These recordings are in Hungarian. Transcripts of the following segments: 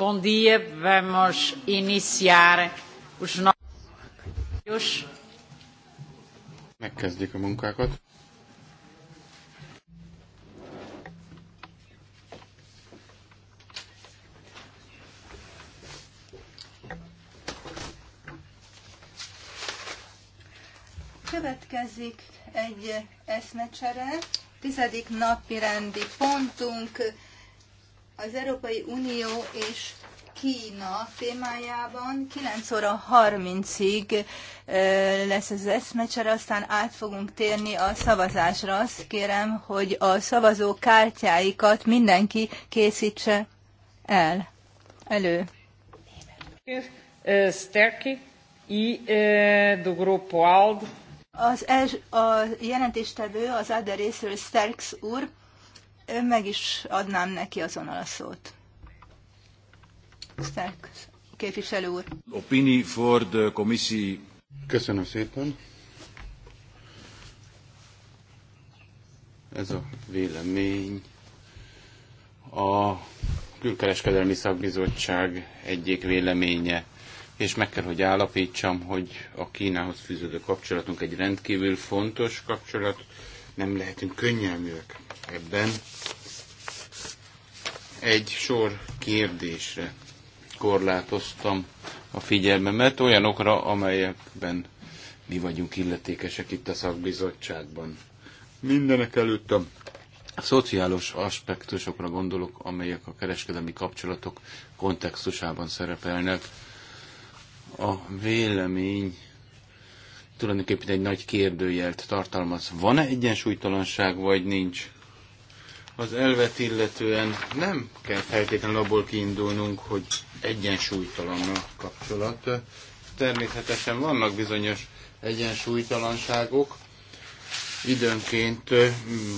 Bom dia, vamos iniciar os nossos. Megkezdjük a munkákat. Következik egy eszmecsere, tizedik napi rendi pontunk, az Európai Unió és Kína témájában 9 óra 30-ig lesz az eszmecsere, aztán át fogunk térni a szavazásra. Azt kérem, hogy a szavazó kártyáikat mindenki készítse el. Elő. Sterki, i do grupo ALD. Az, els, a jelentéstevő az Ade részről Sterks úr meg is adnám neki azonnal a szót. Stark képviselő úr. Opini for the komisszi Köszönöm szépen. Ez a vélemény a Külkereskedelmi Szakbizottság egyik véleménye, és meg kell, hogy állapítsam, hogy a Kínához fűződő kapcsolatunk egy rendkívül fontos kapcsolat, nem lehetünk könnyelműek ebben egy sor kérdésre korlátoztam a figyelmemet, olyanokra, amelyekben mi vagyunk illetékesek itt a szakbizottságban. Mindenek előtt a szociális aspektusokra gondolok, amelyek a kereskedelmi kapcsolatok kontextusában szerepelnek. A vélemény tulajdonképpen egy nagy kérdőjelt tartalmaz. Van-e egyensúlytalanság, vagy nincs? az elvet illetően nem kell feltétlenül abból kiindulnunk, hogy egyensúlytalan a kapcsolat. Természetesen vannak bizonyos egyensúlytalanságok, időnként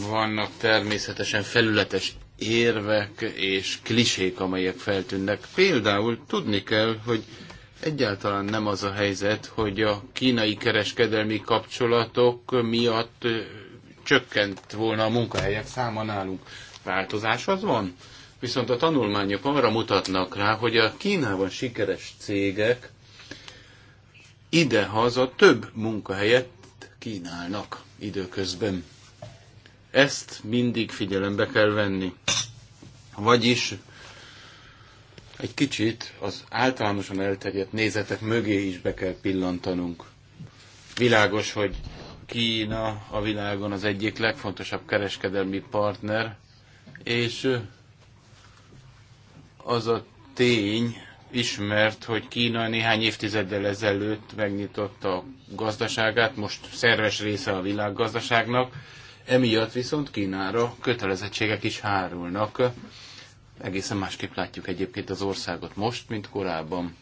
vannak természetesen felületes érvek és klisék, amelyek feltűnnek. Például tudni kell, hogy egyáltalán nem az a helyzet, hogy a kínai kereskedelmi kapcsolatok miatt csökkent volna a munkahelyek száma nálunk. Változás az van. Viszont a tanulmányok arra mutatnak rá, hogy a Kínában sikeres cégek idehaza több munkahelyet kínálnak időközben. Ezt mindig figyelembe kell venni. Vagyis egy kicsit az általánosan elterjedt nézetek mögé is be kell pillantanunk. Világos, hogy Kína a világon az egyik legfontosabb kereskedelmi partner, és az a tény ismert, hogy Kína néhány évtizeddel ezelőtt megnyitotta a gazdaságát, most szerves része a világgazdaságnak, emiatt viszont Kínára kötelezettségek is hárulnak. Egészen másképp látjuk egyébként az országot most, mint korábban.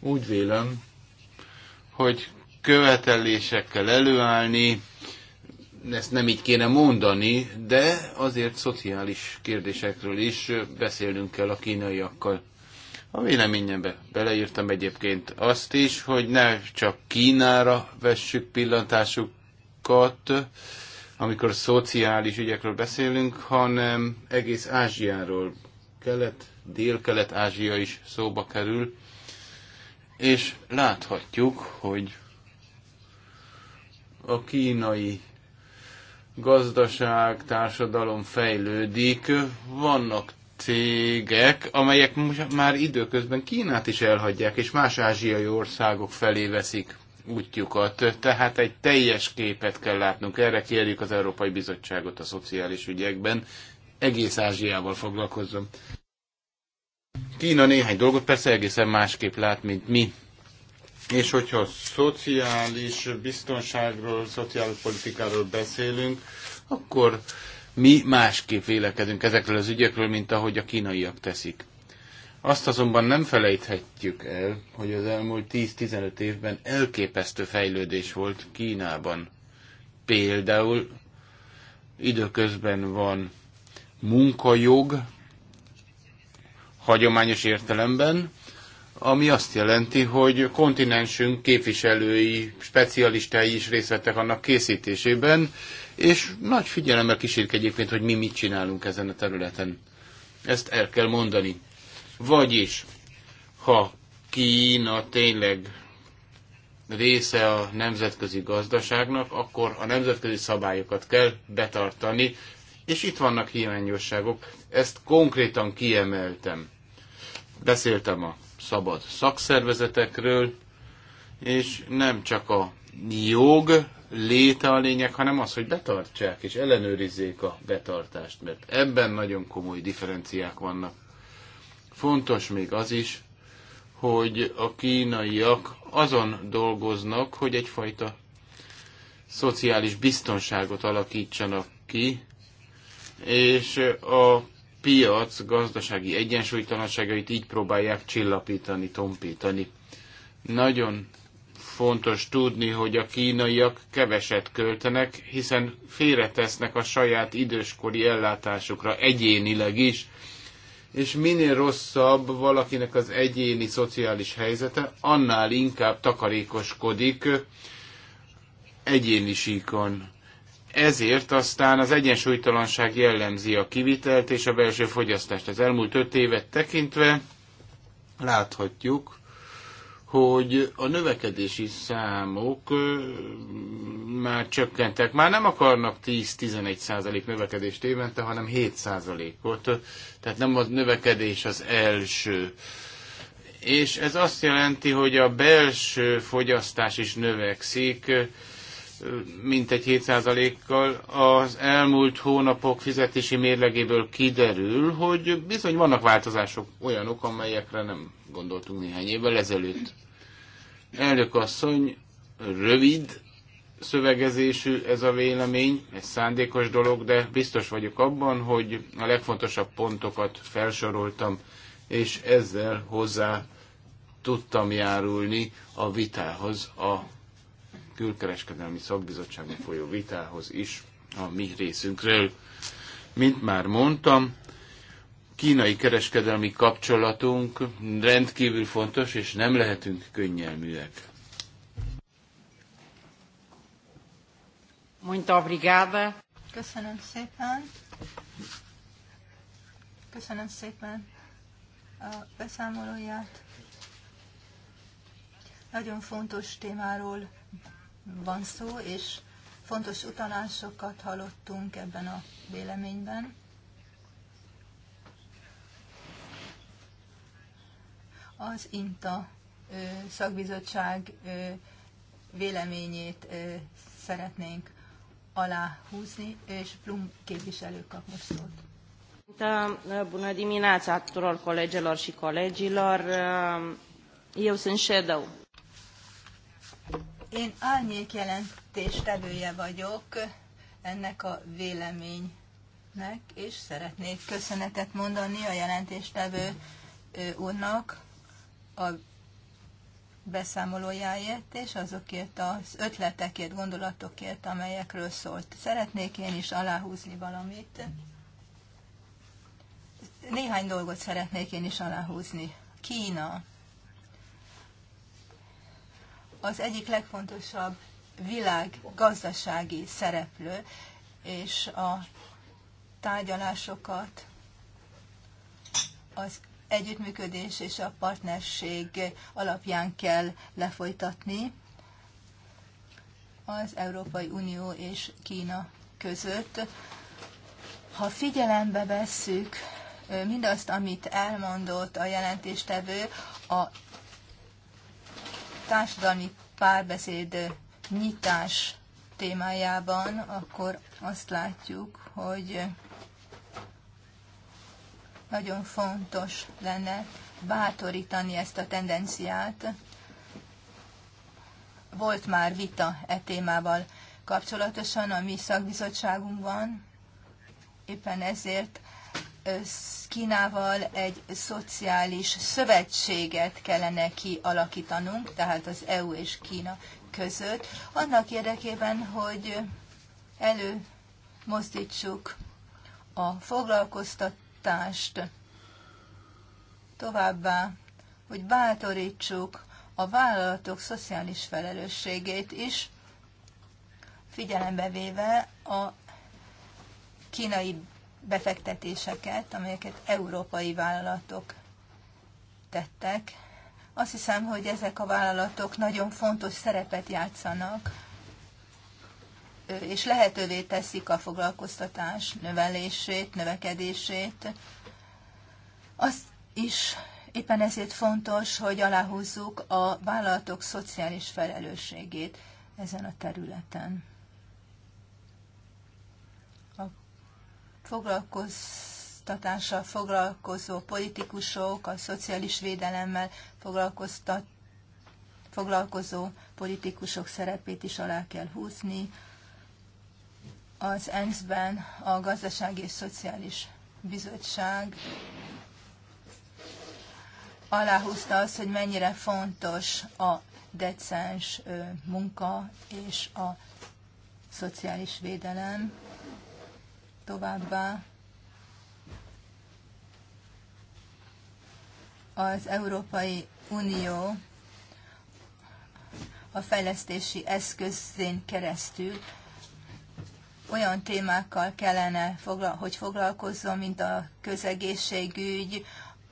Úgy vélem, hogy követelésekkel előállni, ezt nem így kéne mondani, de azért szociális kérdésekről is beszélnünk kell a kínaiakkal. A véleményembe beleírtam egyébként azt is, hogy ne csak Kínára vessük pillantásukat, amikor szociális ügyekről beszélünk, hanem egész Ázsiáról, kelet, dél-kelet Ázsia is szóba kerül, és láthatjuk, hogy a kínai gazdaság, társadalom fejlődik, vannak cégek, amelyek már időközben Kínát is elhagyják, és más ázsiai országok felé veszik útjukat. Tehát egy teljes képet kell látnunk. Erre kérjük az Európai Bizottságot a szociális ügyekben. Egész Ázsiával foglalkozzon. Kína néhány dolgot persze egészen másképp lát, mint mi. És hogyha szociális biztonságról, szociálpolitikáról beszélünk, akkor mi másképp vélekedünk ezekről az ügyekről, mint ahogy a kínaiak teszik. Azt azonban nem felejthetjük el, hogy az elmúlt 10-15 évben elképesztő fejlődés volt Kínában. Például időközben van munkajog, hagyományos értelemben, ami azt jelenti, hogy kontinensünk képviselői, specialistái is részt vettek annak készítésében, és nagy figyelemmel kísérjük egyébként, hogy mi mit csinálunk ezen a területen. Ezt el kell mondani. Vagyis, ha Kína tényleg része a nemzetközi gazdaságnak, akkor a nemzetközi szabályokat kell betartani, és itt vannak hiányosságok. Ezt konkrétan kiemeltem. Beszéltem a szabad szakszervezetekről, és nem csak a jog léte a lényeg, hanem az, hogy betartsák és ellenőrizzék a betartást, mert ebben nagyon komoly differenciák vannak. Fontos még az is, hogy a kínaiak azon dolgoznak, hogy egyfajta szociális biztonságot alakítsanak ki, és a piac gazdasági egyensúlytalanságait így próbálják csillapítani, tompítani. Nagyon fontos tudni, hogy a kínaiak keveset költenek, hiszen félretesznek a saját időskori ellátásukra egyénileg is, és minél rosszabb valakinek az egyéni szociális helyzete, annál inkább takarékoskodik egyéni síkon. Ezért aztán az egyensúlytalanság jellemzi a kivitelt és a belső fogyasztást. Az elmúlt öt évet tekintve láthatjuk, hogy a növekedési számok már csökkentek. Már nem akarnak 10-11 százalék növekedést évente, hanem 7 százalékot. Tehát nem a növekedés az első. És ez azt jelenti, hogy a belső fogyasztás is növekszik, mintegy 7%-kal. Az elmúlt hónapok fizetési mérlegéből kiderül, hogy bizony vannak változások olyanok, amelyekre nem gondoltunk néhány évvel ezelőtt. Elnök asszony, rövid szövegezésű ez a vélemény, ez szándékos dolog, de biztos vagyok abban, hogy a legfontosabb pontokat felsoroltam, és ezzel hozzá tudtam járulni a vitához a külkereskedelmi szakbizottságban folyó vitához is a mi részünkről. Mint már mondtam, kínai kereskedelmi kapcsolatunk rendkívül fontos, és nem lehetünk könnyelműek. Muito obrigada. Köszönöm szépen. Köszönöm szépen a beszámolóját. Nagyon fontos témáról van szó, és fontos utalásokat hallottunk ebben a véleményben. Az INTA szakbizottság véleményét szeretnénk aláhúzni, és Plum képviselő kap most szót. Bună dimineața tuturor colegelor și colegilor. Eu sunt Shadow én árnyék tevője vagyok ennek a véleménynek, és szeretnék köszönetet mondani a jelentéstevő úrnak a beszámolójáért, és azokért az ötletekért, gondolatokért, amelyekről szólt. Szeretnék én is aláhúzni valamit. Néhány dolgot szeretnék én is aláhúzni. Kína az egyik legfontosabb világgazdasági szereplő, és a tárgyalásokat az együttműködés és a partnerség alapján kell lefolytatni az Európai Unió és Kína között. Ha figyelembe vesszük mindazt, amit elmondott a jelentéstevő a társadalmi párbeszéd nyitás témájában, akkor azt látjuk, hogy nagyon fontos lenne bátorítani ezt a tendenciát. Volt már vita e témával kapcsolatosan a mi szakbizottságunkban, éppen ezért Kínával egy szociális szövetséget kellene kialakítanunk, tehát az EU és Kína között, annak érdekében, hogy előmozdítsuk a foglalkoztatást, továbbá, hogy bátorítsuk a vállalatok szociális felelősségét is, figyelembe véve a kínai befektetéseket, amelyeket európai vállalatok tettek. Azt hiszem, hogy ezek a vállalatok nagyon fontos szerepet játszanak, és lehetővé teszik a foglalkoztatás növelését, növekedését. Azt is éppen ezért fontos, hogy aláhúzzuk a vállalatok szociális felelősségét ezen a területen. foglalkoztatással foglalkozó politikusok, a szociális védelemmel foglalkoztat, foglalkozó politikusok szerepét is alá kell húzni. Az ENSZ-ben a Gazdasági és Szociális Bizottság aláhúzta azt, hogy mennyire fontos a decens munka és a szociális védelem továbbá az Európai Unió a fejlesztési eszközén keresztül olyan témákkal kellene, hogy foglalkozzon, mint a közegészségügy,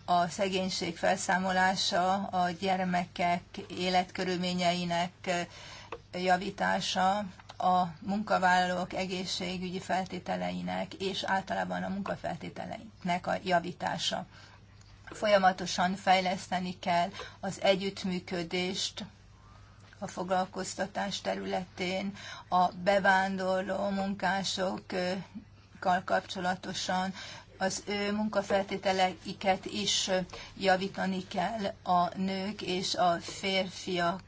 a szegénység felszámolása, a gyermekek életkörülményeinek javítása, a munkavállalók egészségügyi feltételeinek és általában a munkafeltételeinek a javítása. Folyamatosan fejleszteni kell az együttműködést a foglalkoztatás területén, a bevándorló munkásokkal kapcsolatosan az ő munkafeltételeiket is javítani kell a nők és a férfiak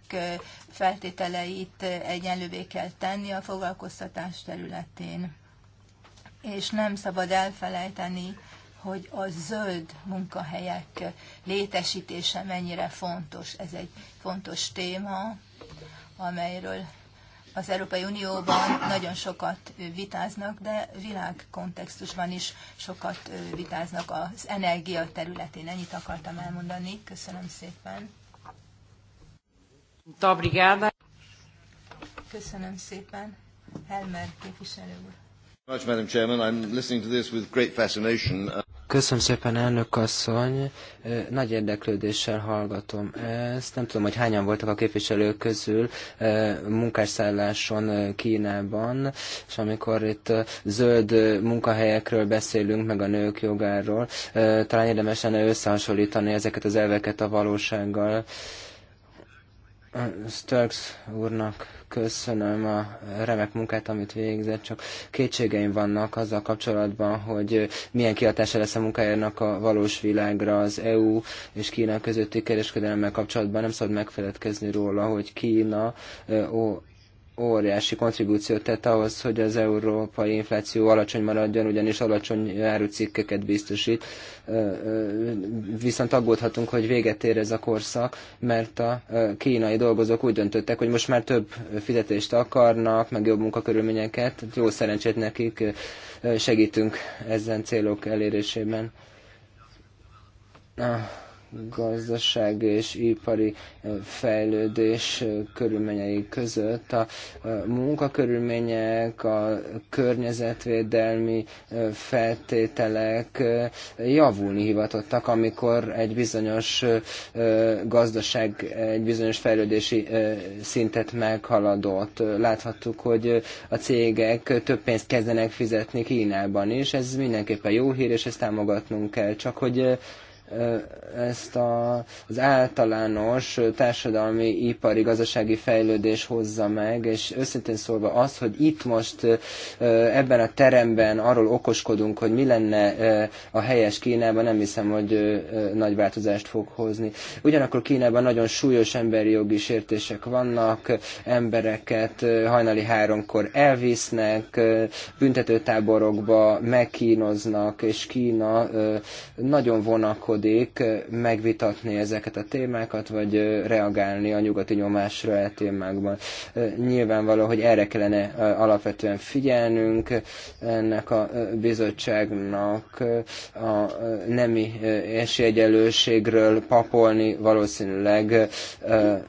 feltételeit egyenlővé kell tenni a foglalkoztatás területén. És nem szabad elfelejteni, hogy a zöld munkahelyek létesítése mennyire fontos. Ez egy fontos téma, amelyről az Európai Unióban nagyon sokat vitáznak, de világkontextusban is sokat vitáznak az energia területén. Ennyit akartam elmondani. Köszönöm szépen. Köszönöm szépen. Helmer képviselő úr. Much, Madam Chairman. I'm listening to this with great fascination. Köszönöm szépen, elnök asszony. Nagy érdeklődéssel hallgatom ezt. Nem tudom, hogy hányan voltak a képviselők közül munkásszálláson Kínában, és amikor itt zöld munkahelyekről beszélünk, meg a nők jogáról, talán érdemes lenne összehasonlítani ezeket az elveket a valósággal. Sturks úrnak köszönöm a remek munkát, amit végzett, csak kétségeim vannak azzal kapcsolatban, hogy milyen kihatása lesz a munkájának a valós világra az EU és Kína közötti kereskedelemmel kapcsolatban. Nem szabad megfeledkezni róla, hogy Kína ó, óriási kontribúciót tett ahhoz, hogy az európai infláció alacsony maradjon, ugyanis alacsony árucikkeket biztosít. Viszont aggódhatunk, hogy véget ér ez a korszak, mert a kínai dolgozók úgy döntöttek, hogy most már több fizetést akarnak, meg jobb munkakörülményeket. Jó szerencsét nekik, segítünk ezen célok elérésében. Ah gazdaság és ipari fejlődés körülményei között. A munkakörülmények, a környezetvédelmi feltételek javulni hivatottak, amikor egy bizonyos gazdaság egy bizonyos fejlődési szintet meghaladott. Láthattuk, hogy a cégek több pénzt kezdenek fizetni Kínában is. Ez mindenképpen jó hír, és ezt támogatnunk kell. Csak hogy ezt a, az általános társadalmi, ipari, gazdasági fejlődés hozza meg, és őszintén szólva az, hogy itt most ebben a teremben arról okoskodunk, hogy mi lenne a helyes Kínában, nem hiszem, hogy nagy változást fog hozni. Ugyanakkor Kínában nagyon súlyos emberi jogi sértések vannak, embereket hajnali háromkor elvisznek, büntetőtáborokba megkínoznak, és Kína nagyon vonakodó szándék megvitatni ezeket a témákat, vagy reagálni a nyugati nyomásra a e témákban. Nyilvánvaló, hogy erre kellene alapvetően figyelnünk ennek a bizottságnak a nemi esélyegyelőségről papolni valószínűleg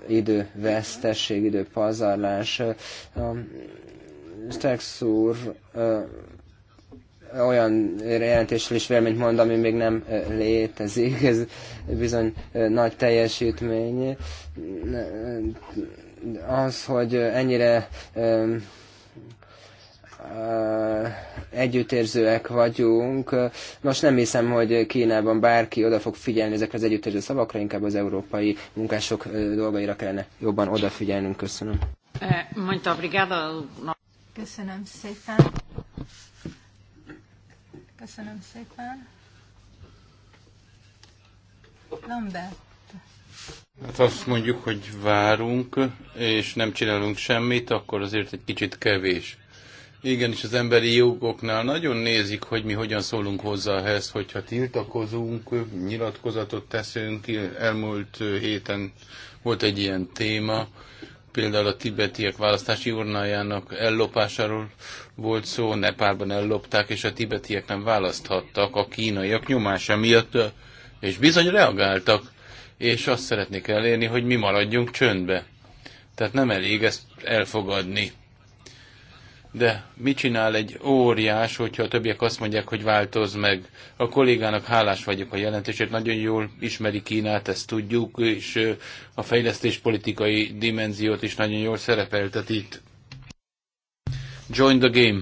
idővesztesség, időpazarlás. Stex úr olyan jelentésről is véleményt mond, ami még nem létezik. Ez bizony nagy teljesítmény. Az, hogy ennyire együttérzőek vagyunk. Most nem hiszem, hogy Kínában bárki oda fog figyelni ezekre az együttérző szavakra, inkább az európai munkások dolgaira kellene jobban odafigyelnünk. Köszönöm. Eh, Köszönöm szépen. Köszönöm szépen. Lambert. Hát azt mondjuk, hogy várunk, és nem csinálunk semmit, akkor azért egy kicsit kevés. Igen, és az emberi jogoknál nagyon nézik, hogy mi hogyan szólunk hozzá ehhez, hogyha tiltakozunk, nyilatkozatot teszünk. Elmúlt héten volt egy ilyen téma, Például a tibetiek választási urnájának ellopásáról volt szó, Nepálban ellopták, és a tibetiek nem választhattak a kínaiak nyomása miatt, és bizony reagáltak, és azt szeretnék elérni, hogy mi maradjunk csöndbe. Tehát nem elég ezt elfogadni. De mit csinál egy óriás, hogyha a többiek azt mondják, hogy változ meg? A kollégának hálás vagyok a jelentésért, nagyon jól ismeri Kínát, ezt tudjuk, és a fejlesztés politikai dimenziót is nagyon jól szerepeltet itt. Join the game.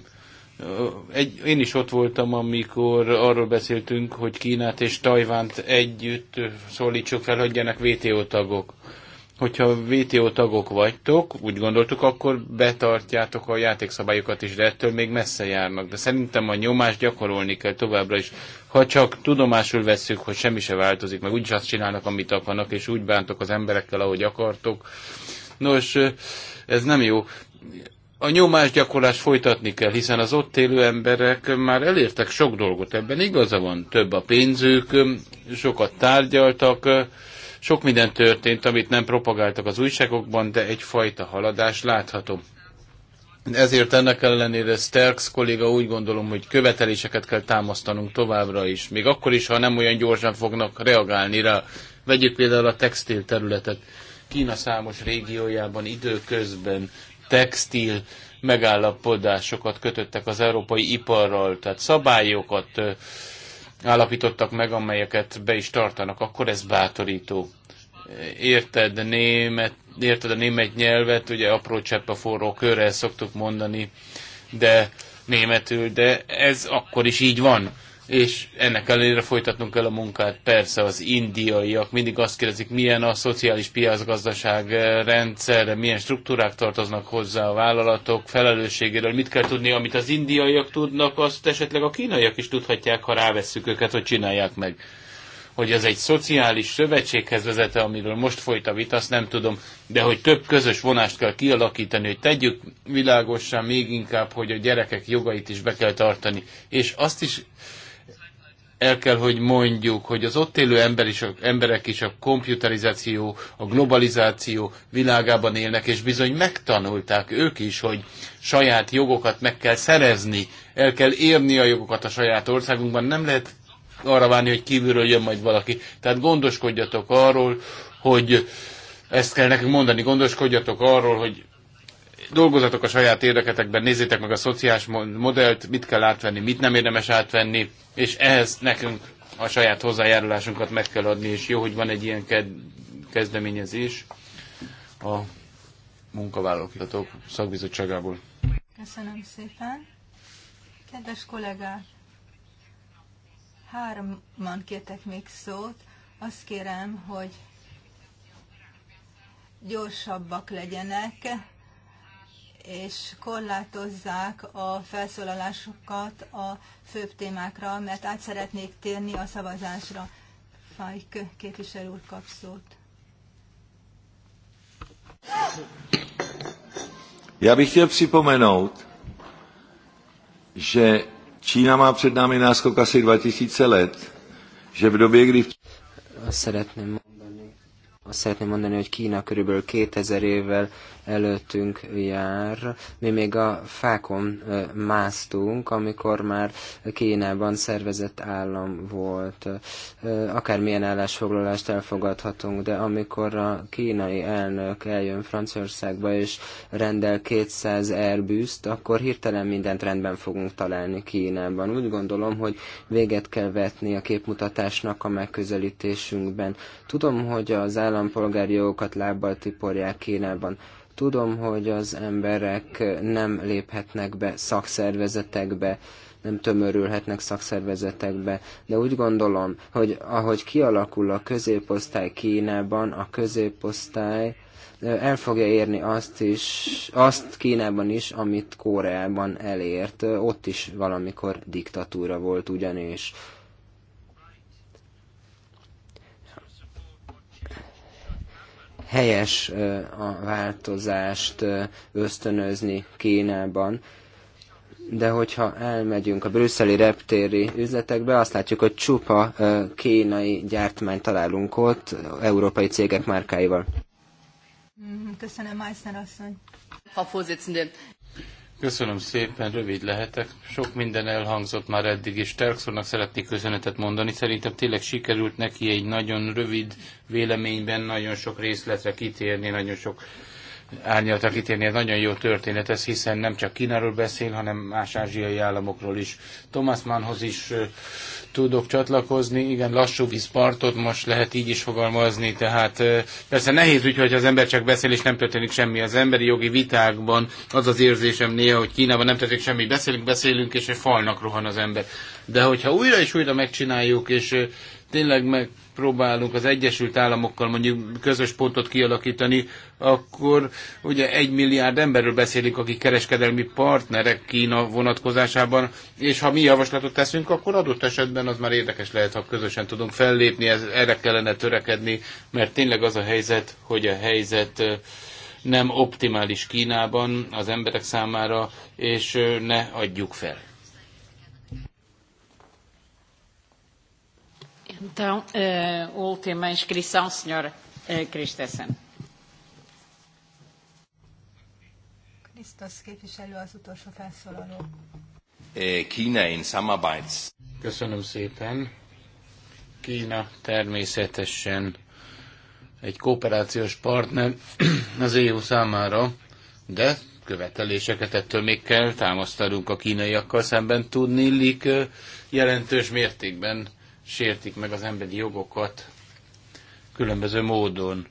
Egy, én is ott voltam, amikor arról beszéltünk, hogy Kínát és Tajvánt együtt szólítsuk fel, legyenek WTO tagok hogyha VTO tagok vagytok, úgy gondoltuk, akkor betartjátok a játékszabályokat is, de ettől még messze járnak. De szerintem a nyomást gyakorolni kell továbbra is. Ha csak tudomásul veszük, hogy semmi se változik, meg úgyis azt csinálnak, amit akarnak, és úgy bántok az emberekkel, ahogy akartok. Nos, ez nem jó. A nyomásgyakorlást folytatni kell, hiszen az ott élő emberek már elértek sok dolgot ebben. Igaza van, több a pénzük, sokat tárgyaltak, sok minden történt, amit nem propagáltak az újságokban, de egyfajta haladás látható. Ezért ennek ellenére Sterks kolléga úgy gondolom, hogy követeléseket kell támasztanunk továbbra is, még akkor is, ha nem olyan gyorsan fognak reagálni rá. Vegyük például a textil területet. Kína számos régiójában időközben textil megállapodásokat kötöttek az európai iparral, tehát szabályokat állapítottak meg, amelyeket be is tartanak, akkor ez bátorító. Érted, német, érted a német nyelvet, ugye apró csepp a forró körrel szoktuk mondani, de németül, de ez akkor is így van és ennek ellenére folytatnunk kell a munkát. Persze az indiaiak mindig azt kérdezik, milyen a szociális piacgazdaság rendszerre, milyen struktúrák tartoznak hozzá a vállalatok felelősségéről, mit kell tudni, amit az indiaiak tudnak, azt esetleg a kínaiak is tudhatják, ha rávesszük őket, hogy csinálják meg. Hogy ez egy szociális szövetséghez vezete, amiről most folyt a vita, azt nem tudom, de hogy több közös vonást kell kialakítani, hogy tegyük világosan még inkább, hogy a gyerekek jogait is be kell tartani. És azt is el kell, hogy mondjuk, hogy az ott élő ember is, emberek is a komputerizáció, a globalizáció világában élnek, és bizony megtanulták ők is, hogy saját jogokat meg kell szerezni, el kell érni a jogokat a saját országunkban, nem lehet arra várni, hogy kívülről jön majd valaki. Tehát gondoskodjatok arról, hogy ezt kell nekünk mondani, gondoskodjatok arról, hogy dolgozatok a saját érdeketekben, nézzétek meg a szociális modellt, mit kell átvenni, mit nem érdemes átvenni, és ehhez nekünk a saját hozzájárulásunkat meg kell adni, és jó, hogy van egy ilyen kezdeményezés a munkavállalók szakbizottságából. Köszönöm szépen. Kedves kollégák, hárman kértek még szót. Azt kérem, hogy gyorsabbak legyenek, és korlátozzák a felszólalásokat a főbb témákra, mert át szeretnék térni a szavazásra. Fajk képviselő úr kap szót. Já bych chtěl připomenout, že Čína má před námi náskok asi 2000 let, že v době, kdy... Szeretném azt szeretném mondani, hogy Kína körülbelül 2000 évvel előttünk jár. Mi még a fákon másztunk, amikor már Kínában szervezett állam volt. Akármilyen állásfoglalást elfogadhatunk, de amikor a kínai elnök eljön Franciaországba és rendel 200 Airbus-t, akkor hirtelen mindent rendben fogunk találni Kínában. Úgy gondolom, hogy véget kell vetni a képmutatásnak a megközelítésünkben. Tudom, hogy az állam állampolgári jogokat lábbal tiporják Kínában. Tudom, hogy az emberek nem léphetnek be szakszervezetekbe, nem tömörülhetnek szakszervezetekbe, de úgy gondolom, hogy ahogy kialakul a középosztály Kínában, a középosztály el fogja érni azt is, azt Kínában is, amit Koreában elért. Ott is valamikor diktatúra volt ugyanis. helyes a változást ösztönözni Kínában, de hogyha elmegyünk a brüsszeli reptéri üzletekbe, azt látjuk, hogy csupa kínai gyártmány találunk ott, európai cégek márkáival. Mhm, köszönöm, Meissner asszony. Köszönöm szépen, rövid lehetek. Sok minden elhangzott már eddig, és Terkszornak szeretnék köszönetet mondani. Szerintem tényleg sikerült neki egy nagyon rövid véleményben nagyon sok részletre kitérni, nagyon sok árnyalatra kitérni, ez nagyon jó történet ez, hiszen nem csak Kínáról beszél, hanem más ázsiai államokról is. Thomas Mannhoz is tudok csatlakozni, igen, lassú vízpartot most lehet így is fogalmazni, tehát persze nehéz úgy, hogy az ember csak beszél és nem történik semmi. Az emberi jogi vitákban az az érzésem néha, hogy Kínában nem történik semmi, beszélünk, beszélünk, és egy falnak rohan az ember. De hogyha újra és újra megcsináljuk, és tényleg meg próbálunk az Egyesült Államokkal mondjuk közös pontot kialakítani, akkor ugye egy milliárd emberről beszélünk, akik kereskedelmi partnerek Kína vonatkozásában, és ha mi javaslatot teszünk, akkor adott esetben az már érdekes lehet, ha közösen tudunk fellépni, ez, erre kellene törekedni, mert tényleg az a helyzet, hogy a helyzet nem optimális Kínában az emberek számára, és ne adjuk fel. Então, uh, última inscrição, senhora uh, Christensen. Eh, Kína in Köszönöm szépen. Kína természetesen egy kooperációs partner az EU számára, de követeléseket ettől még kell támasztanunk a kínaiakkal szemben tudni, illik jelentős mértékben sértik meg az emberi jogokat különböző módon.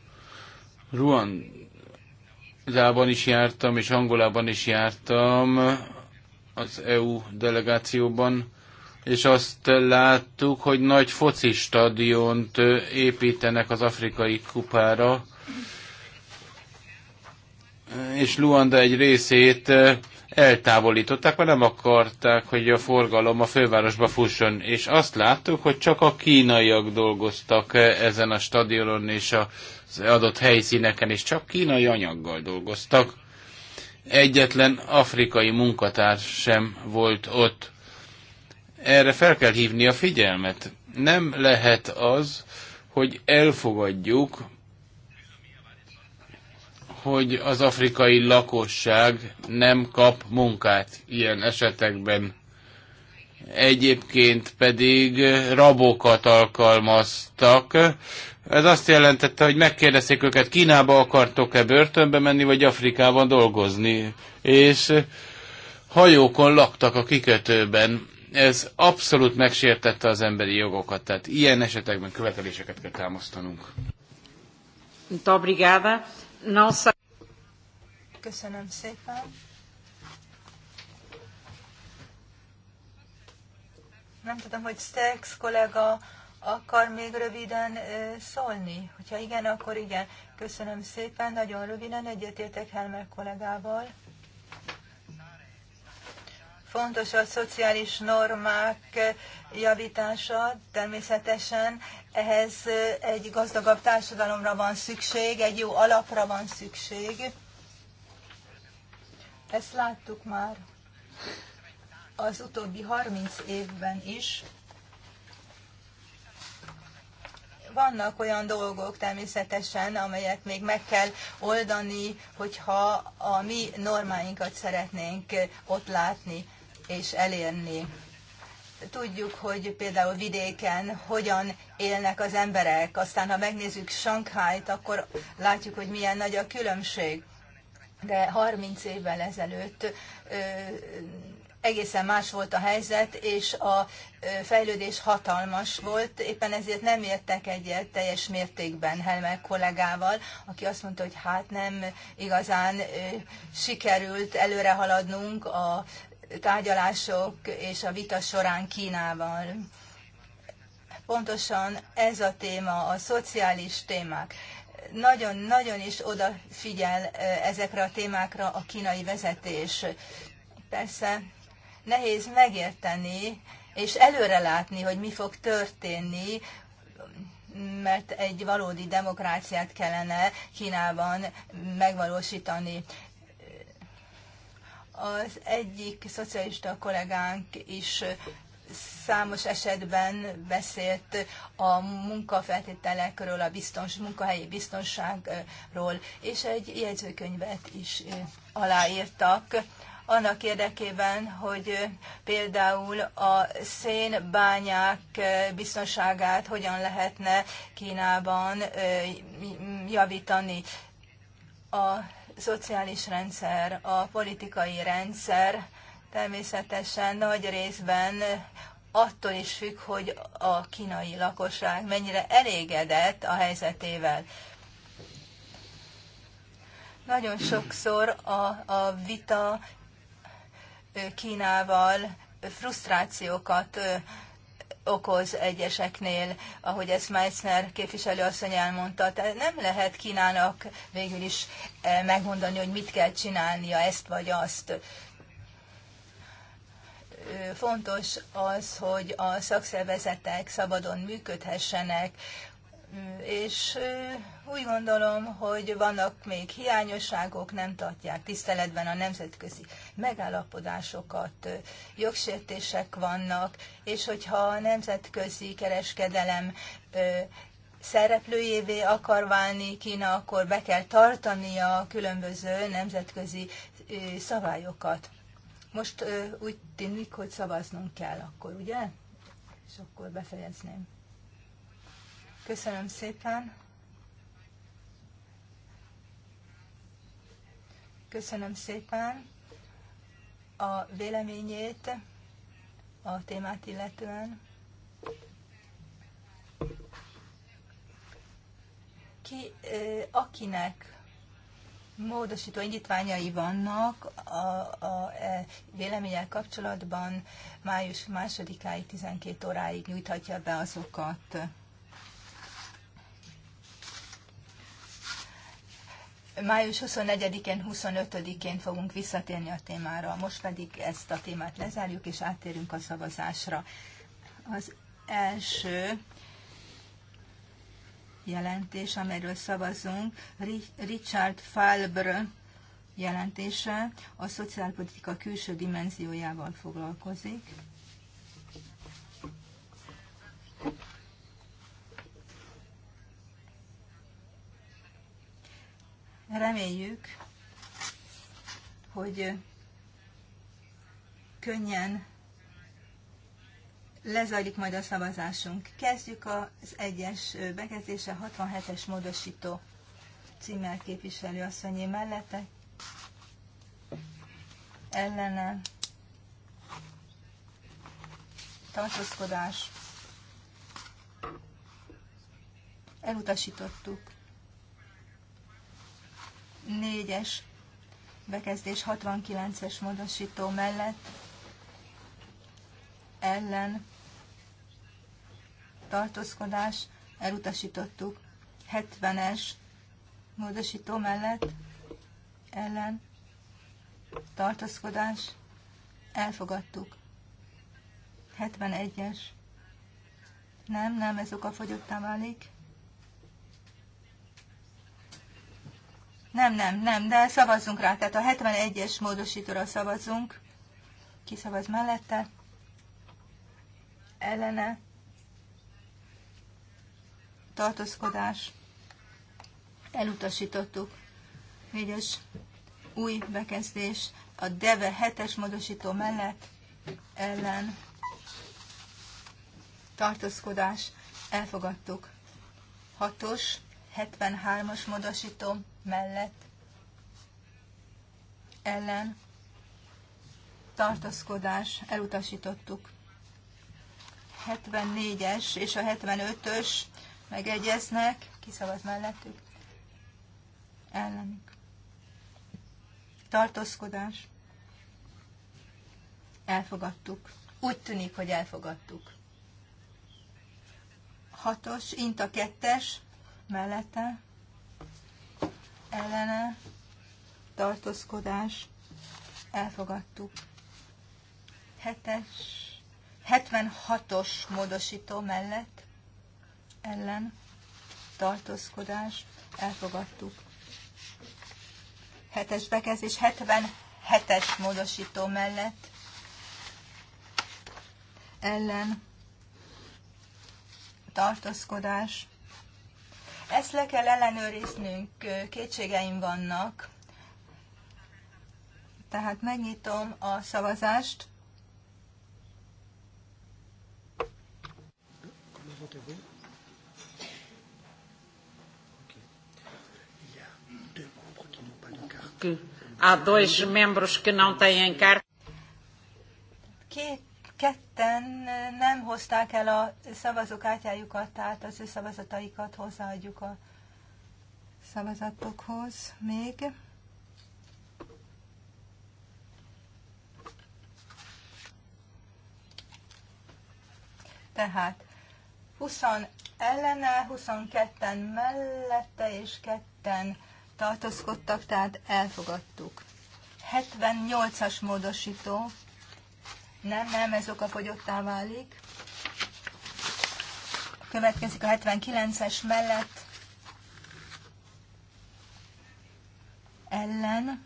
Ruandában is jártam, és Angolában is jártam az EU delegációban, és azt láttuk, hogy nagy foci stadiont építenek az afrikai kupára, és Luanda egy részét eltávolították, mert nem akarták, hogy a forgalom a fővárosba fusson. És azt láttuk, hogy csak a kínaiak dolgoztak eh, ezen a stadionon és az adott helyszíneken, és csak kínai anyaggal dolgoztak. Egyetlen afrikai munkatárs sem volt ott. Erre fel kell hívni a figyelmet. Nem lehet az, hogy elfogadjuk hogy az afrikai lakosság nem kap munkát ilyen esetekben. Egyébként pedig rabokat alkalmaztak. Ez azt jelentette, hogy megkérdezték őket, Kínába akartok-e börtönbe menni, vagy Afrikában dolgozni. És hajókon laktak a kikötőben. Ez abszolút megsértette az emberi jogokat, tehát ilyen esetekben követeléseket kell támasztanunk. Muito obrigada. Köszönöm szépen. Nem tudom, hogy Stex kollega akar még röviden szólni? Hogyha igen, akkor igen. Köszönöm szépen, nagyon röviden egyetértek Helmer kollégával. Fontos a szociális normák javítása természetesen, ehhez egy gazdagabb társadalomra van szükség, egy jó alapra van szükség. Ezt láttuk már az utóbbi 30 évben is. Vannak olyan dolgok természetesen, amelyet még meg kell oldani, hogyha a mi normáinkat szeretnénk ott látni és elérni. Tudjuk, hogy például vidéken hogyan élnek az emberek, aztán ha megnézzük Sankhájt, akkor látjuk, hogy milyen nagy a különbség. De 30 évvel ezelőtt ö, egészen más volt a helyzet, és a fejlődés hatalmas volt, éppen ezért nem értek egyet teljes mértékben Helmer kollégával, aki azt mondta, hogy hát nem igazán sikerült előre haladnunk a tárgyalások és a vita során Kínával. Pontosan ez a téma, a szociális témák. Nagyon-nagyon is odafigyel ezekre a témákra a kínai vezetés. Persze nehéz megérteni és előrelátni, hogy mi fog történni, mert egy valódi demokráciát kellene Kínában megvalósítani. Az egyik szocialista kollégánk is számos esetben beszélt a munkafeltételekről, a biztons, munkahelyi biztonságról, és egy jegyzőkönyvet is aláírtak annak érdekében, hogy például a szénbányák biztonságát hogyan lehetne Kínában javítani. A szociális rendszer, a politikai rendszer természetesen nagy részben attól is függ, hogy a kínai lakosság mennyire elégedett a helyzetével. Nagyon sokszor a, a vita Kínával frusztrációkat okoz egyeseknél, ahogy ezt Meissner képviselőasszony elmondta. Tehát nem lehet Kínának végül is eh, megmondani, hogy mit kell csinálnia, ezt vagy azt. Fontos az, hogy a szakszervezetek szabadon működhessenek, és úgy gondolom, hogy vannak még hiányosságok, nem tartják tiszteletben a nemzetközi megállapodásokat, jogsértések vannak, és hogyha a nemzetközi kereskedelem szereplőjévé akar válni Kína, akkor be kell tartania a különböző nemzetközi szabályokat. Most úgy tűnik, hogy szavaznunk kell akkor, ugye? És akkor befejezném. Köszönöm szépen. Köszönöm szépen a véleményét a témát illetően. Ki, akinek módosító indítványai vannak a, a e véleményel kapcsolatban, május 2-áig 12 óráig nyújthatja be azokat. május 24-én, 25-én fogunk visszatérni a témára. Most pedig ezt a témát lezárjuk, és áttérünk a szavazásra. Az első jelentés, amiről szavazunk, Richard Falbr jelentése a szociálpolitika külső dimenziójával foglalkozik. Reméljük, hogy könnyen lezajlik majd a szavazásunk. Kezdjük az egyes bekezdése, 67-es módosító címmel képviselő asszonyé mellette. Ellene tartózkodás. Elutasítottuk. 4-es bekezdés 69-es módosító mellett ellen tartózkodás elutasítottuk. 70-es módosító mellett ellen tartózkodás elfogadtuk. 71-es. Nem, nem, ez okafogyottá válik. Nem, nem, nem, de szavazzunk rá. Tehát a 71-es módosítóra szavazzunk. Ki szavaz mellette? Ellene. Tartózkodás. Elutasítottuk. Négyes új bekezdés. A DEVE 7-es módosító mellett ellen tartózkodás. Elfogadtuk. Hatos 73-as módosító mellett ellen tartózkodás elutasítottuk. 74-es és a 75-ös megegyeznek, kiszavaz mellettük, ellenük. Tartózkodás. Elfogadtuk. Úgy tűnik, hogy elfogadtuk. 6-os, Inta 2-es mellette ellene tartózkodás elfogadtuk. 7 76-os módosító mellett ellen tartózkodás elfogadtuk. 7-es bekezdés 77-es módosító mellett ellen tartózkodás ezt le kell ellenőriznünk, kétségeim vannak. Tehát megnyitom a szavazást. Há dois membros que não têm carta. Két ketten nem hozták el a szavazók átjájukat, tehát az ő szavazataikat hozzáadjuk a szavazatokhoz még. Tehát 20 ellene, 22-en mellette és ketten tartózkodtak, tehát elfogadtuk. 78-as módosító nem, nem, ez fogyottá válik. Következik a 79-es mellett ellen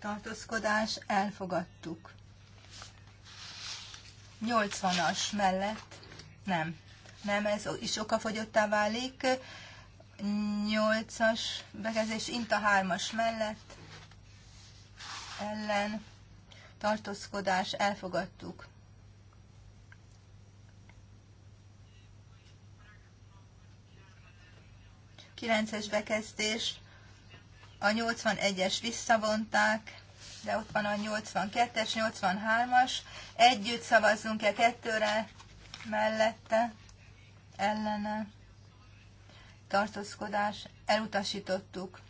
tartózkodás elfogadtuk. 80-as mellett nem. Nem, ez is fogyottá válik. 8-as bekezdés Inta 3-as mellett ellen tartózkodás elfogadtuk. Kilences bekezdés, a 81-es visszavonták, de ott van a 82-es, 83-as. Együtt szavazzunk-e kettőre mellette, ellene, tartózkodás, elutasítottuk.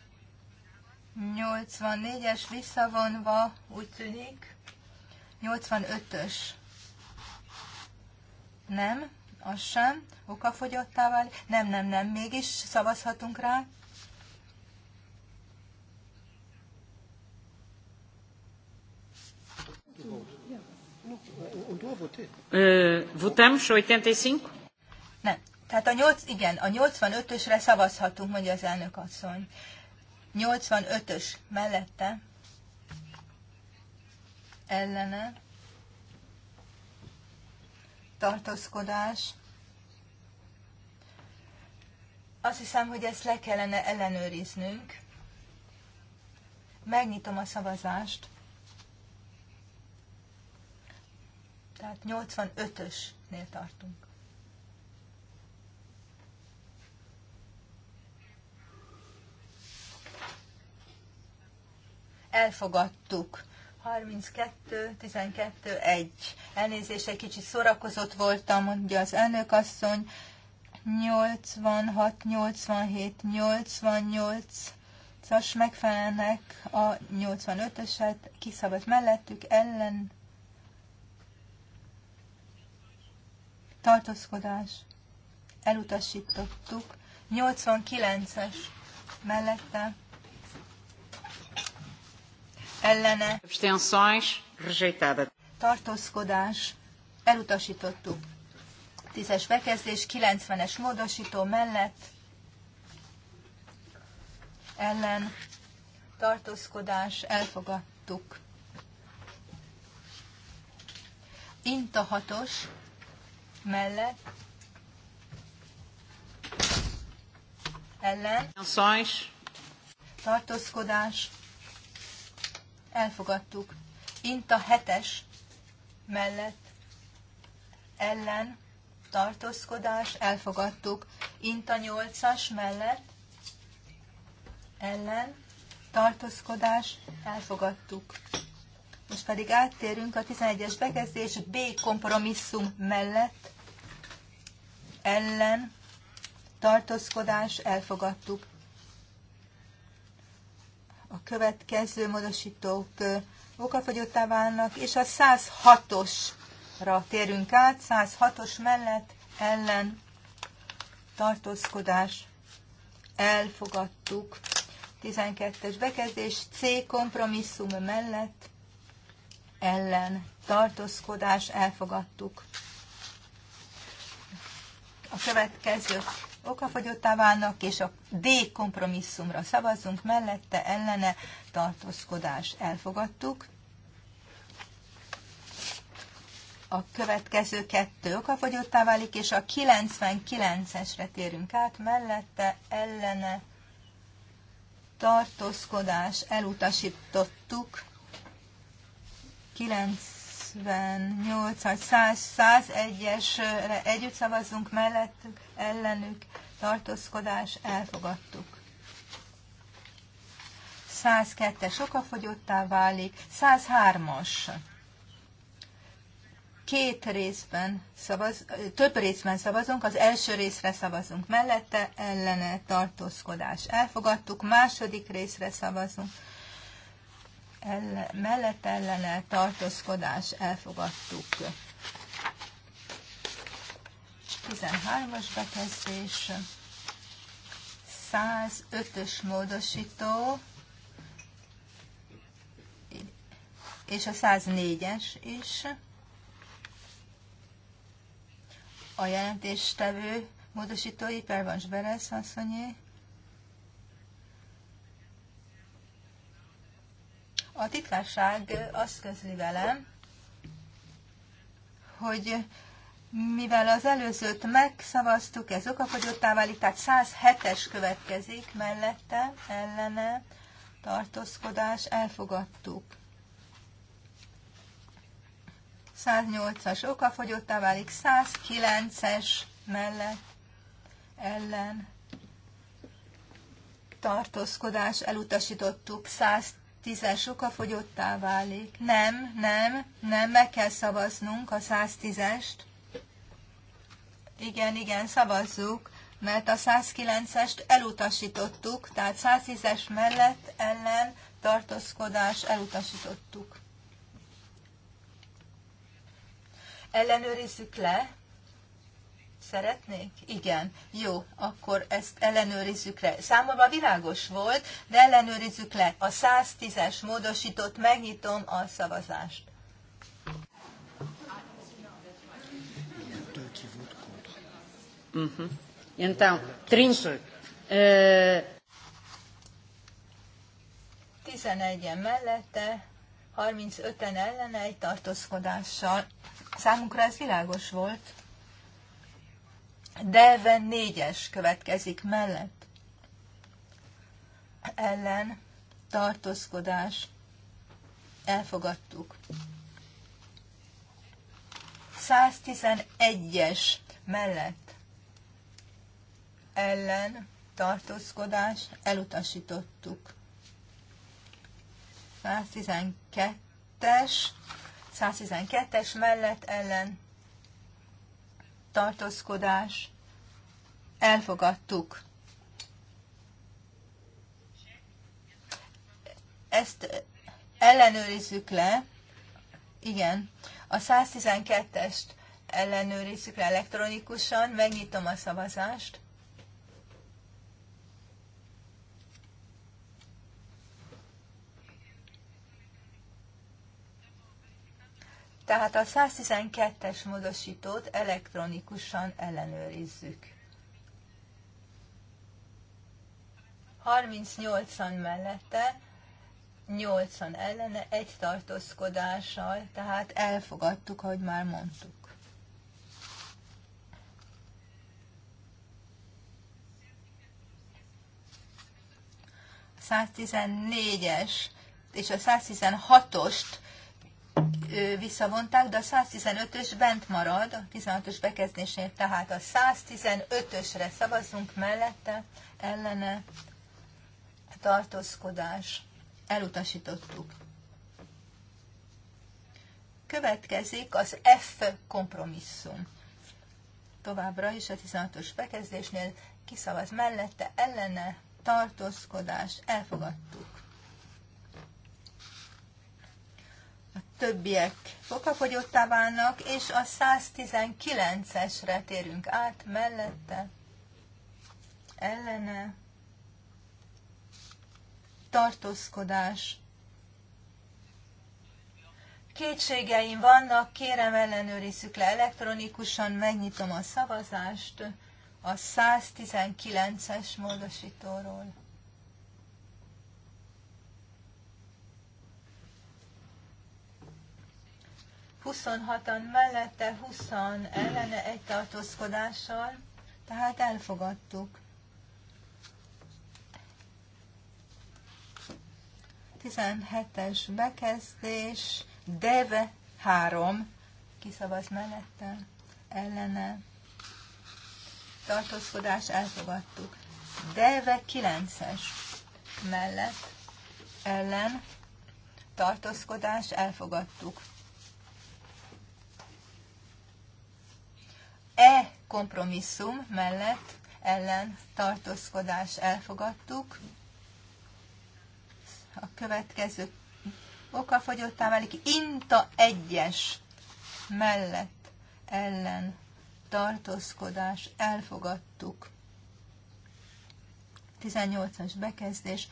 84-es visszavonva, úgy tűnik. 85-ös. Nem, az sem. Okafogyottá válik. Nem, nem, nem, mégis szavazhatunk rá. Votamos 85? Nem. Tehát a 8, igen, a 85-ösre szavazhatunk, mondja az elnök asszony. 85-ös mellette ellene tartózkodás. Azt hiszem, hogy ezt le kellene ellenőriznünk. Megnyitom a szavazást. Tehát 85-ösnél tartunk. Elfogadtuk 32, 12, 1. Elnézést, egy kicsit szórakozott voltam, mondja az elnök asszony. 86, 87, 88 as megfelelnek a 85-öset, kiszabad mellettük, ellen tartózkodás, elutasítottuk. 89-es mellette ellene, tartózkodás, elutasítottuk. 10 bekezdés, 90-es módosító mellett, ellen, tartózkodás, elfogadtuk. Inta hatos mellett, ellen, tartózkodás, elfogadtuk. Inta hetes mellett ellen tartózkodás, elfogadtuk. Inta nyolcas mellett ellen tartózkodás, elfogadtuk. Most pedig áttérünk a 11-es bekezdés B kompromisszum mellett ellen tartózkodás, elfogadtuk a következő módosítók okafogyottá válnak, és a 106-osra térünk át, 106-os mellett ellen tartózkodás elfogadtuk. 12-es bekezdés C kompromisszum mellett ellen tartózkodás elfogadtuk. A következő okafogyottá válnak, és a D kompromisszumra szavazunk, mellette ellene tartózkodás elfogadtuk. A következő kettő okafogyottá válik, és a 99-esre térünk át, mellette ellene tartózkodás elutasítottuk. 9 98-as, 100-101-es együtt szavazzunk mellettük, ellenük tartózkodás elfogadtuk. 102-es okafogyottá válik, 103-as. Két részben szavaz, több részben szavazunk, az első részre szavazunk mellette, ellene tartózkodás. Elfogadtuk, második részre szavazunk ellen, mellett ellene tartózkodás elfogadtuk. 13-as bekezdés, 105-ös módosító, és a 104-es is. A jelentéstevő módosítói Pervans Beresz asszonyé A titkárság azt közli velem, hogy mivel az előzőt megszavaztuk, ez okafogyottá válik, tehát 107-es következik mellette, ellene, tartózkodás, elfogadtuk. 108-as okafogyottá válik, 109-es mellett, ellen, tartózkodás, elutasítottuk, 110 110-es fogyottá válik. Nem, nem, nem, meg kell szavaznunk a 110-est. Igen, igen, szavazzuk, mert a 109-est elutasítottuk, tehát 110-es mellett ellen tartózkodás elutasítottuk. Ellenőrizzük le, Szeretnék? Igen. Jó, akkor ezt ellenőrizzük le. Számomra világos volt, de ellenőrizzük le. A 110-es módosított, megnyitom a szavazást. Uhum. Então, 30. Uh... 11-en mellette, 35-en ellene egy tartózkodással. Számunkra ez világos volt. Deve négyes következik mellett. Ellen tartózkodás elfogadtuk. 111-es mellett ellen tartózkodás elutasítottuk. 112-es 112-es mellett ellen tartózkodás, elfogadtuk. Ezt ellenőrizzük le, igen, a 112-est ellenőrizzük le elektronikusan, megnyitom a szavazást. Tehát a 112-es módosítót elektronikusan ellenőrizzük. 38 an mellette, 80 ellene, egy tartózkodással, tehát elfogadtuk, ahogy már mondtuk. A 114-es és a 116-ost visszavonták, de a 115-ös bent marad, a 16 ös bekezdésnél, tehát a 115-ösre szavazzunk mellette, ellene tartózkodás. Elutasítottuk. Következik az F kompromisszum. Továbbra is a 16-os bekezdésnél kiszavaz mellette, ellene tartózkodás. Elfogadtuk. többiek fokafogyottá válnak, és a 119-esre térünk át mellette, ellene, tartózkodás. Kétségeim vannak, kérem ellenőrizzük le elektronikusan, megnyitom a szavazást a 119-es módosítóról. 26-an mellette, 20 ellene egy tartózkodással, tehát elfogadtuk. 17-es bekezdés, dev 3, kiszavaz mellette, ellene, tartózkodás, elfogadtuk. Deve 9-es mellett, ellen, tartózkodás, elfogadtuk. E kompromisszum mellett ellen tartózkodás elfogadtuk. A következő okafogyottá válik inta egyes mellett ellen tartózkodás elfogadtuk. 18-as bekezdés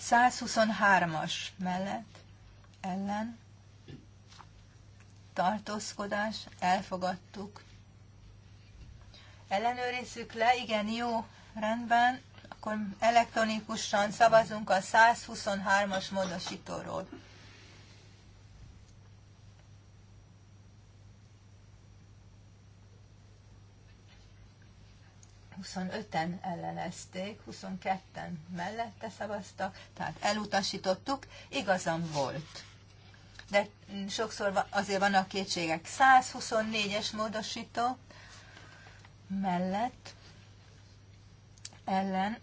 123-as mellett ellen tartózkodás elfogadtuk ellenőrizzük le, igen, jó, rendben, akkor elektronikusan szavazunk a 123-as módosítóról. en ellenezték, 22-en mellette szavaztak, tehát elutasítottuk, igazam volt de sokszor azért vannak kétségek. 124-es módosító mellett ellen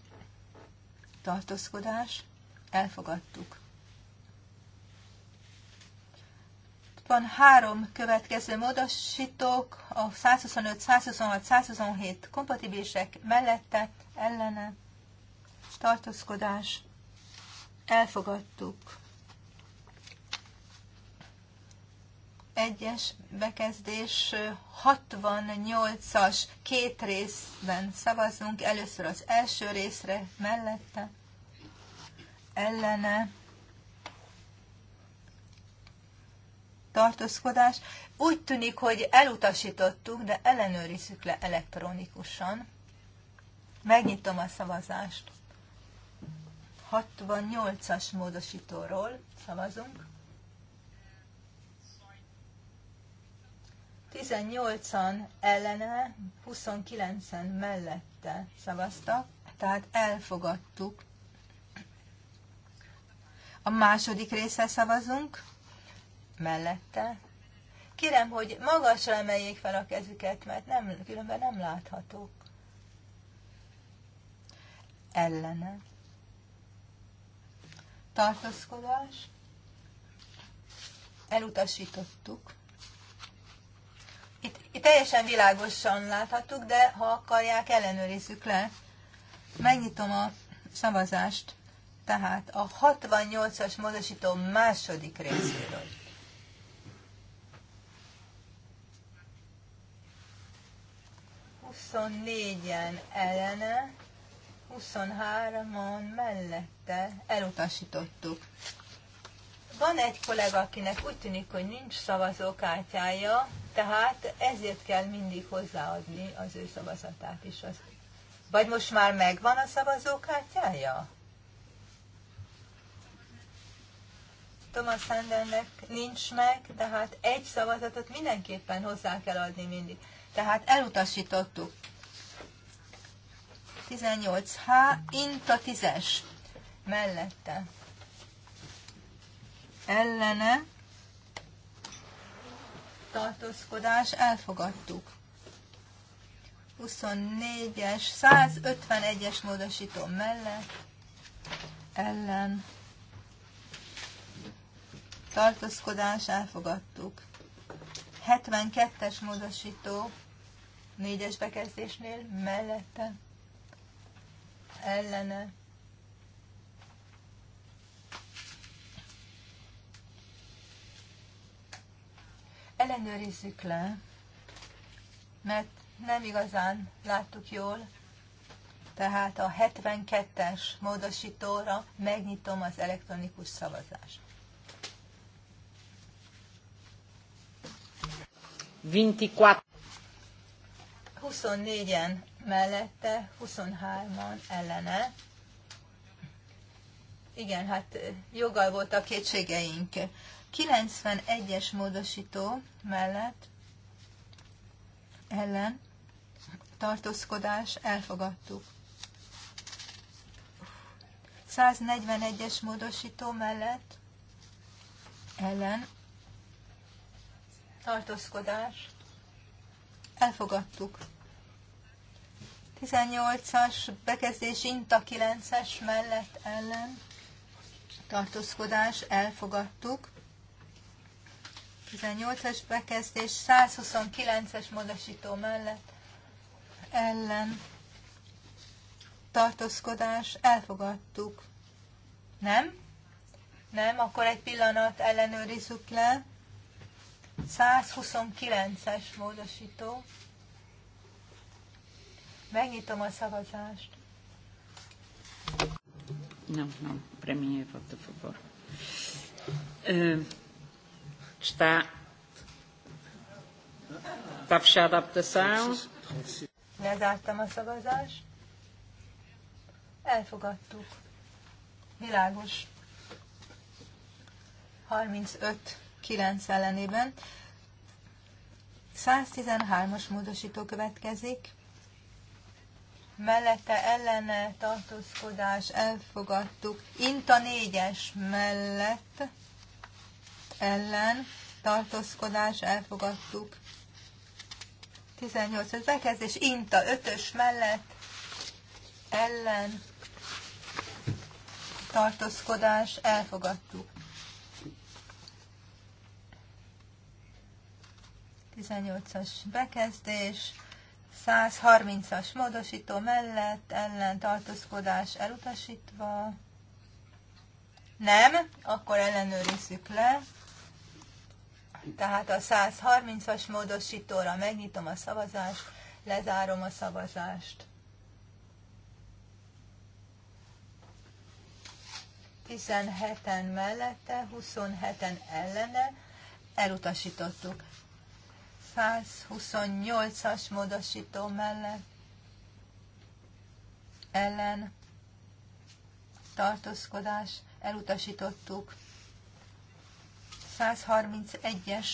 tartózkodás elfogadtuk. Van három következő módosítók, a 125, 126, 127 kompatibilisek mellette, ellene, tartózkodás, elfogadtuk. egyes bekezdés 68-as két részben szavazunk. Először az első részre mellette, ellene, tartózkodás. Úgy tűnik, hogy elutasítottuk, de ellenőrizzük le elektronikusan. Megnyitom a szavazást. 68-as módosítóról szavazunk. 18-an ellene, 29-en mellette szavaztak, tehát elfogadtuk. A második része szavazunk, mellette. Kérem, hogy magasra emeljék fel a kezüket, mert nem, különben nem láthatók. Ellene. Tartózkodás. Elutasítottuk. Itt, itt teljesen világosan láthattuk, de ha akarják, ellenőrizzük le. Megnyitom a szavazást, tehát a 68-as módosító második részéről. Huszonnégyen ellene, 23-on mellette elutasítottuk. Van egy kollega, akinek úgy tűnik, hogy nincs szavazókártyája, tehát ezért kell mindig hozzáadni az ő szavazatát is. Az... Vagy most már megvan a szavazókártyája? Thomas Sandernek nincs meg, tehát egy szavazatot mindenképpen hozzá kell adni mindig. Tehát elutasítottuk. 18H, int a 10 mellette. Ellene tartózkodás elfogadtuk. 24-es, 151-es módosító mellett, ellen, tartózkodás elfogadtuk. 72-es módosító, 4-es bekezdésnél, mellette, ellene, ellenőrizzük le, mert nem igazán láttuk jól. Tehát a 72-es módosítóra megnyitom az elektronikus szavazást. 24-en mellette, 23-an ellene. Igen, hát joggal voltak kétségeink. 91-es módosító mellett ellen tartózkodás elfogadtuk. 141-es módosító mellett ellen tartózkodás elfogadtuk. 18-as bekezdés Inta 9-es mellett ellen tartózkodás elfogadtuk. 18-as bekezdés 129-es módosító mellett ellen tartózkodás elfogadtuk. Nem? Nem? Akkor egy pillanat ellenőrizzük le. 129-es módosító. Megnyitom a szavazást. Nem, nem, premier volt a favor. Está. Está fechada a votação. Lezártam a szavazást. Elfogadtuk. Világos. 35-9 ellenében. 113-as módosító következik. Mellette ellene tartózkodás elfogadtuk. Inta 4-es mellett ellen tartózkodás elfogadtuk. 18 as bekezdés, inta 5-ös mellett ellen tartózkodás elfogadtuk. 18-as bekezdés, 130-as módosító mellett ellen tartózkodás elutasítva. Nem, akkor ellenőrizzük le tehát a 130-as módosítóra megnyitom a szavazást, lezárom a szavazást. 17 mellette, 27-en ellene elutasítottuk. 128-as módosító mellett ellen tartózkodás elutasítottuk. 131-es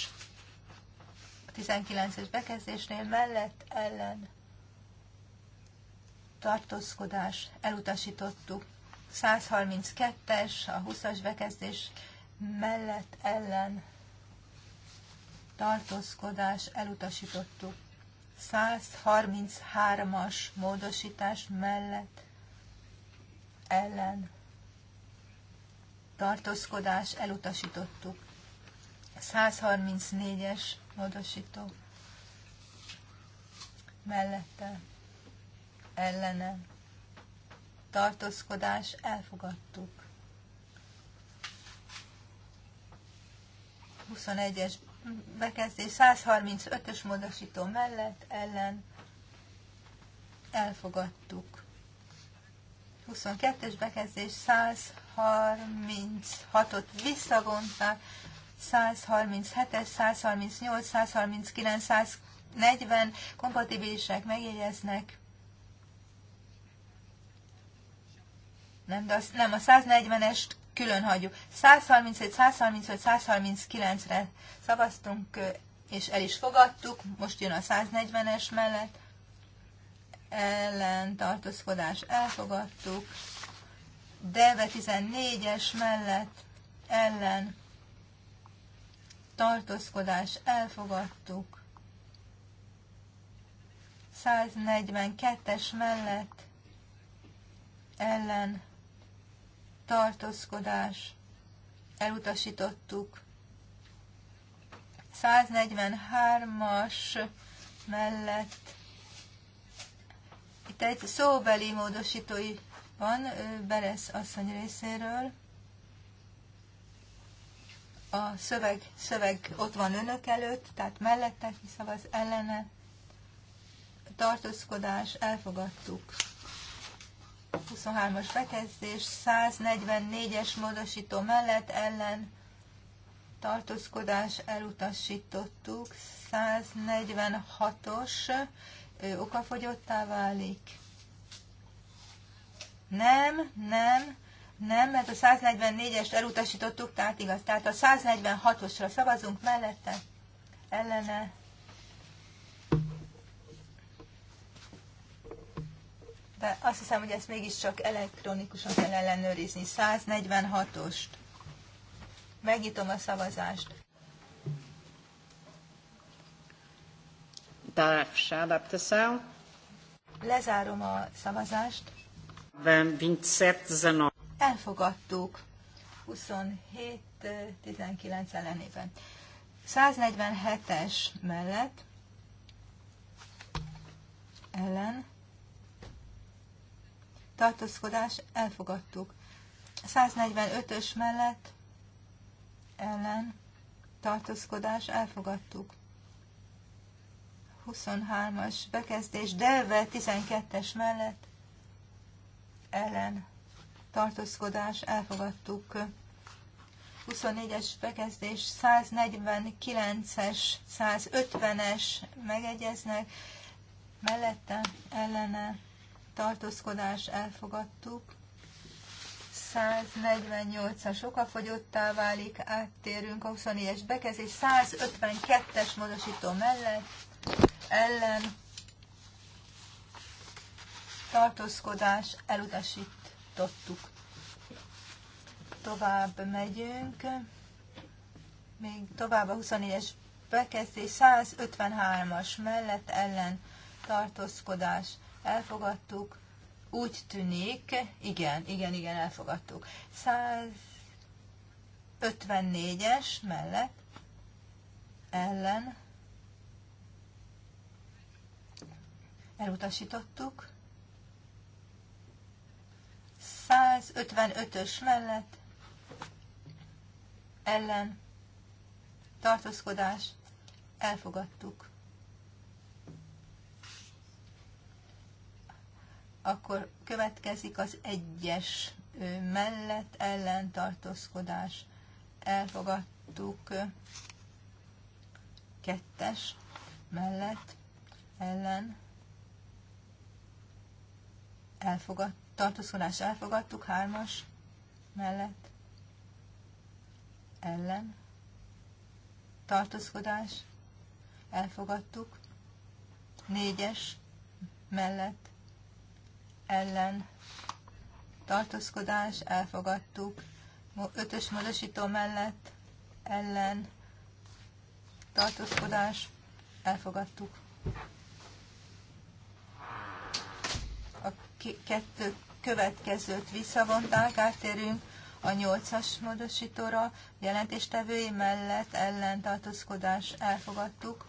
a 19-es bekezdésnél mellett ellen tartózkodás elutasítottuk. 132-es a 20-as bekezdés mellett ellen tartózkodás elutasítottuk. 133-as módosítás mellett ellen tartózkodás elutasítottuk. 134-es módosító mellette ellene tartózkodás elfogadtuk. 21-es bekezdés 135-ös módosító mellett ellen elfogadtuk. 22-es bekezdés 136-ot visszavonták, 137-es, 138, 139, 140 kompatibilisek megjegyeznek. Nem, de az, nem a 140-est külön hagyjuk. 137, 135, 139-re szavaztunk, és el is fogadtuk. Most jön a 140-es mellett. Ellen tartózkodás elfogadtuk. Deve 14-es mellett ellen tartózkodás elfogadtuk. 142-es mellett ellen tartózkodás elutasítottuk. 143-as mellett itt egy szóbeli módosítói van Beresz asszony részéről a szöveg, szöveg ott van önök előtt, tehát mellette kiszavaz ellene, tartózkodás, elfogadtuk. 23-as bekezdés, 144-es módosító mellett ellen, tartózkodás elutasítottuk, 146-os okafogyottá válik. Nem, nem, nem, mert a 144-est elutasítottuk, tehát igaz. Tehát a 146-osra szavazunk mellette, ellene. De azt hiszem, hogy ezt mégiscsak elektronikusan kell ellenőrizni. 146-ost. Megnyitom a szavazást. Lezárom a szavazást. 27-19 elfogadtuk 27-19 ellenében. 147-es mellett ellen tartózkodás elfogadtuk. 145-ös mellett ellen tartózkodás elfogadtuk. 23-as bekezdés, delve 12-es mellett ellen tartózkodás elfogadtuk. 24-es bekezdés, 149-es, 150-es megegyeznek, mellette ellene tartózkodás elfogadtuk. 148-as okafogyottá válik, áttérünk a 24-es bekezdés, 152-es módosító mellett, ellen tartózkodás elutasít megnyitottuk. Tovább megyünk. Még tovább a 24-es bekezdés 153-as mellett ellen tartózkodás. Elfogadtuk. Úgy tűnik, igen, igen, igen, elfogadtuk. 154-es mellett ellen elutasítottuk. 155-ös mellett ellen tartózkodás elfogadtuk. Akkor következik az egyes mellett ellen tartózkodás elfogadtuk. Kettes mellett ellen elfogadtuk tartózkodás elfogadtuk, hármas mellett ellen tartózkodás elfogadtuk, négyes mellett ellen tartózkodás elfogadtuk, ötös módosító mellett ellen tartózkodás elfogadtuk. A kettő következőt visszavonták, áttérünk a nyolcas módosítóra, jelentéstevői mellett ellentartózkodás elfogadtuk.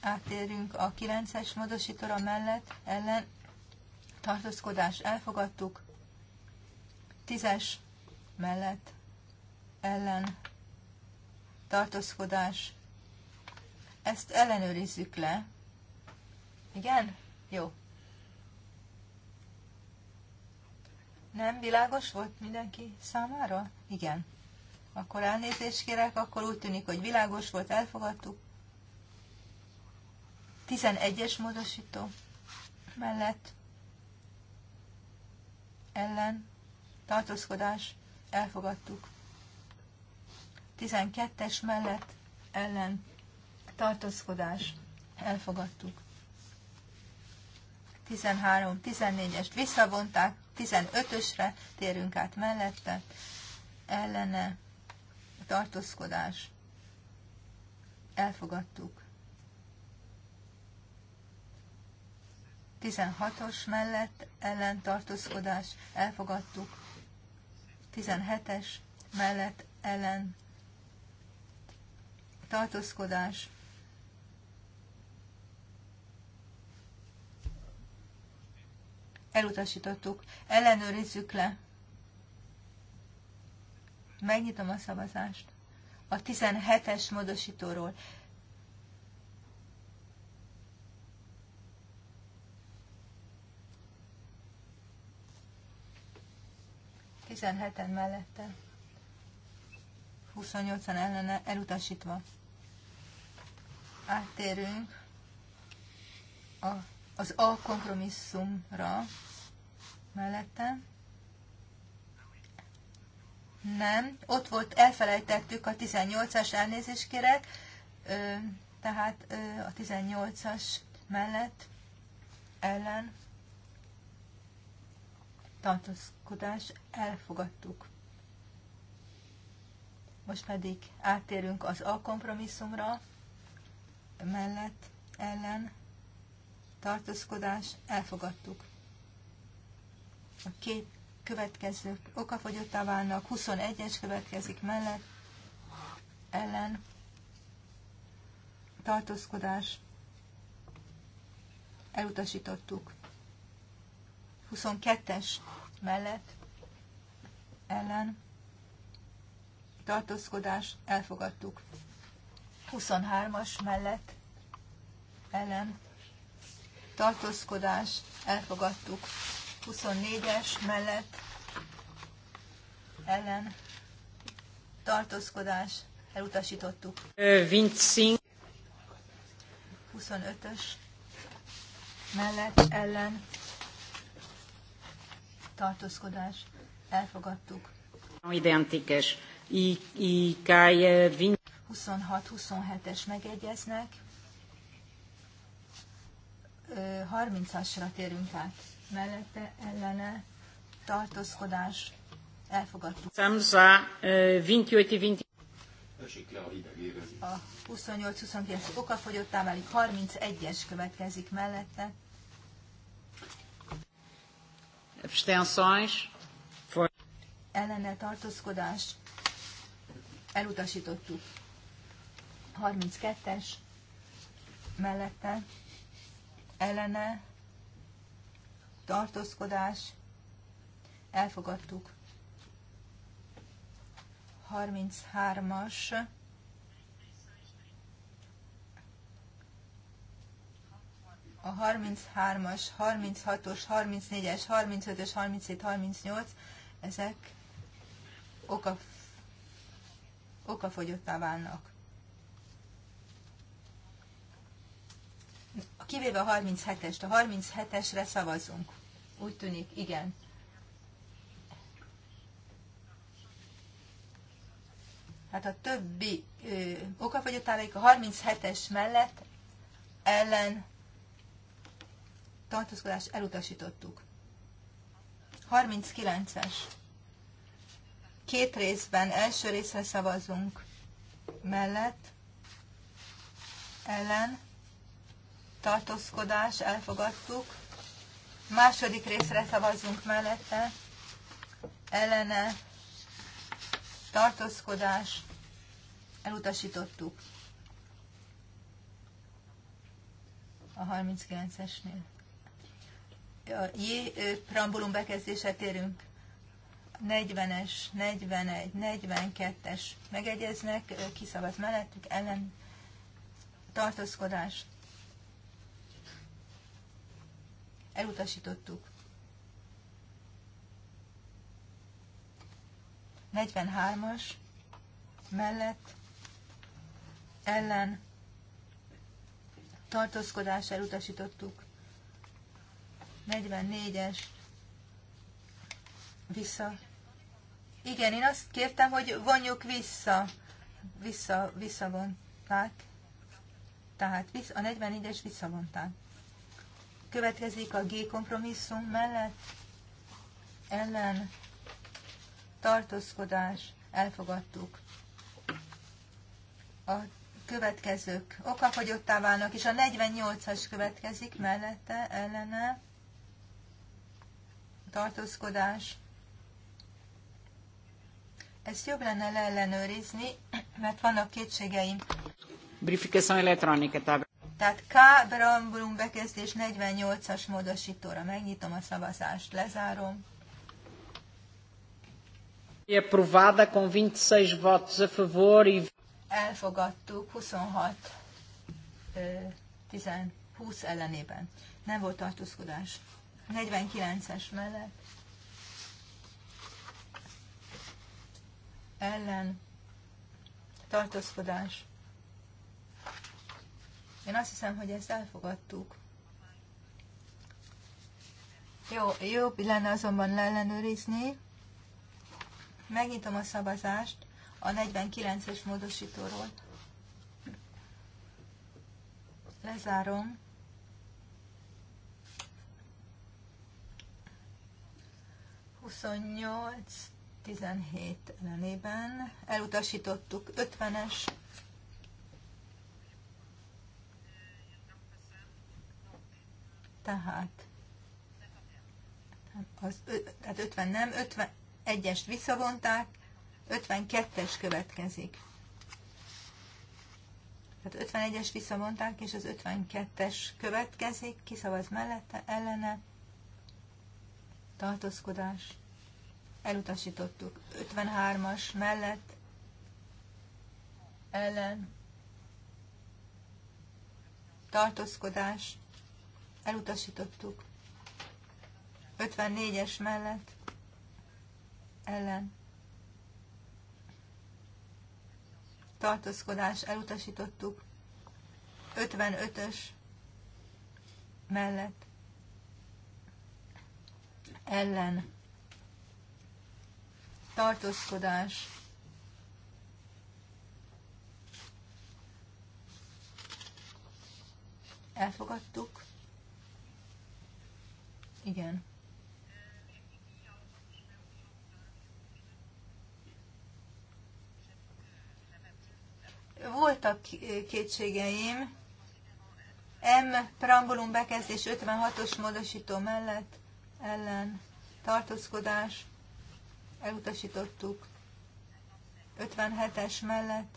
Áttérünk a kilences módosítóra mellett ellen tartózkodás elfogadtuk. Tízes mellett ellen tartózkodás. Ezt ellenőrizzük le. Igen? Jó. Nem világos volt mindenki számára? Igen. Akkor elnézést kérek, akkor úgy tűnik, hogy világos volt, elfogadtuk. 11-es módosító mellett ellen tartózkodás elfogadtuk. 12-es mellett ellen tartózkodás elfogadtuk. 13-14-est visszavonták, 15-ösre térünk át mellette, ellene tartózkodás. Elfogadtuk. 16-os mellett ellen tartózkodás, elfogadtuk. 17-es mellett ellen tartózkodás, elutasítottuk. Ellenőrizzük le. Megnyitom a szavazást. A 17-es módosítóról. Tizenheten mellette. 28-an ellene elutasítva. Áttérünk a az A kompromisszumra mellette. Nem, ott volt, elfelejtettük a 18-as, elnézést kérek, ö, tehát ö, a 18-as mellett ellen tartózkodás elfogadtuk. Most pedig áttérünk az A kompromisszumra mellett ellen tartózkodás, elfogadtuk. A két következő okafogyottá válnak, 21-es következik mellett, ellen, tartózkodás, elutasítottuk. 22-es mellett, ellen, tartózkodás, elfogadtuk. 23-as mellett, ellen, tartózkodás, elfogadtuk. 24-es mellett ellen tartózkodás, elutasítottuk. 25. 25-ös mellett ellen tartózkodás, elfogadtuk. Identikes. I, I, 26-27-es megegyeznek 30-asra térünk át. Mellette ellene tartózkodás elfogadtuk. Számza 28-20. A 28-29 fogyott, támálik 31-es következik mellette. Abstenções. Ellene tartózkodás elutasítottuk. 32-es mellette ellene, tartózkodás, elfogadtuk. 33-as, a 33-as, 36-os, 34-es, 35-ös, 37, 38, ezek oka, okafogyottá válnak. kivéve a 37-est, a 37-esre szavazunk. Úgy tűnik, igen. Hát a többi ö, a 37-es mellett ellen tartózkodást elutasítottuk. 39-es. Két részben, első részre szavazunk mellett, ellen, tartózkodás, elfogadtuk. Második részre szavazzunk mellette, ellene, tartózkodás, elutasítottuk. A 39-esnél. J. Prambulum bekezdése térünk. 40-es, 41, 42-es megegyeznek, kiszavaz mellettük, ellen tartózkodás elutasítottuk. 43-as mellett ellen tartózkodás elutasítottuk. 44-es vissza. Igen, én azt kértem, hogy vonjuk vissza. Vissza, visszavonták. Tehát a 44-es visszavonták. Következik a G kompromisszum mellett ellen tartózkodás elfogadtuk. A következők okafogyottá válnak, és a 48-as következik mellette ellene tartózkodás. Ezt jobb lenne leellenőrizni, mert vannak kétségeim. Brifikáció elektronikus. Tehát K. Brambulum bekezdés 48-as módosítóra megnyitom a szavazást, lezárom. Aprovada com 26 e votos a favor e... Elfogadtuk 26 10, 20 ellenében. Nem volt tartózkodás. 49-es mellett. Ellen. Tartózkodás én azt hiszem, hogy ezt elfogadtuk. Jó, jobb lenne azonban leellenőrizni. Megnyitom a szavazást a 49-es módosítóról. Lezárom. Huszonnyolc, tizenhét ellenében elutasítottuk 50-es tehát, az, tehát 50 nem, 51-est visszavonták, 52-es következik. Tehát 51-es visszavonták, és az 52-es következik, kiszavaz mellette, ellene, tartózkodás, elutasítottuk. 53-as mellett, ellen, tartózkodás, elutasítottuk. 54-es mellett ellen tartózkodás elutasítottuk. 55-ös mellett ellen tartózkodás elfogadtuk. Igen. Voltak kétségeim. M. Prambulum bekezdés 56-os módosító mellett ellen tartózkodás elutasítottuk. 57-es mellett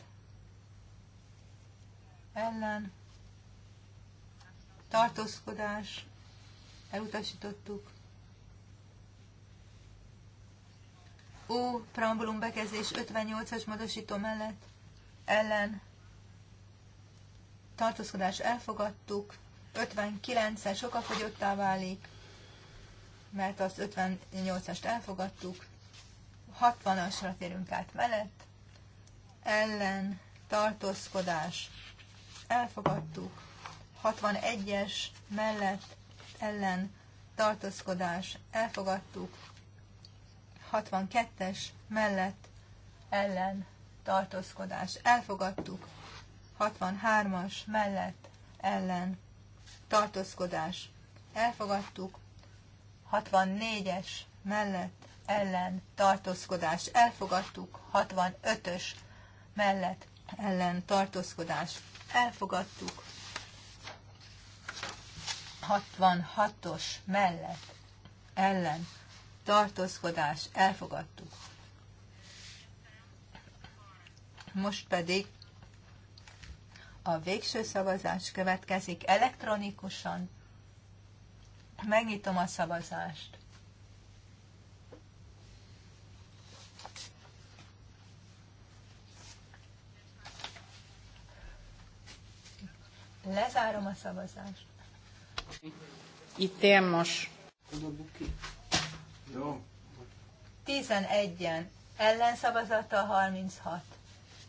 ellen tartózkodás elutasítottuk. Ó, preambulum bekezdés 58-as módosító mellett ellen tartózkodás elfogadtuk, 59-es sokafogyottá válik, mert az 58-ast elfogadtuk, 60-asra térünk át mellett, ellen tartózkodás elfogadtuk, 61-es mellett ellen tartózkodás elfogadtuk, 62-es mellett ellen tartózkodás elfogadtuk, 63-as mellett ellen tartózkodás elfogadtuk, 64-es mellett ellen tartózkodás elfogadtuk, 65-ös mellett ellen tartózkodás elfogadtuk, 66-os mellett ellen tartózkodás elfogadtuk. Most pedig a végső szavazás következik elektronikusan. Megnyitom a szavazást. Lezárom a szavazást. Itt én most. 11-en ellenszavazata 36.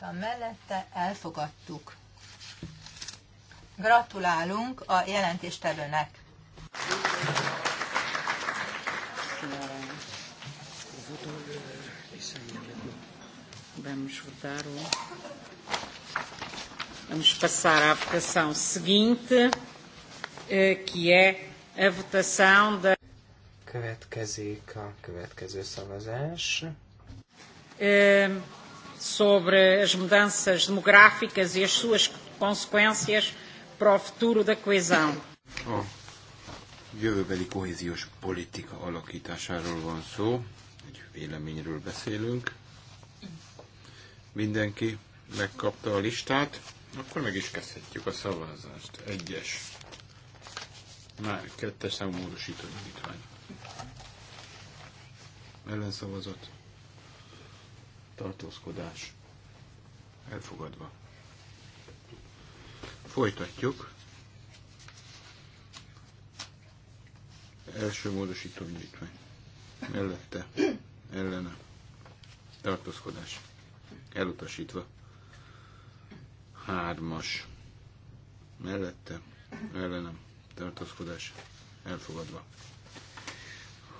A mellette elfogadtuk. Gratulálunk a jelentéstevőnek. Vamos votar o... Vamos passar à votação seguinte. Eh, que é a votação da... Következik a következő szavazás. Eh, sobre as mudanças demográficas e as suas consequências para o futuro da coesão. A jövőbeli kohéziós politika alakításáról van szó, egy véleményről beszélünk. Mindenki megkapta a listát, akkor meg is kezdhetjük a szavazást. Egyes már kettes számú módosító indítvány. Ellenszavazat. Tartózkodás. Elfogadva. Folytatjuk. Első módosító indítvány. Mellette. Ellene. Tartózkodás. Elutasítva. Hármas. Mellette. Ellenem tartózkodás elfogadva.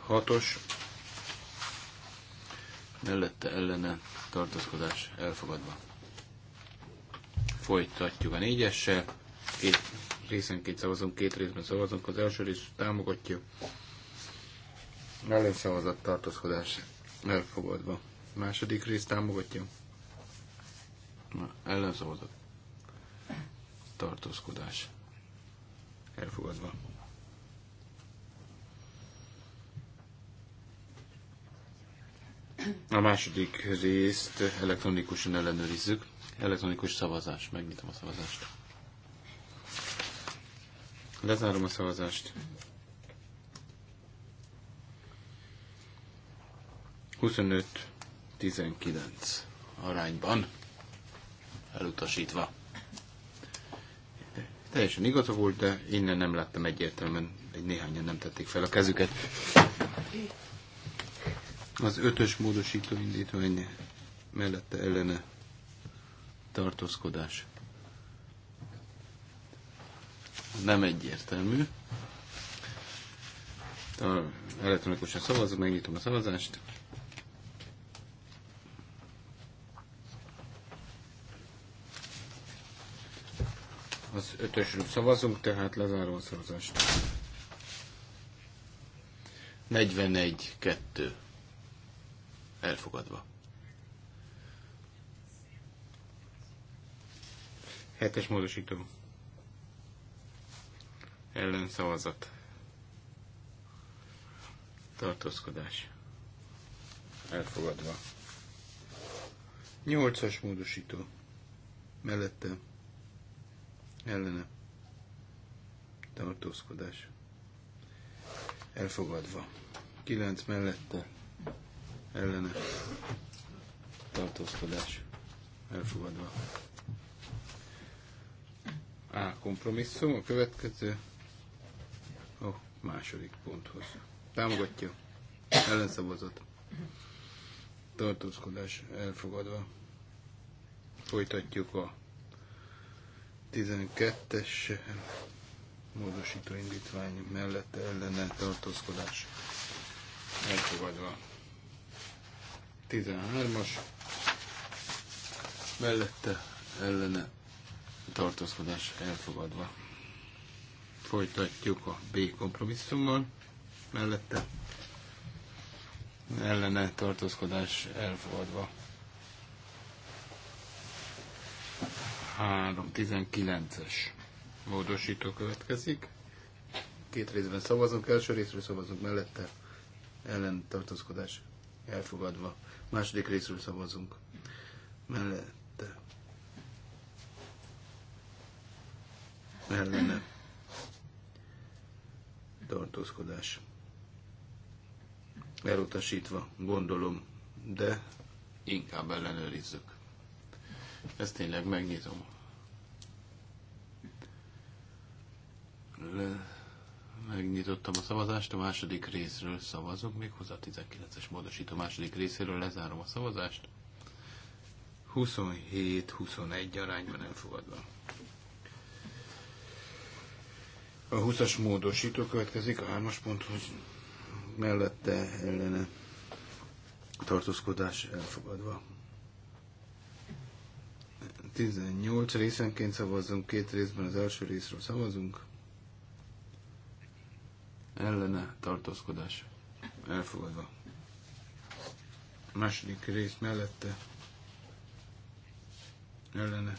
Hatos mellette ellene tartózkodás elfogadva. Folytatjuk a négyessel. Két részenként szavazunk, két részben szavazunk. Az első rész támogatja. szavazat tartózkodás elfogadva. A második rész támogatja. Ellenszavazat tartózkodás elfogadva. A második részt elektronikusan ellenőrizzük. Elektronikus szavazás. Megnyitom a szavazást. Lezárom a szavazást. 25-19 arányban elutasítva teljesen igaza volt, de innen nem láttam egyértelműen, egy néhányan nem tették fel a kezüket. Az ötös módosító indítvány mellette ellene tartózkodás. Nem egyértelmű. Elektronikusan szavazok, megnyitom a szavazást. az ötösről szavazunk, tehát lezárom a szavazást. 41-2. Elfogadva. Hetes módosító. szavazat. Tartózkodás. Elfogadva. Nyolcas módosító. Mellette ellene tartózkodás elfogadva. kilenc mellette ellene tartózkodás elfogadva. A kompromisszum a következő a második ponthoz. Támogatja ellenszavazat tartózkodás elfogadva. Folytatjuk a 12-es módosító indítvány mellett ellene tartózkodás elfogadva. 13-as mellette ellene tartózkodás elfogadva. Folytatjuk a B kompromisszummal mellette ellene tartózkodás elfogadva. 19 es módosító következik. Két részben szavazunk, első részről szavazunk mellette, ellen tartózkodás elfogadva. Második részről szavazunk mellette. Mellene. tartózkodás elutasítva, gondolom, de inkább ellenőrizzük. Ezt tényleg megnyitom. Le, megnyitottam a szavazást, a második részről szavazok, méghozzá a 19-es módosító második részéről lezárom a szavazást. 27-21 arányban elfogadva. A 20-as módosító következik a 3-as ponthoz, mellette ellene tartózkodás elfogadva. 18 részenként szavazzunk, két részben az első részről szavazunk. Ellene tartózkodás. Elfogadva. A második rész mellette. Ellene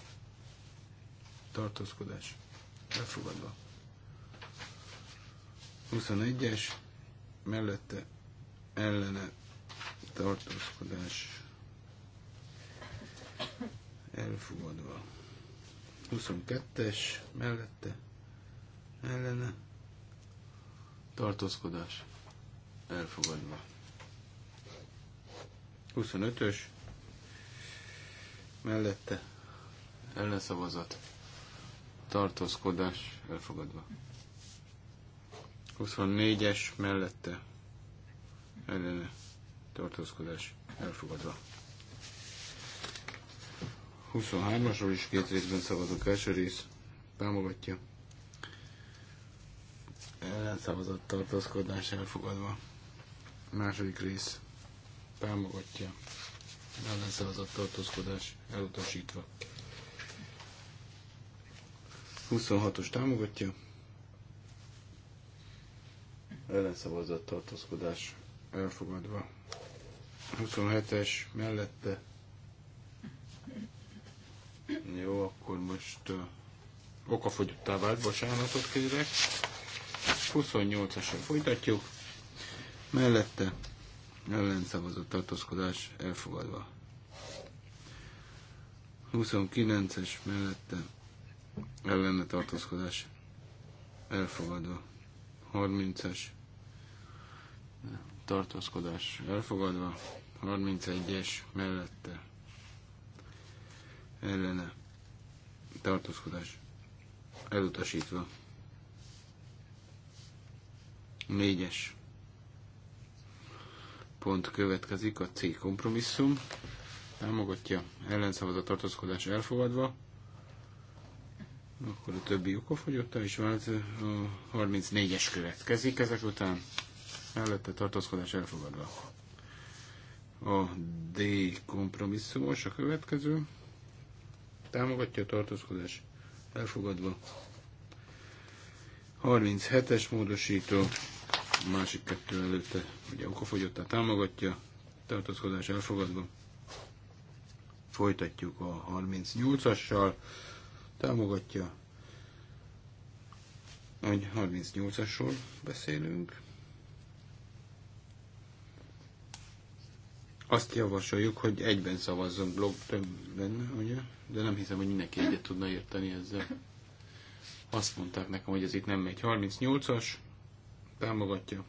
tartózkodás. Elfogadva. 21-es mellette ellene tartózkodás elfogadva. 22-es mellette ellene tartózkodás elfogadva. 25-ös mellette ellenszavazat tartózkodás elfogadva. 24-es mellette ellene tartózkodás elfogadva. 23-asról is két részben szavazunk. Első rész támogatja. Ellenszavazat tartózkodás elfogadva. Második rész támogatja. Ellenszavazat tartózkodás elutasítva. 26-os támogatja. Ellenszavazat tartózkodás elfogadva. 27-es mellette jó, akkor most uh, okafogyottá vált, bocsánatot kérek. 28-asra folytatjuk. Mellette ellenszavazott tartózkodás elfogadva. 29-es mellette ellene tartózkodás elfogadva. 30-es tartózkodás elfogadva. 31-es mellette ellene tartózkodás elutasítva. Négyes pont következik a C kompromisszum. Támogatja ellenszavazat tartózkodás elfogadva. Akkor a többi okofogyottá is vált. A 34-es következik ezek után. Mellette tartózkodás elfogadva. A D kompromisszumos a következő támogatja, a tartózkodás elfogadva. 37-es módosító, a másik kettő előtte, ugye okafogyottá támogatja, tartózkodás elfogadva. Folytatjuk a 38-assal, támogatja, hogy 38-asról beszélünk. Azt javasoljuk, hogy egyben szavazzon blog többen, ugye? De nem hiszem, hogy mindenki egyet tudna érteni ezzel. Azt mondták nekem, hogy ez itt nem megy. 38-as támogatja.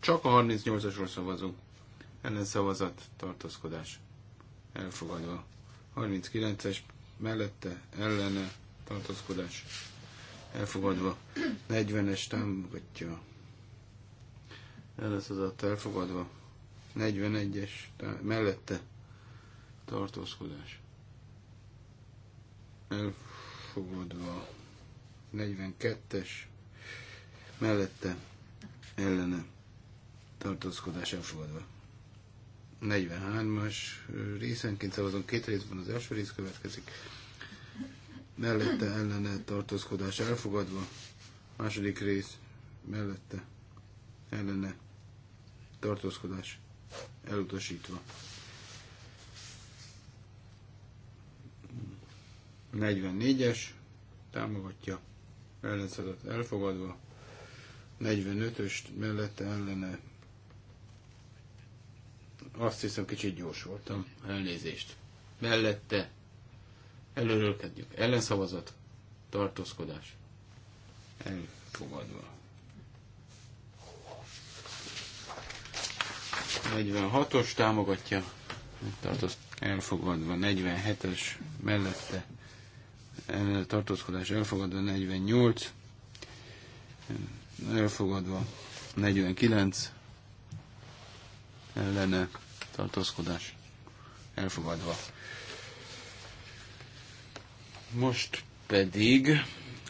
Csak a 38-asról szavazunk. Ellen szavazat, tartózkodás. Elfogadva. 39-es mellette, ellene, tartózkodás. Elfogadva. 40-es támogatja. Ellen szavazat elfogadva. 41-es mellette tartózkodás elfogadva 42-es mellette ellene tartózkodás elfogadva 43-as részenként szavazom, két részben az első rész következik mellette ellene tartózkodás elfogadva második rész mellette ellene tartózkodás elutasítva. 44-es támogatja ellenszedett elfogadva, 45-ös mellette ellene azt hiszem kicsit gyors voltam, elnézést. Mellette előrölkedjük, ellenszavazat, tartózkodás, elfogadva. 46-os támogatja, tartoz, elfogadva, 47-es mellette e, tartózkodás elfogadva, 48 elfogadva, 49 ellene tartózkodás elfogadva. Most pedig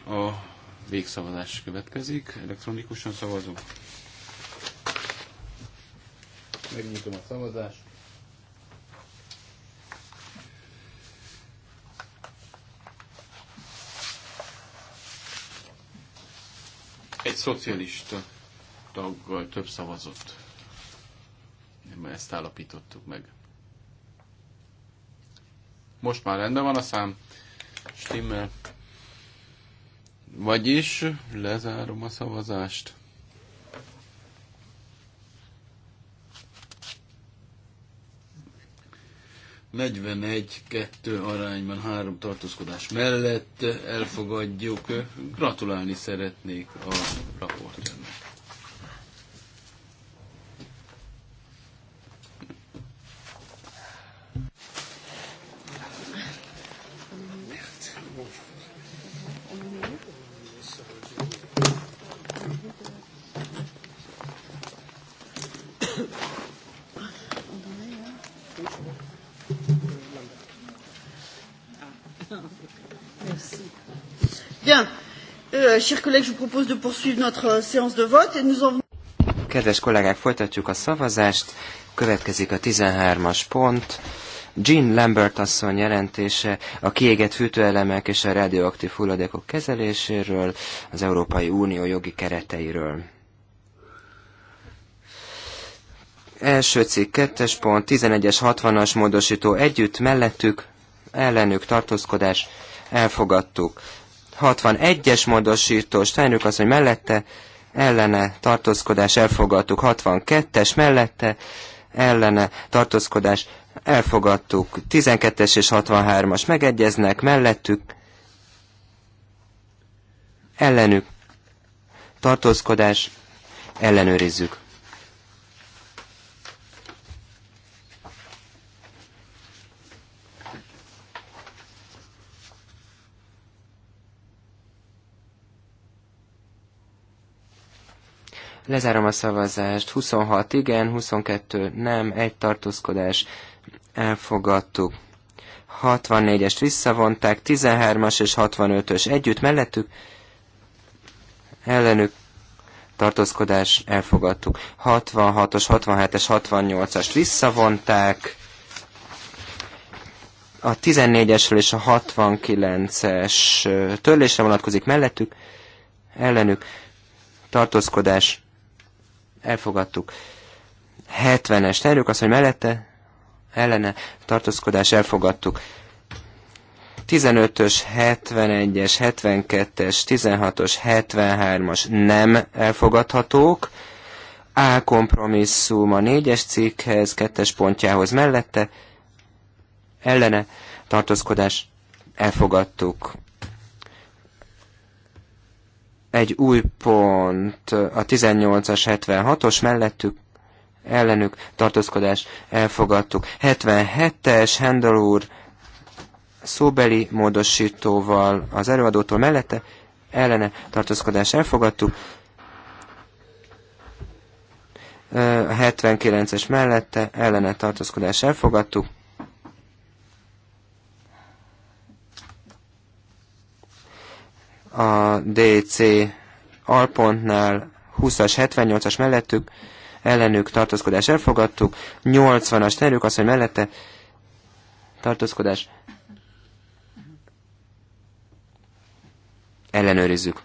a végszavazás következik, elektronikusan szavazunk. Megnyitom a szavazást. Egy szocialista taggal több szavazott. Nem, ezt állapítottuk meg. Most már rendben van a szám. Stimmel. Vagyis lezárom a szavazást. 41-2 arányban három tartózkodás mellett elfogadjuk. Gratulálni szeretnék a raportőrnek. Euh, chers collègues, je vous propose de poursuivre notre euh, séance de vote et nous en Kedves kollégák, folytatjuk a szavazást. Következik a 13-as pont. Jean Lambert asszony jelentése a kiégett fűtőelemek és a radioaktív hulladékok kezeléséről, az Európai Unió jogi kereteiről. Első cikk, kettes pont, 11-es, 60-as módosító együtt, mellettük, ellenük tartózkodás, elfogadtuk. 61-es módosító, Steinrück az, hogy mellette, ellene tartózkodás elfogadtuk, 62-es mellette, ellene tartózkodás elfogadtuk, 12-es és 63-as megegyeznek, mellettük, ellenük tartózkodás, ellenőrizzük. Lezárom a szavazást. 26 igen, 22 nem, egy tartózkodás. Elfogadtuk. 64-est visszavonták, 13-as és 65-ös együtt mellettük. Ellenük tartózkodás elfogadtuk. 66-os, 67-es, 68-ast visszavonták. A 14-esről és a 69-es törlésre vonatkozik mellettük. Ellenük tartózkodás elfogadtuk. 70-es terjük azt, hogy mellette ellene tartózkodás elfogadtuk. 15-ös, 71-es, 72-es, 16-os, 73-as nem elfogadhatók. A kompromisszum a 4-es cikkhez, 2-es pontjához mellette ellene tartózkodás elfogadtuk egy új pont a 18-as, 76-os mellettük ellenük tartózkodás elfogadtuk. 77-es Hendel úr szóbeli módosítóval az előadótól mellette ellene tartózkodás elfogadtuk. 79-es mellette ellene tartózkodás elfogadtuk. a DC alpontnál 20-as, 78-as mellettük, ellenük tartózkodás elfogadtuk, 80-as terjük azt hogy mellette tartózkodás ellenőrizzük.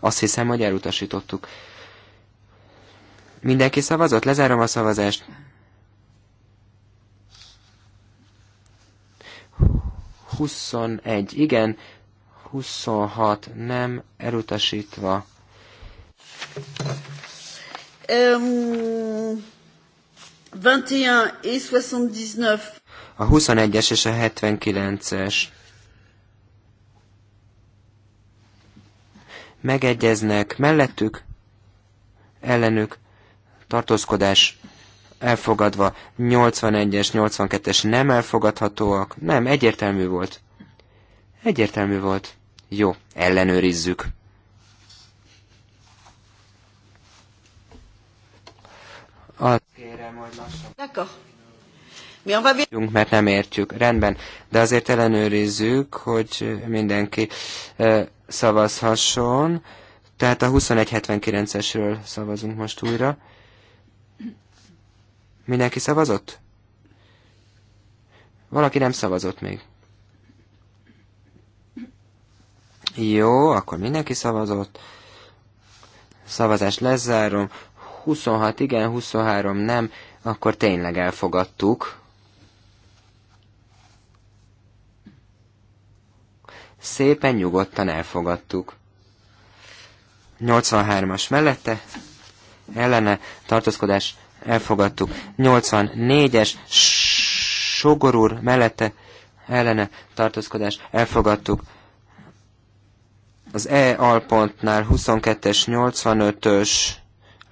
Azt hiszem, hogy elutasítottuk. Mindenki szavazott? Lezárom a szavazást. 21, igen, 26 nem elutasítva. Um, 21 és 79. A 21-es és a 79-es. Megegyeznek mellettük, ellenük, tartózkodás elfogadva, 81-es, 82-es nem elfogadhatóak, nem, egyértelmű volt. Egyértelmű volt. Jó, ellenőrizzük. kérem, Mert nem értjük. Rendben. De azért ellenőrizzük, hogy mindenki szavazhasson. Tehát a 2179-esről szavazunk most újra. Mindenki szavazott? Valaki nem szavazott még. Jó, akkor mindenki szavazott. Szavazást lezárom. 26 igen, 23 nem, akkor tényleg elfogadtuk. Szépen nyugodtan elfogadtuk. 83-as mellette, ellene, tartózkodás, elfogadtuk. 84-es, sogorúr mellette, ellene, tartózkodás, elfogadtuk az E alpontnál 22-es, 85-ös,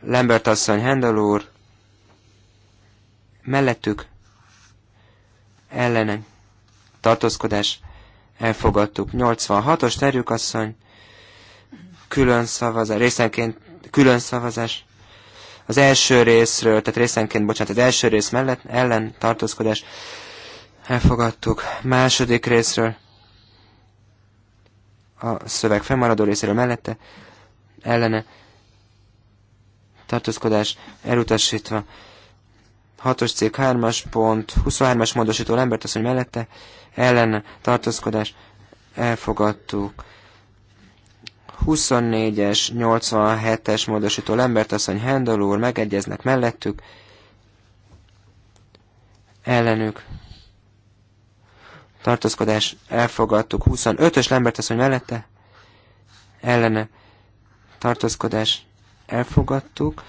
Lambert asszony, Hendel úr, mellettük, ellenen tartózkodás, elfogadtuk. 86-os, Terjük asszony, külön szavazás, részenként külön szavazás. Az első részről, tehát részenként, bocsánat, az első rész mellett, ellen tartózkodás, elfogadtuk. Második részről, a szöveg fennmaradó részéről mellette, ellene, tartózkodás elutasítva. 6-os cég 3-as pont, 23-as módosító embert azt, hogy mellette, ellene, tartózkodás, elfogadtuk. 24-es, 87-es módosító Lambert asszony Handel úr, megegyeznek mellettük, ellenük, tartózkodás elfogadtuk. 25-ös Lambert asszony mellette ellene tartózkodás elfogadtuk.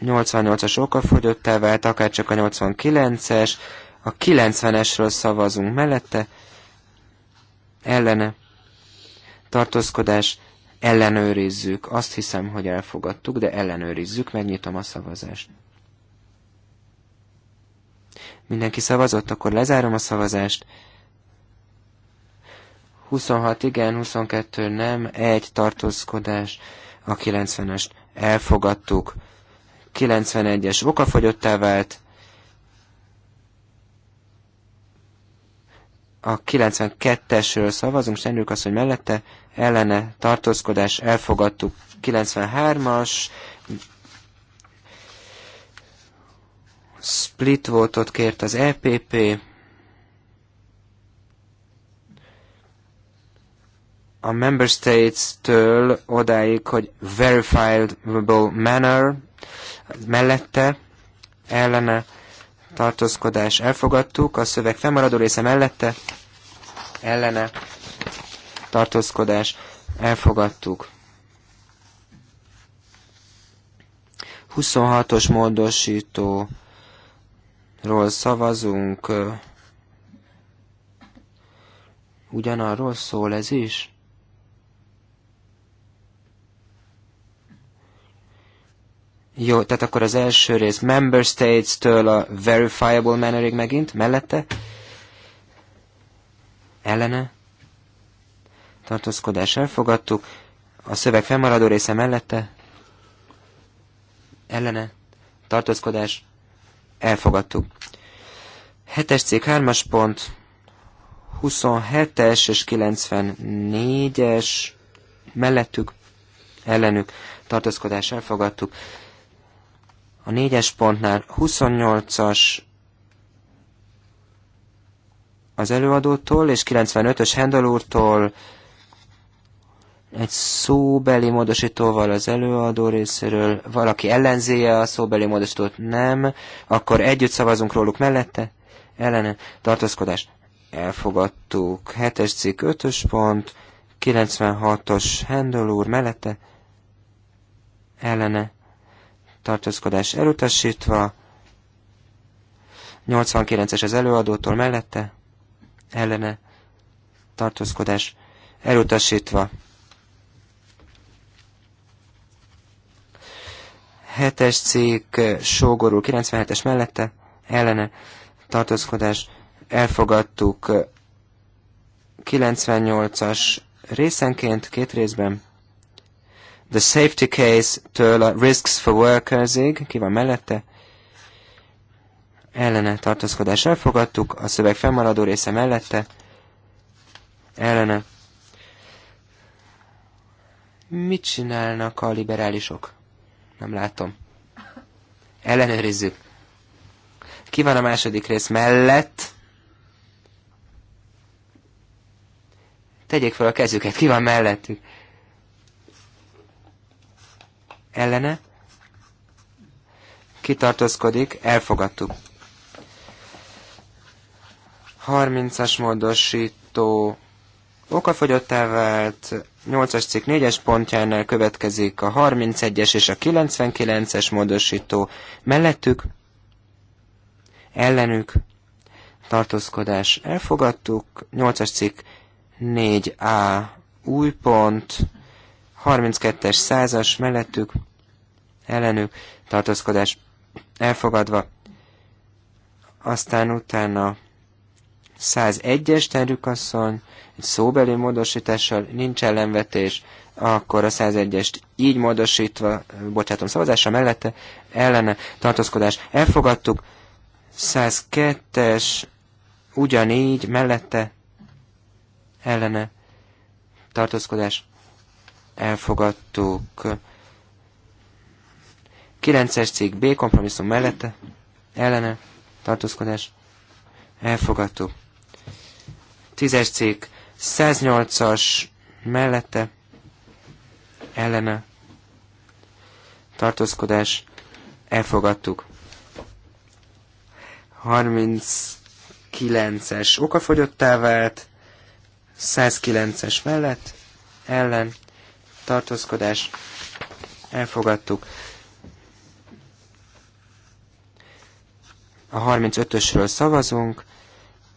88-as el, vált, akár csak a 89-es, a 90-esről szavazunk mellette, ellene, tartózkodás, ellenőrizzük. Azt hiszem, hogy elfogadtuk, de ellenőrizzük, megnyitom a szavazást. Mindenki szavazott, akkor lezárom a szavazást. 26 igen, 22 nem, egy tartózkodás, a 90-est elfogadtuk. 91-es okafogyottá vált, a 92-esről szavazunk, Sendők az, hogy mellette, ellene, tartózkodás, elfogadtuk, 93-as, Split voltot kért az EPP, a Member States-től odáig, hogy verifiable manner mellette, ellene tartózkodás elfogadtuk, a szöveg fennmaradó része mellette, ellene tartózkodás elfogadtuk. 26-os módosító ról szavazunk. Ugyanarról szól ez is? Jó, tehát akkor az első rész Member States-től a Verifiable Mannerig megint, mellette. Ellene. Tartózkodás elfogadtuk. A szöveg fennmaradó része mellette. Ellene. Tartózkodás elfogadtuk. 7-es cég 3-as pont, 27-es és 94-es mellettük, ellenük tartózkodás elfogadtuk. A 4-es pontnál 28-as az előadótól és 95-ös Hendel úrtól egy szóbeli módosítóval az előadó részéről, valaki ellenzéje a szóbeli módosítót nem, akkor együtt szavazunk róluk mellette, ellene, tartózkodás, elfogadtuk. 7-es cikk 5-ös pont, 96-os Hendel úr mellette, ellene, tartózkodás elutasítva, 89-es az előadótól mellette, ellene, tartózkodás elutasítva. 7-es cikk, sógorú, 97-es mellette, ellene, tartózkodás, elfogadtuk 98-as részenként, két részben. The Safety Case-től a Risks for Workers-ig, ki van mellette, ellene tartózkodás elfogadtuk, a szöveg fennmaradó része mellette, ellene. Mit csinálnak a liberálisok? Nem látom. Ellenőrizzük. Ki van a második rész mellett? Tegyék fel a kezüket, ki van mellettük? Ellene? Kitartozkodik, elfogadtuk. 30-as módosító okafogyottá vált, 8-as cikk 4-es pontjánál következik a 31-es és a 99-es módosító mellettük, ellenük, tartózkodás elfogadtuk, 8-as cikk 4A új pont, 32-es 100 mellettük, ellenük, tartózkodás elfogadva, aztán utána 101-es terükasszony, egy szóbeli módosítással nincs ellenvetés, akkor a 101-est így módosítva, bocsátom, szavazása mellette ellene tartózkodás elfogadtuk, 102-es ugyanígy mellette ellene tartózkodás elfogadtuk. 9-es cikk B kompromisszum mellette ellene tartózkodás elfogadtuk. Tízes cikk, 108-as mellette ellene tartózkodás elfogadtuk. 39-es okafogyottá vált, 109-es mellett ellen tartózkodás elfogadtuk. A 35-ösről szavazunk,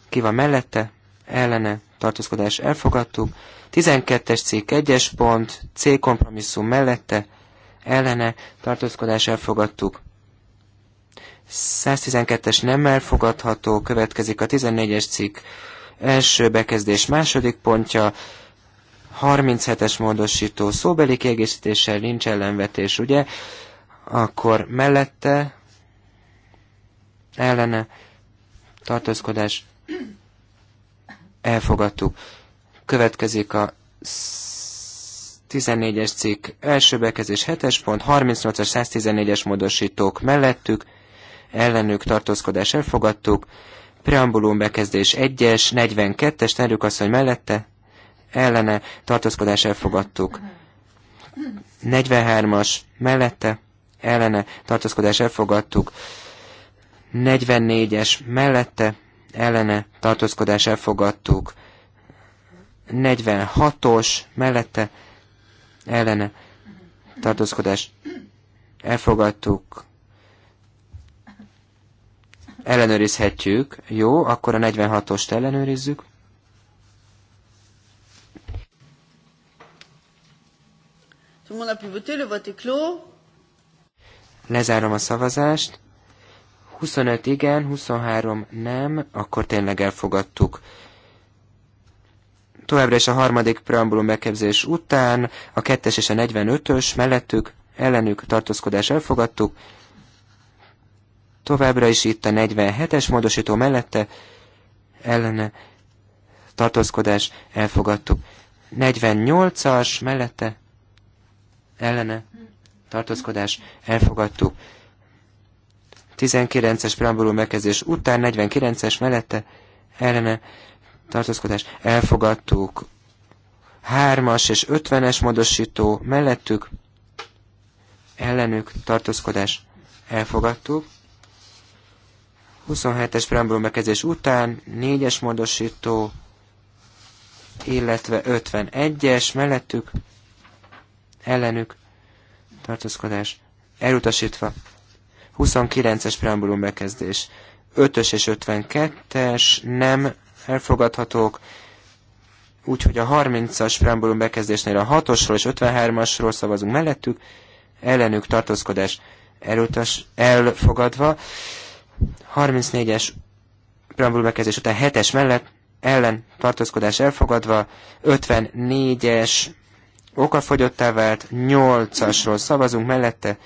ki van mellette, ellene tartózkodás elfogadtuk, 12-es cikk 1-es pont, C kompromisszum mellette, ellene tartózkodás elfogadtuk. 112-es nem elfogadható, következik a 14-es cikk első bekezdés második pontja, 37-es módosító szóbeli kiegészítéssel nincs ellenvetés, ugye? Akkor mellette, ellene, tartózkodás elfogadtuk. Következik a 14-es cikk első bekezés 7-es pont, 38-as 114-es módosítók mellettük, ellenük tartózkodás elfogadtuk, preambulum bekezdés 1-es, 42-es, terjük hogy mellette, ellene tartózkodás elfogadtuk. 43-as mellette, ellene tartózkodás elfogadtuk. 44-es mellette, ellene tartózkodás elfogadtuk. 46-os mellette ellene tartózkodás elfogadtuk. Ellenőrizhetjük. Jó, akkor a 46-ost ellenőrizzük. Lezárom a szavazást. 25 igen, 23 nem, akkor tényleg elfogadtuk. Továbbra is a harmadik preambulum beképzés után a 2-es és a 45-ös mellettük ellenük tartózkodás elfogadtuk. Továbbra is itt a 47-es módosító mellette ellene tartózkodás elfogadtuk. 48-as mellette ellene tartózkodás elfogadtuk. 19-es preambulum megkezdés után, 49-es mellette ellene tartózkodás elfogadtuk. 3-as és 50-es módosító mellettük ellenük tartózkodás elfogadtuk. 27-es preambulum megkezdés után 4-es módosító, illetve 51-es mellettük ellenük tartózkodás elutasítva. 29-es preambulum bekezdés. 5-ös és 52-es nem elfogadhatók, úgyhogy a 30-as preambulum bekezdésnél a 6-osról és 53-asról szavazunk mellettük, ellenük tartózkodás elutas, elfogadva. 34-es preambulum bekezdés után 7-es mellett ellen tartózkodás elfogadva, 54-es okafogyottá vált, 8-asról szavazunk mellette,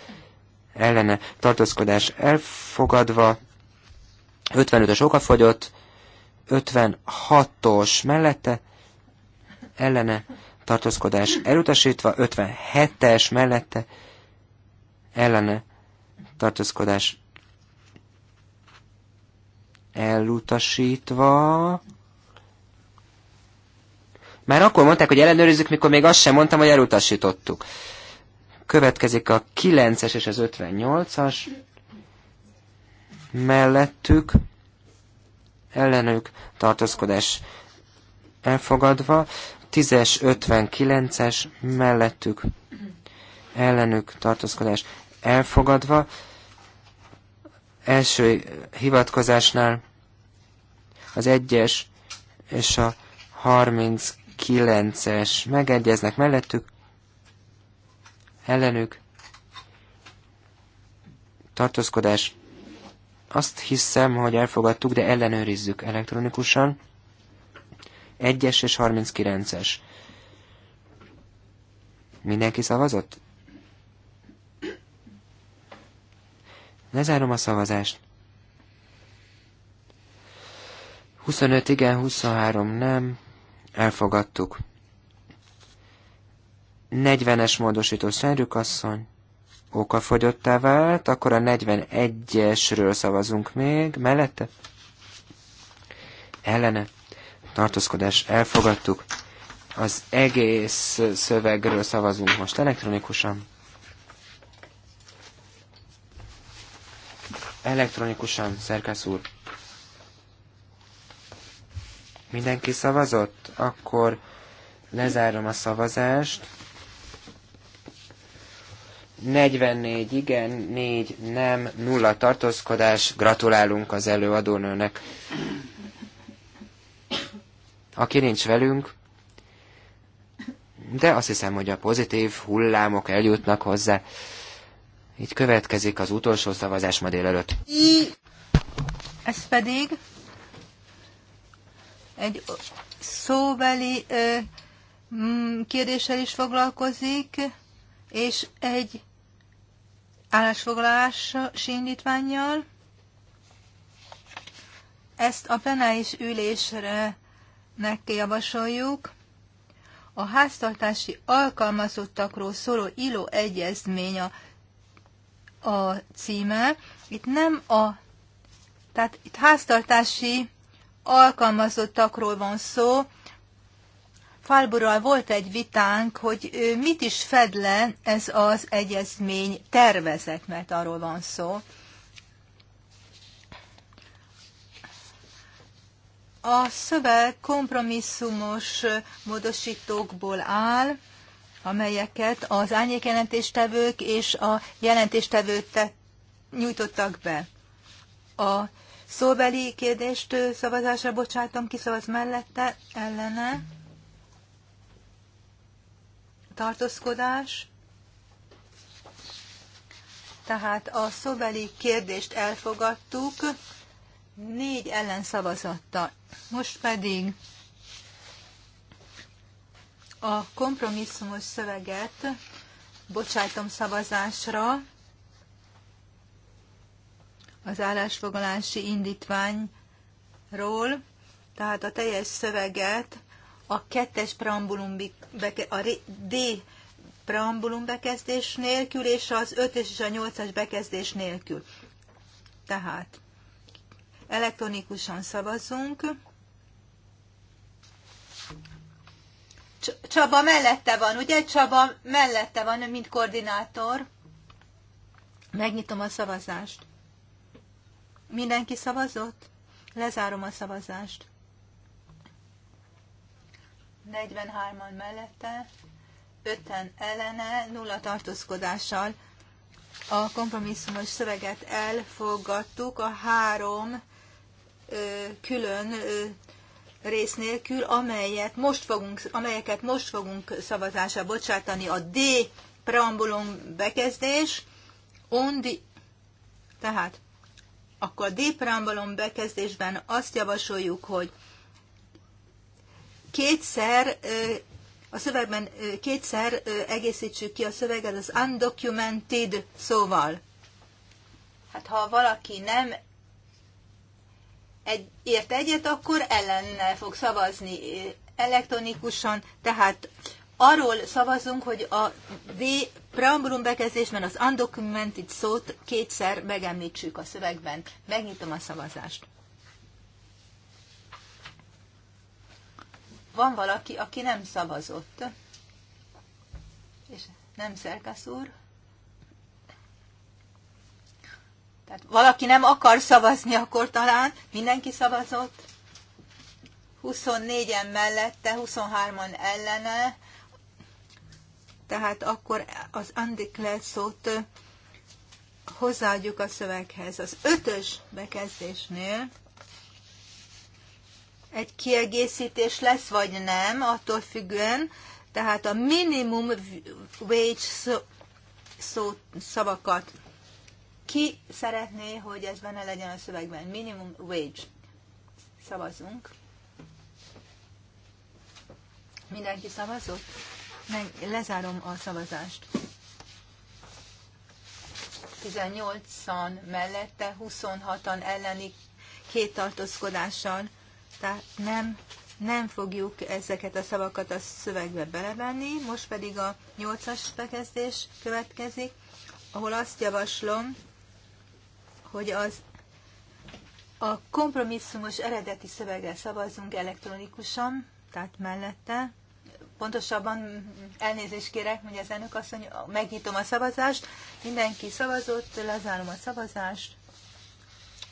ellene tartózkodás elfogadva, 55-ös okafogyott, 56-os mellette ellene tartózkodás elutasítva, 57-es mellette ellene tartózkodás elutasítva. Már akkor mondták, hogy ellenőrizzük, mikor még azt sem mondtam, hogy elutasítottuk. Következik a 9-es és az 58-as. Mellettük, ellenük tartózkodás elfogadva. 10-es, 59-es mellettük, ellenük tartózkodás elfogadva. Első hivatkozásnál az 1-es és a 39-es megegyeznek mellettük, ellenük tartózkodás. Azt hiszem, hogy elfogadtuk, de ellenőrizzük elektronikusan. 1-es és 39-es. Mindenki szavazott? Lezárom a szavazást. 25 igen, 23 nem. Elfogadtuk. 40-es módosító szerűkasszony fogyottá vált, akkor a 41-esről szavazunk még, mellette? Ellene. Tartózkodás elfogadtuk. Az egész szövegről szavazunk most elektronikusan. Elektronikusan, szerkesz úr. Mindenki szavazott? Akkor lezárom a szavazást. 44 igen, 4 nem, nulla tartózkodás. Gratulálunk az előadónőnek. Aki nincs velünk, de azt hiszem, hogy a pozitív hullámok eljutnak hozzá. Így következik az utolsó szavazás ma délelőtt. Ez pedig egy szóbeli ö, kérdéssel is foglalkozik, és egy állásfoglalás indítványjal. Ezt a plenáris ülésre javasoljuk. A háztartási alkalmazottakról szóló ILO egyezmény a, a címe. Itt nem a, tehát itt háztartási alkalmazottakról van szó, Falburral volt egy vitánk, hogy mit is fed le ez az egyezmény tervezet, mert arról van szó. A szöveg kompromisszumos módosítókból áll, amelyeket az árnyékjelentéstevők és a jelentéstevők nyújtottak be. A szóbeli kérdést szavazásra bocsátom, ki szavaz mellette, ellene tartózkodás. Tehát a szobeli kérdést elfogadtuk négy ellenszavazattal. Most pedig a kompromisszumos szöveget bocsájtom szavazásra az állásfoglalási indítványról, tehát a teljes szöveget a kettes preambulum, a D preambulum bekezdés nélkül, és az 5 és a 8-as bekezdés nélkül. Tehát elektronikusan szavazunk. Csaba mellette van, ugye? Csaba mellette van, mint koordinátor. Megnyitom a szavazást. Mindenki szavazott? Lezárom a szavazást. 43-an mellette, 5-en ellene, nulla tartózkodással a kompromisszumos szöveget elfogadtuk a három ö, külön ö, rész nélkül, amelyet most fogunk, amelyeket most fogunk szavazásra bocsátani. A D preambulum bekezdés, ondi, tehát akkor a D preambulum bekezdésben azt javasoljuk, hogy kétszer a szövegben kétszer egészítsük ki a szöveget az undocumented szóval. Hát ha valaki nem egy, ért egyet, akkor ellenne fog szavazni elektronikusan, tehát arról szavazunk, hogy a V preambulum bekezdésben az undocumented szót kétszer megemlítsük a szövegben. Megnyitom a szavazást. van valaki, aki nem szavazott. És nem szerkesz úr. Tehát valaki nem akar szavazni, akkor talán mindenki szavazott. 24-en mellette, 23-an ellene. Tehát akkor az undeclared szót hozzáadjuk a szöveghez. Az ötös bekezdésnél egy kiegészítés lesz, vagy nem, attól függően, tehát a minimum wage szó, szó, szavakat. Ki szeretné, hogy ez benne legyen a szövegben? Minimum wage. Szavazunk. Mindenki szavazott? Meg lezárom a szavazást. 18-an mellette, 26-an elleni két tartózkodással tehát nem, nem fogjuk ezeket a szavakat a szövegbe belevenni. Most pedig a nyolcas bekezdés következik, ahol azt javaslom, hogy az a kompromisszumos eredeti szöveggel szavazzunk elektronikusan, tehát mellette. Pontosabban elnézést kérek, hogy az elnök asszony, megnyitom a szavazást. Mindenki szavazott, lezárom a szavazást.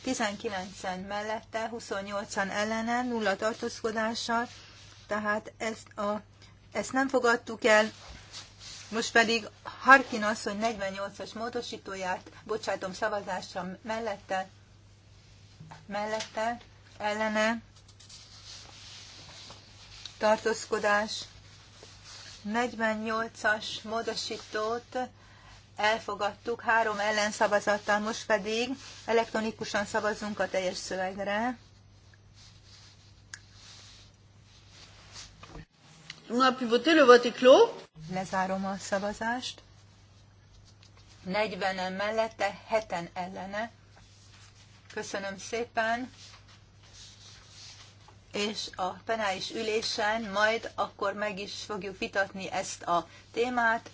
19-en mellette, 28-an ellene, nulla tartózkodással, tehát ezt, a, ezt nem fogadtuk el, most pedig Harkin asszony 48-as módosítóját, bocsátom, szavazásra mellette, mellette, ellene, tartózkodás, 48-as módosítót elfogadtuk három ellenszavazattal, most pedig elektronikusan szavazunk a teljes szövegre. On a pu voter le vote est clos. Lezárom a szavazást. 40 mellette, 7 ellene. Köszönöm szépen. És a penális ülésen majd akkor meg is fogjuk vitatni ezt a témát.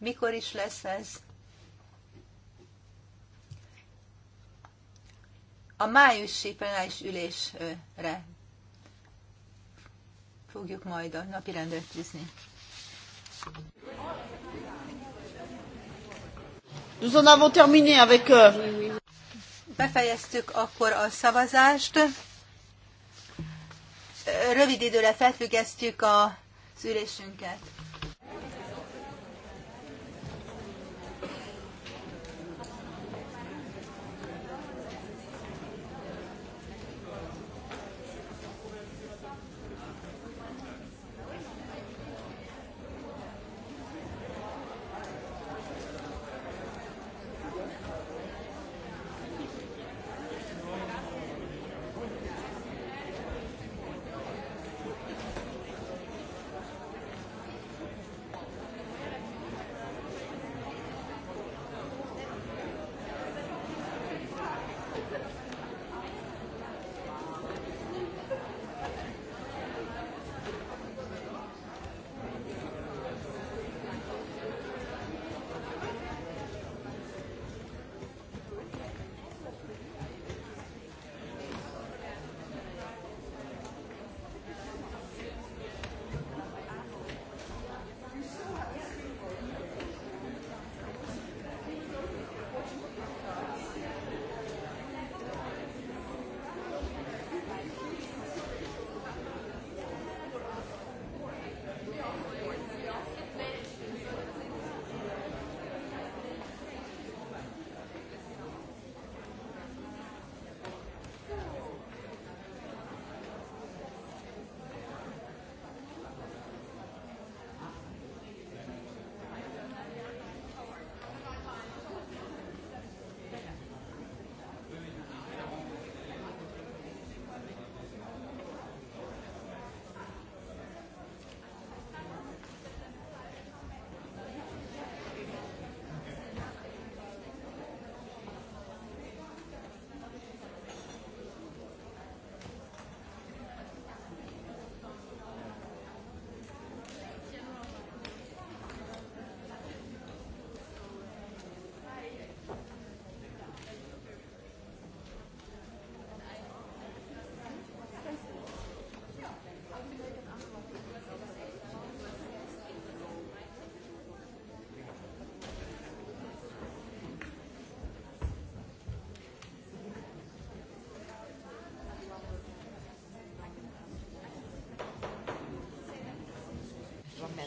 Mikor is lesz ez? A májusi plenáris ülésre fogjuk majd a napirendre tűzni. Nous en avons terminé avec... Euh, Befejeztük akkor a szavazást. Rövid időre felfüggesztjük az ülésünket.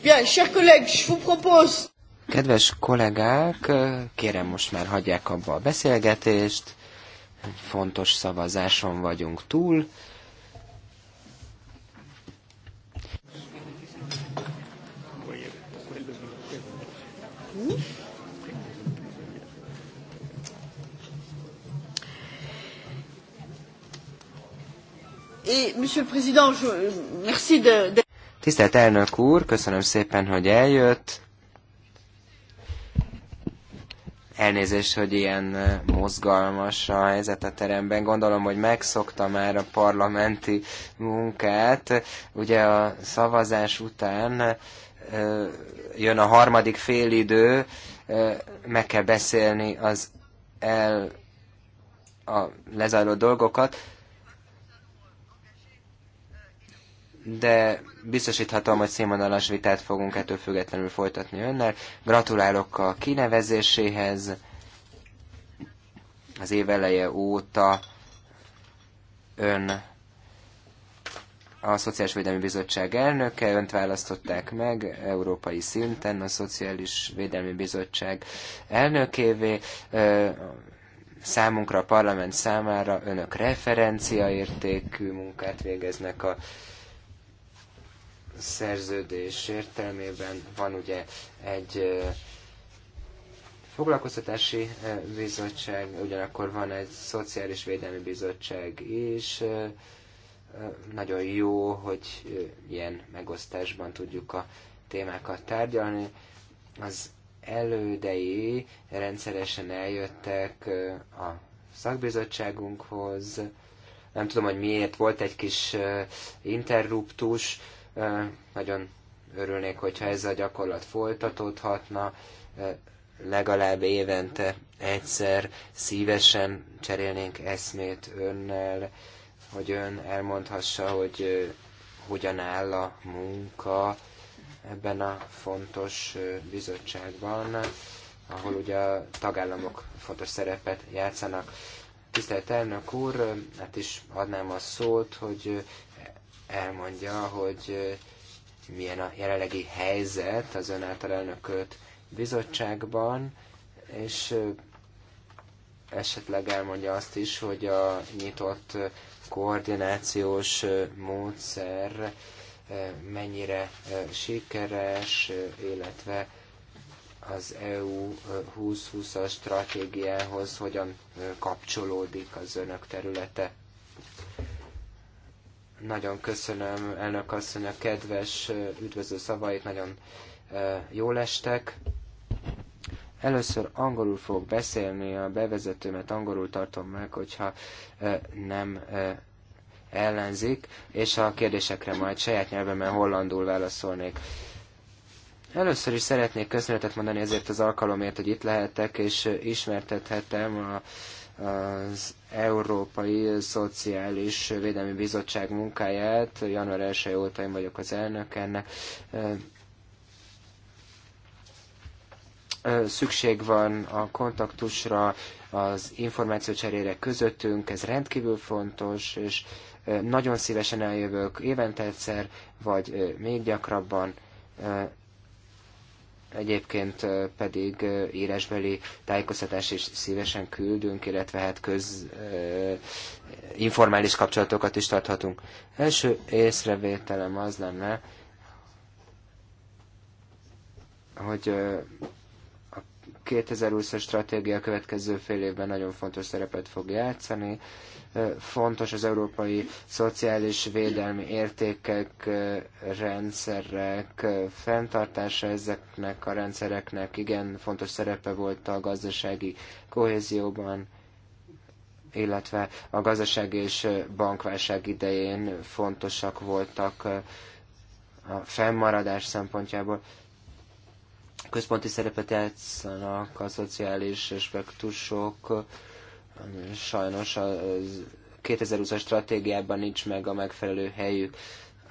Bien, chers collègues, je vous propose... Kedves kollégák, kérem most már hagyják abba a beszélgetést. Egy fontos szavazáson vagyunk túl. Et, Monsieur le Président, je, merci de, de... Tisztelt elnök úr, köszönöm szépen, hogy eljött. Elnézést, hogy ilyen eh, mozgalmas a helyzet a teremben. Gondolom, hogy megszokta már a parlamenti munkát. Ugye a szavazás után eh, jön a harmadik félidő, eh, meg kell beszélni az el a lezajló dolgokat. de biztosíthatom, hogy színvonalas vitát fogunk ettől függetlenül folytatni önnel. Gratulálok a kinevezéséhez. Az év eleje óta ön a Szociális Védelmi Bizottság elnöke, önt választották meg európai szinten a Szociális Védelmi Bizottság elnökévé. Számunkra, a parlament számára önök referenciaértékű munkát végeznek a szerződés értelmében van ugye egy foglalkoztatási bizottság, ugyanakkor van egy szociális védelmi bizottság is. Nagyon jó, hogy ilyen megosztásban tudjuk a témákat tárgyalni. Az elődei rendszeresen eljöttek a szakbizottságunkhoz. Nem tudom, hogy miért volt egy kis interruptus, nagyon örülnék, hogyha ez a gyakorlat folytatódhatna, legalább évente egyszer szívesen cserélnénk eszmét önnel, hogy ön elmondhassa, hogy hogyan áll a munka ebben a fontos bizottságban, ahol ugye a tagállamok fontos szerepet játszanak. Tisztelt elnök úr, hát is adnám a szót, hogy elmondja, hogy milyen a jelenlegi helyzet az ön által elnökölt bizottságban, és esetleg elmondja azt is, hogy a nyitott koordinációs módszer mennyire sikeres, illetve az EU 2020-as stratégiához hogyan kapcsolódik az önök területe. Nagyon köszönöm, elnök asszony, a kedves üdvözlő szavait, nagyon jól estek. Először angolul fogok beszélni, a bevezetőmet angolul tartom meg, hogyha nem ellenzik, és a kérdésekre majd saját nyelvemen hollandul válaszolnék. Először is szeretnék köszönetet mondani ezért az alkalomért, hogy itt lehetek és ismertethetem a az Európai Szociális Védelmi Bizottság munkáját. Január 1 óta én vagyok az elnök ennek. Szükség van a kontaktusra, az információcserére közöttünk, ez rendkívül fontos, és nagyon szívesen eljövök évente egyszer, vagy még gyakrabban Egyébként pedig írásbeli tájékoztatást is szívesen küldünk, illetve hát köz informális kapcsolatokat is tarthatunk. Első észrevételem az lenne, hogy a 2020-as stratégia következő fél évben nagyon fontos szerepet fog játszani, Fontos az európai szociális védelmi értékek, rendszerek fenntartása ezeknek a rendszereknek. Igen, fontos szerepe volt a gazdasági kohézióban, illetve a gazdaság és bankválság idején fontosak voltak a fennmaradás szempontjából központi szerepet játszanak a szociális aspektusok, Sajnos a 2020-as stratégiában nincs meg a megfelelő helyük.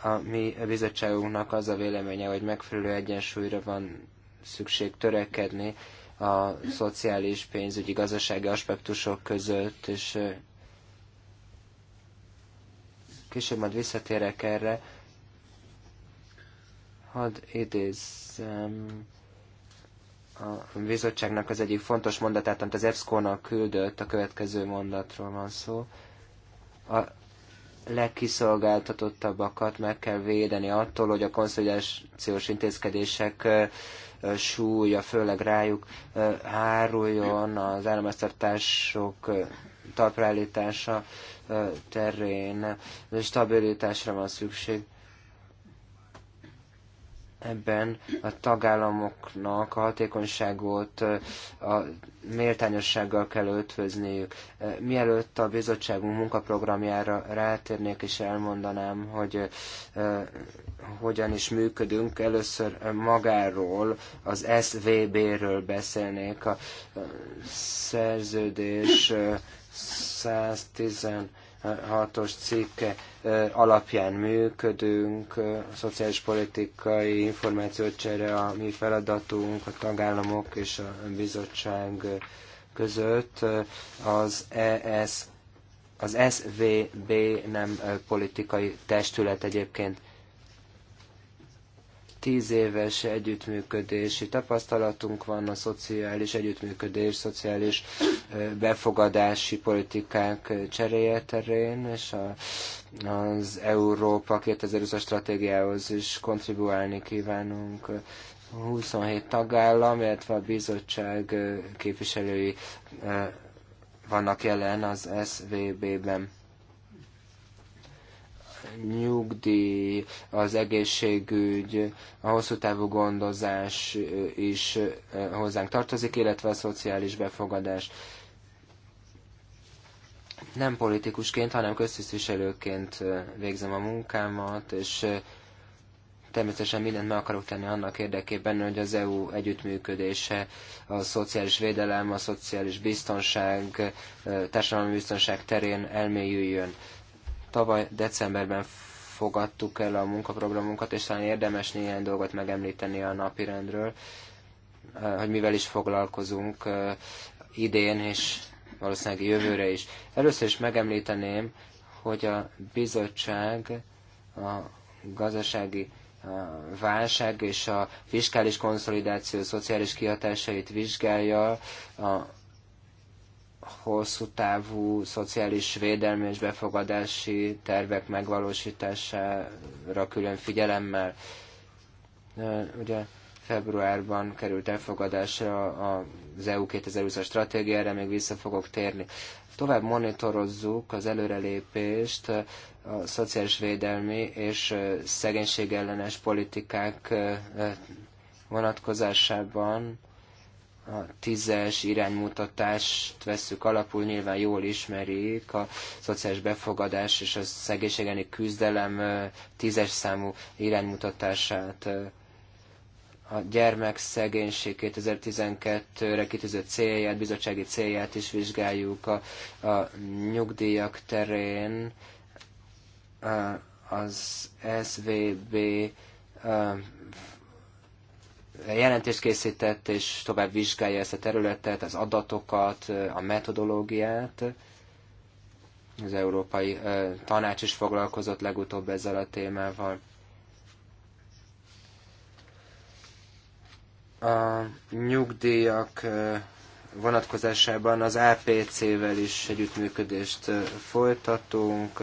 A mi a bizottságunknak az a véleménye, hogy megfelelő egyensúlyra van szükség törekedni a szociális, pénzügyi, gazdasági aspektusok között, és később majd visszatérek erre. Hadd idézzem a bizottságnak az egyik fontos mondatát, amit az EBSCO-nak küldött, a következő mondatról van szó. A legkiszolgáltatottabbakat meg kell védeni attól, hogy a konszolidációs intézkedések súlya, főleg rájuk háruljon az államháztartások talpraállítása terén. Stabilitásra van szükség ebben a tagállamoknak a hatékonyságot a méltányossággal kell ötvözniük. Mielőtt a bizottságunk munkaprogramjára rátérnék és elmondanám, hogy hogyan is működünk, először magáról, az SVB-ről beszélnék, a szerződés 110 hatos cikke alapján működünk, a szociális politikai csere a mi feladatunk, a tagállamok és a bizottság között az ES, az SVB nem politikai testület egyébként tíz éves együttműködési tapasztalatunk van a szociális együttműködés, szociális befogadási politikák cseréje terén, és a, az Európa 2020 stratégiához is kontribuálni kívánunk. 27 tagállam, illetve a bizottság képviselői vannak jelen az SVB-ben nyugdíj, az egészségügy, a hosszú távú gondozás is hozzánk tartozik, illetve a szociális befogadás. Nem politikusként, hanem köztisztviselőként végzem a munkámat, és természetesen mindent meg akarok tenni annak érdekében, hogy az EU együttműködése, a szociális védelem, a szociális biztonság, társadalmi biztonság terén elmélyüljön. Tavaly decemberben fogadtuk el a munkaprogramunkat, és talán érdemes néhány dolgot megemlíteni a napirendről, hogy mivel is foglalkozunk idén és valószínűleg jövőre is. Először is megemlíteném, hogy a bizottság a gazdasági válság és a fiskális konszolidáció szociális kihatásait vizsgálja a hosszú távú szociális védelmi és befogadási tervek megvalósítására külön figyelemmel. Ugye februárban került elfogadásra az EU 2020-as stratégia, még vissza fogok térni. Tovább monitorozzuk az előrelépést a szociális védelmi és szegénységellenes politikák vonatkozásában a tízes iránymutatást veszük alapul, nyilván jól ismerik a szociális befogadás és a szegénységeni küzdelem tízes számú iránymutatását. A szegénység 2012-re kitűzött célját, bizottsági célját is vizsgáljuk a, a nyugdíjak terén. Az SVB jelentést készített, és tovább vizsgálja ezt a területet, az adatokat, a metodológiát. Az Európai Tanács is foglalkozott legutóbb ezzel a témával. A nyugdíjak vonatkozásában az APC-vel is együttműködést folytatunk.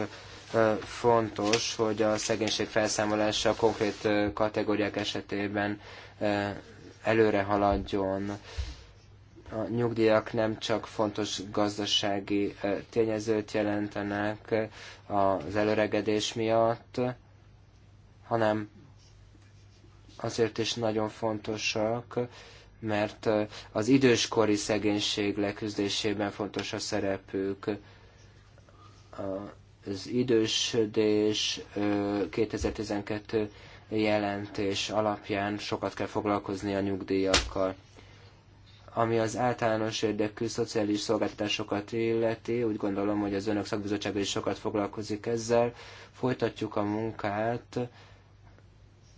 Fontos, hogy a szegénység felszámolása a konkrét kategóriák esetében előre haladjon. A nyugdíjak nem csak fontos gazdasági tényezőt jelentenek az előregedés miatt, hanem azért is nagyon fontosak, mert az időskori szegénység leküzdésében fontos a szerepük. Az idősödés 2012 jelentés alapján sokat kell foglalkozni a nyugdíjakkal. Ami az általános érdekű szociális szolgáltatásokat illeti, úgy gondolom, hogy az önök szakbizottsága is sokat foglalkozik ezzel. Folytatjuk a munkát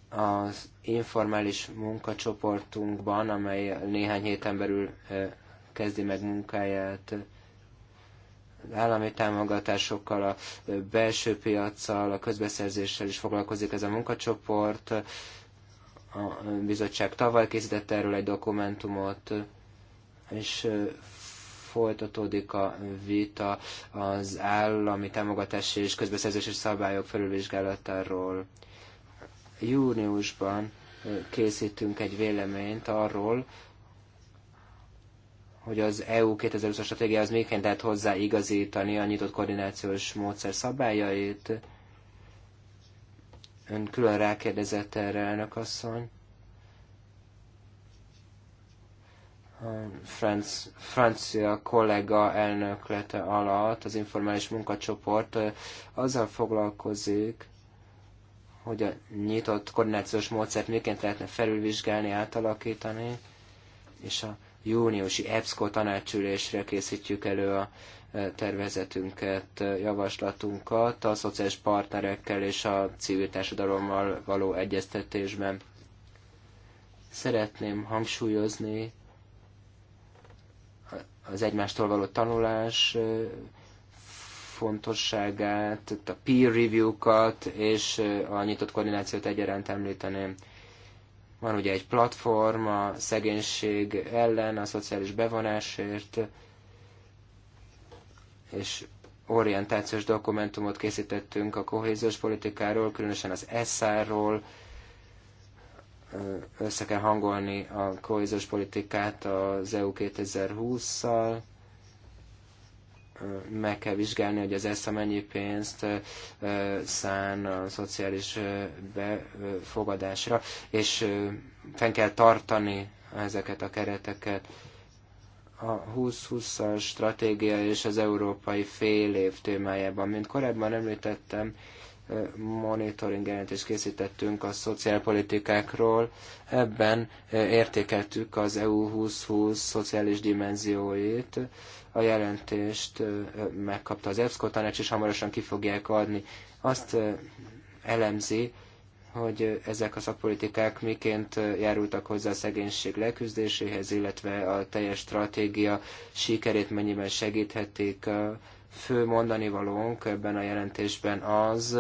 az informális munkacsoportunkban, amely néhány héten belül eh, kezdi meg munkáját állami támogatásokkal, a belső piaccal, a közbeszerzéssel is foglalkozik ez a munkacsoport. A bizottság tavaly készített erről egy dokumentumot, és folytatódik a vita az állami támogatási és közbeszerzési szabályok felülvizsgálatáról. Júniusban készítünk egy véleményt arról, hogy az EU 2020-as az miként lehet hozzáigazítani a nyitott koordinációs módszer szabályait. Ön külön rákérdezett erre, elnök asszony. Franc, francia kollega elnöklete alatt az informális munkacsoport azzal foglalkozik, hogy a nyitott koordinációs módszert miként lehetne felülvizsgálni, átalakítani, és a júniusi EBSCO tanácsülésre készítjük elő a e, tervezetünket, e, javaslatunkat a szociális partnerekkel és a civil társadalommal való egyeztetésben. Szeretném hangsúlyozni az egymástól való tanulás e, fontosságát, a peer review-kat és a nyitott koordinációt egyaránt említeném. Van ugye egy platform a szegénység ellen, a szociális bevonásért, és orientációs dokumentumot készítettünk a kohéziós politikáról, különösen az SR-ról, össze kell hangolni a kohéziós politikát az EU 2020-szal, meg kell vizsgálni, hogy az ESZA mennyi pénzt szán a szociális befogadásra, és fenn kell tartani ezeket a kereteket. A 2020-as stratégia és az európai fél év témájában, mint korábban említettem, monitoring jelentést készítettünk a szociálpolitikákról. Ebben értékeltük az EU 2020 szociális dimenzióit, a jelentést megkapta az EBSZKO tanács, és hamarosan ki fogják adni. Azt elemzi, hogy ezek a szakpolitikák miként járultak hozzá a szegénység leküzdéséhez, illetve a teljes stratégia sikerét mennyiben segíthették. Fő mondani valónk ebben a jelentésben az,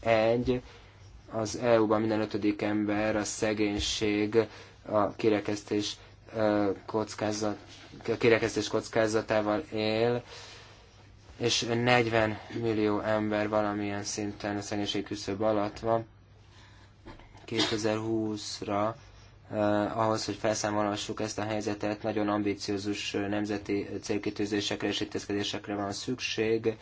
egy, az EU-ban minden ötödik ember a szegénység, a kirekesztés kockázat, kirekesztés kockázatával él, és 40 millió ember valamilyen szinten a szennyiség küszöb alatt van. 2020-ra eh, ahhoz, hogy felszámolhassuk ezt a helyzetet, nagyon ambiciózus nemzeti célkitűzésekre és intézkedésekre van szükség.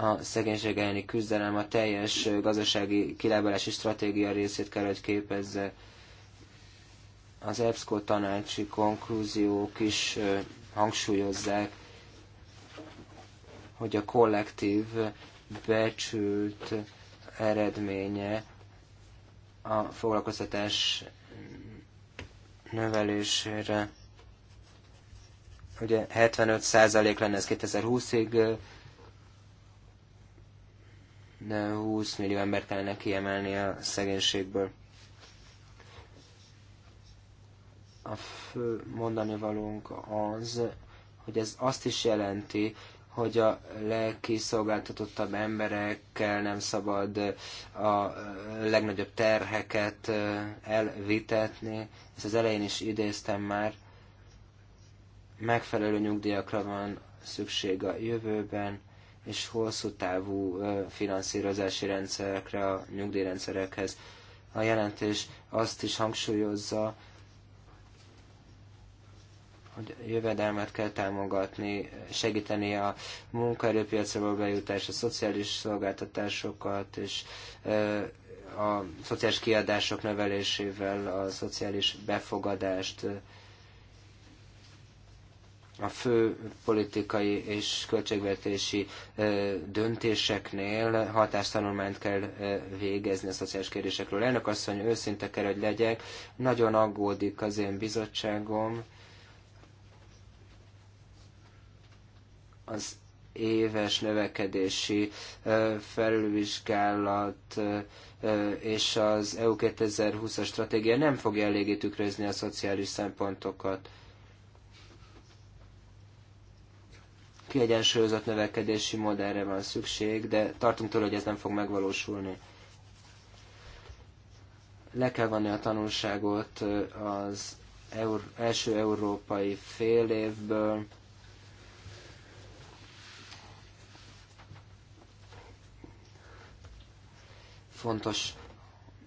A szegénység elleni küzdelem a teljes gazdasági kilábalási stratégia részét kell, hogy képezze az EBSCO tanácsi konklúziók is hangsúlyozzák, hogy a kollektív becsült eredménye a foglalkoztatás növelésére. Ugye 75% százalék lenne ez 2020-ig, de 20 millió embert kellene kiemelni a szegénységből. a fő mondani valónk az, hogy ez azt is jelenti, hogy a legkiszolgáltatottabb emberekkel nem szabad a legnagyobb terheket elvitetni. Ezt az elején is idéztem már. Megfelelő nyugdíjakra van szükség a jövőben, és hosszú távú finanszírozási rendszerekre, a nyugdíjrendszerekhez. A jelentés azt is hangsúlyozza, hogy jövedelmet kell támogatni, segíteni a munkaerőpiacra való bejutás, a szociális szolgáltatásokat, és a szociális kiadások növelésével a szociális befogadást, a fő politikai és költségvetési döntéseknél hatástanulmányt kell végezni a szociális kérdésekről. Elnök asszony, őszinte kell, hogy legyek, nagyon aggódik az én bizottságom, az éves növekedési felülvizsgálat és az EU 2020-as stratégia nem fogja eléggé tükrözni a szociális szempontokat. Kiegyensúlyozott növekedési modellre van szükség, de tartunk tőle, hogy ez nem fog megvalósulni. Le kell vanni a tanulságot az első európai fél évből, Fontos,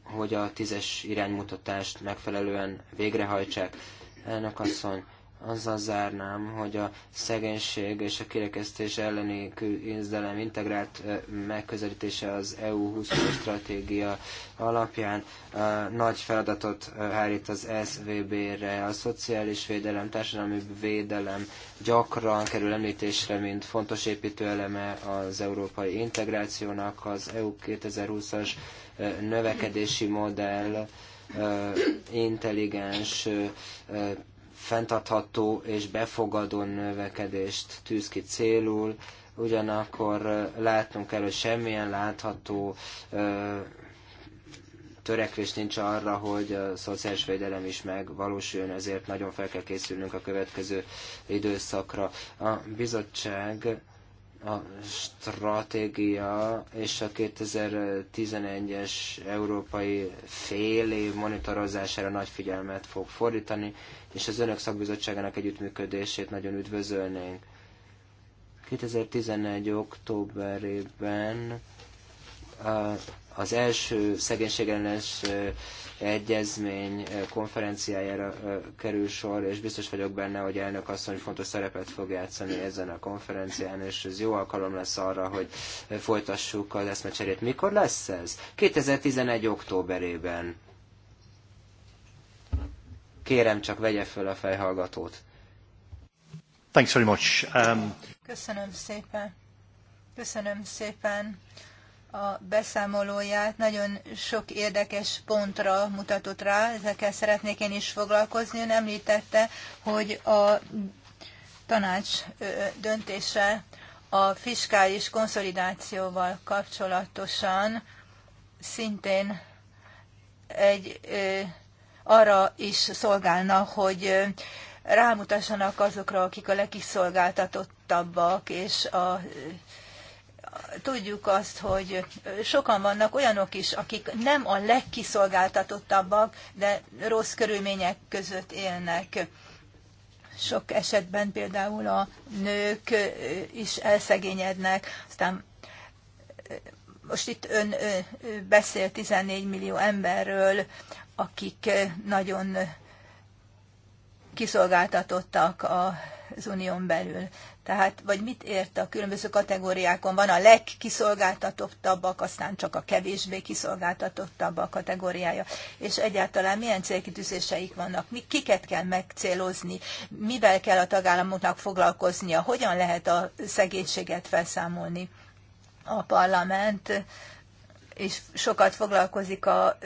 hogy a tízes iránymutatást megfelelően végrehajtsák. Elnök asszony, azzal zárnám, hogy a szegénység és a kirekesztés elleni küzdelem integrált megközelítése az EU 20 stratégia alapján nagy feladatot hárít az SVB-re. A szociális védelem, társadalmi védelem gyakran kerül említésre, mint fontos építőeleme az európai integrációnak, az EU 2020-as növekedési modell intelligens fenntartható és befogadó növekedést tűz ki célul, ugyanakkor látnunk kell, hogy semmilyen látható törekvés nincs arra, hogy a szociális védelem is megvalósuljon, ezért nagyon fel kell készülnünk a következő időszakra. A bizottság a stratégia és a 2011-es európai fél év monitorozására nagy figyelmet fog fordítani és az önök szakbizottságának együttműködését nagyon üdvözölnénk. 2011. októberében az első szegénységellenes egyezmény konferenciájára kerül sor, és biztos vagyok benne, hogy elnök asszony fontos szerepet fog játszani ezen a konferencián, és ez jó alkalom lesz arra, hogy folytassuk az eszmecserét. Mikor lesz ez? 2011. októberében. Kérem, csak vegye föl a fejhallgatót. Thanks very much. Um... Köszönöm szépen. Köszönöm szépen a beszámolóját. Nagyon sok érdekes pontra mutatott rá, ezekkel szeretnék én is foglalkozni. Ön említette, hogy a tanács döntése a fiskális konszolidációval kapcsolatosan szintén egy arra is szolgálna, hogy rámutassanak azokra, akik a legkiszolgáltatottabbak, és a, tudjuk azt, hogy sokan vannak olyanok is, akik nem a legkiszolgáltatottabbak, de rossz körülmények között élnek. Sok esetben például a nők is elszegényednek, aztán most itt ön beszél 14 millió emberről, akik eh, nagyon kiszolgáltatottak az unión belül. Tehát, vagy mit ért a különböző kategóriákon? Van a legkiszolgáltatottabbak, aztán csak a kevésbé kiszolgáltatottabbak kategóriája. És egyáltalán milyen célkitűzéseik vannak? Mi, kiket kell megcélozni? Mivel kell a tagállamoknak foglalkoznia? Hogyan lehet a szegénységet felszámolni? A parlament és sokat foglalkozik a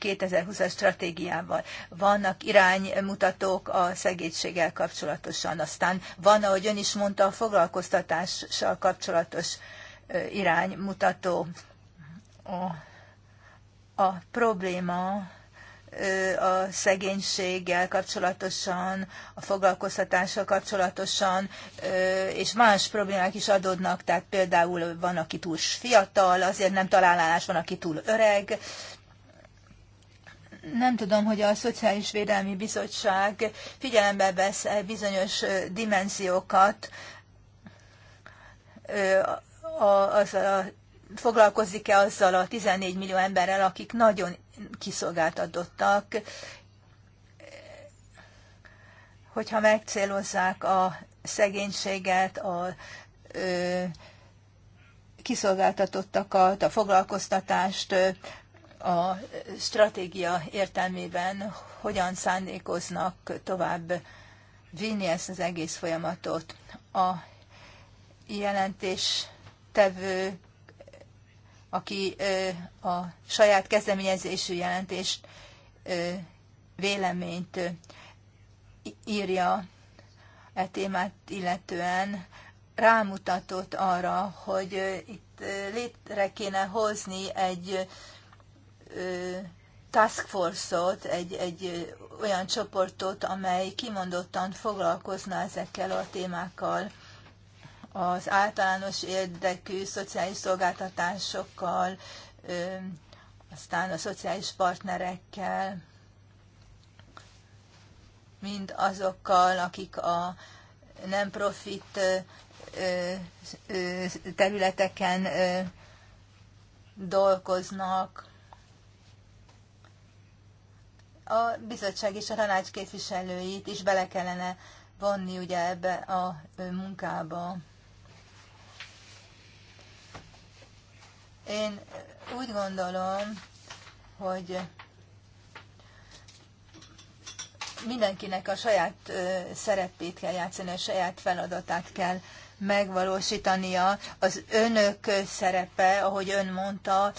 2020-as stratégiával. Vannak iránymutatók a szegénységgel kapcsolatosan, aztán van, ahogy ön is mondta, a foglalkoztatással kapcsolatos iránymutató. A, a probléma a szegénységgel kapcsolatosan, a foglalkoztatással kapcsolatosan, és más problémák is adódnak, tehát például van, aki túl fiatal, azért nem talál van, aki túl öreg. Nem tudom, hogy a Szociális Védelmi Bizottság figyelembe vesz e, bizonyos dimenziókat, a, a, foglalkozik-e azzal a 14 millió emberrel, akik nagyon kiszolgáltatottak, hogyha megcélozzák a szegénységet, a ö, kiszolgáltatottakat, a foglalkoztatást, a stratégia értelmében hogyan szándékoznak tovább vinni ezt az egész folyamatot. A jelentés tevő aki a saját kezdeményezésű jelentést, véleményt írja e témát illetően, rámutatott arra, hogy itt létre kéne hozni egy task force-ot, egy, egy olyan csoportot, amely kimondottan foglalkozna ezekkel a témákkal az általános érdekű szociális szolgáltatásokkal, aztán a szociális partnerekkel, mind azokkal, akik a nem profit területeken dolgoznak. A bizottság és a tanács képviselőit is bele kellene vonni ugye ebbe a munkába. Én úgy gondolom, hogy mindenkinek a saját szerepét kell játszani, a saját feladatát kell megvalósítania. Az önök szerepe, ahogy ön mondta,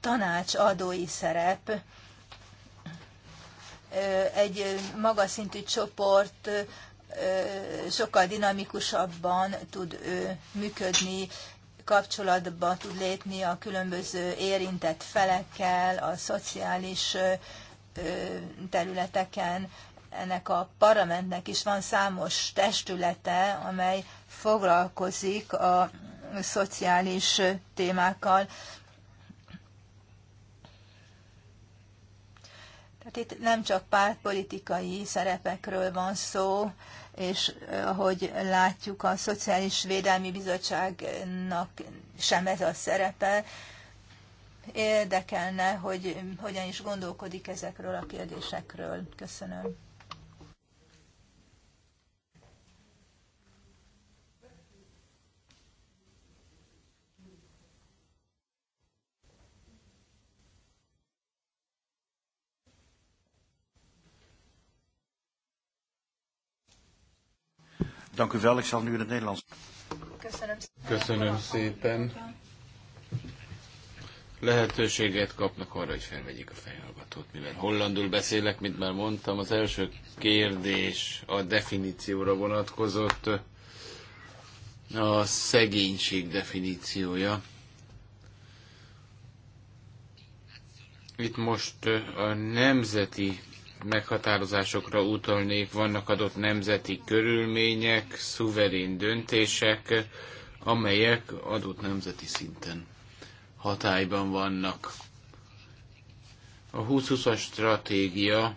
tanácsadói szerep. Egy magas szintű csoport sokkal dinamikusabban tud működni, kapcsolatba tud lépni a különböző érintett felekkel, a szociális területeken. Ennek a parlamentnek is van számos testülete, amely foglalkozik a szociális témákkal. Tehát itt nem csak pártpolitikai szerepekről van szó, és ahogy látjuk, a Szociális Védelmi Bizottságnak sem ez a szerepe. Érdekelne, hogy hogyan is gondolkodik ezekről a kérdésekről. Köszönöm. Dank u wel, ik zal nu in het Nederlands. Köszönöm szépen. Köszönöm szépen. Lehetőséget kapnak arra, hogy felvegyék a fejhallgatót, mivel hollandul beszélek, mint már mondtam. Az első kérdés a definícióra vonatkozott, a szegénység definíciója. Itt most a nemzeti meghatározásokra utalnék, vannak adott nemzeti körülmények, szuverén döntések, amelyek adott nemzeti szinten hatályban vannak. A 2020-as stratégia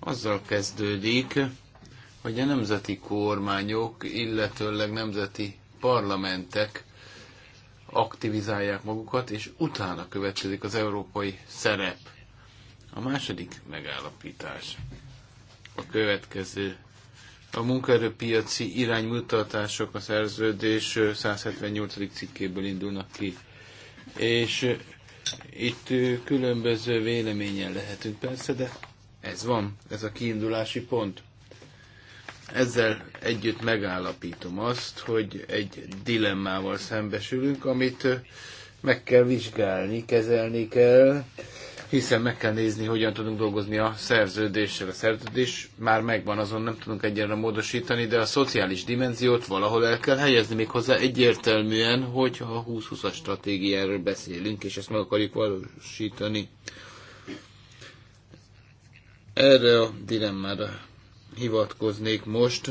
azzal kezdődik, hogy a nemzeti kormányok, illetőleg nemzeti parlamentek aktivizálják magukat, és utána következik az európai szerep a második megállapítás a következő. A munkaerőpiaci iránymutatások a szerződés 178. cikkéből indulnak ki. És itt különböző véleményen lehetünk persze, de ez van, ez a kiindulási pont. Ezzel együtt megállapítom azt, hogy egy dilemmával szembesülünk, amit meg kell vizsgálni, kezelni kell, hiszen meg kell nézni, hogyan tudunk dolgozni a szerződéssel. A szerződés már megvan, azon nem tudunk egyenre módosítani, de a szociális dimenziót valahol el kell helyezni méghozzá egyértelműen, hogyha a 2020-as stratégiáról beszélünk, és ezt meg akarjuk valósítani. Erre a dilemmára hivatkoznék most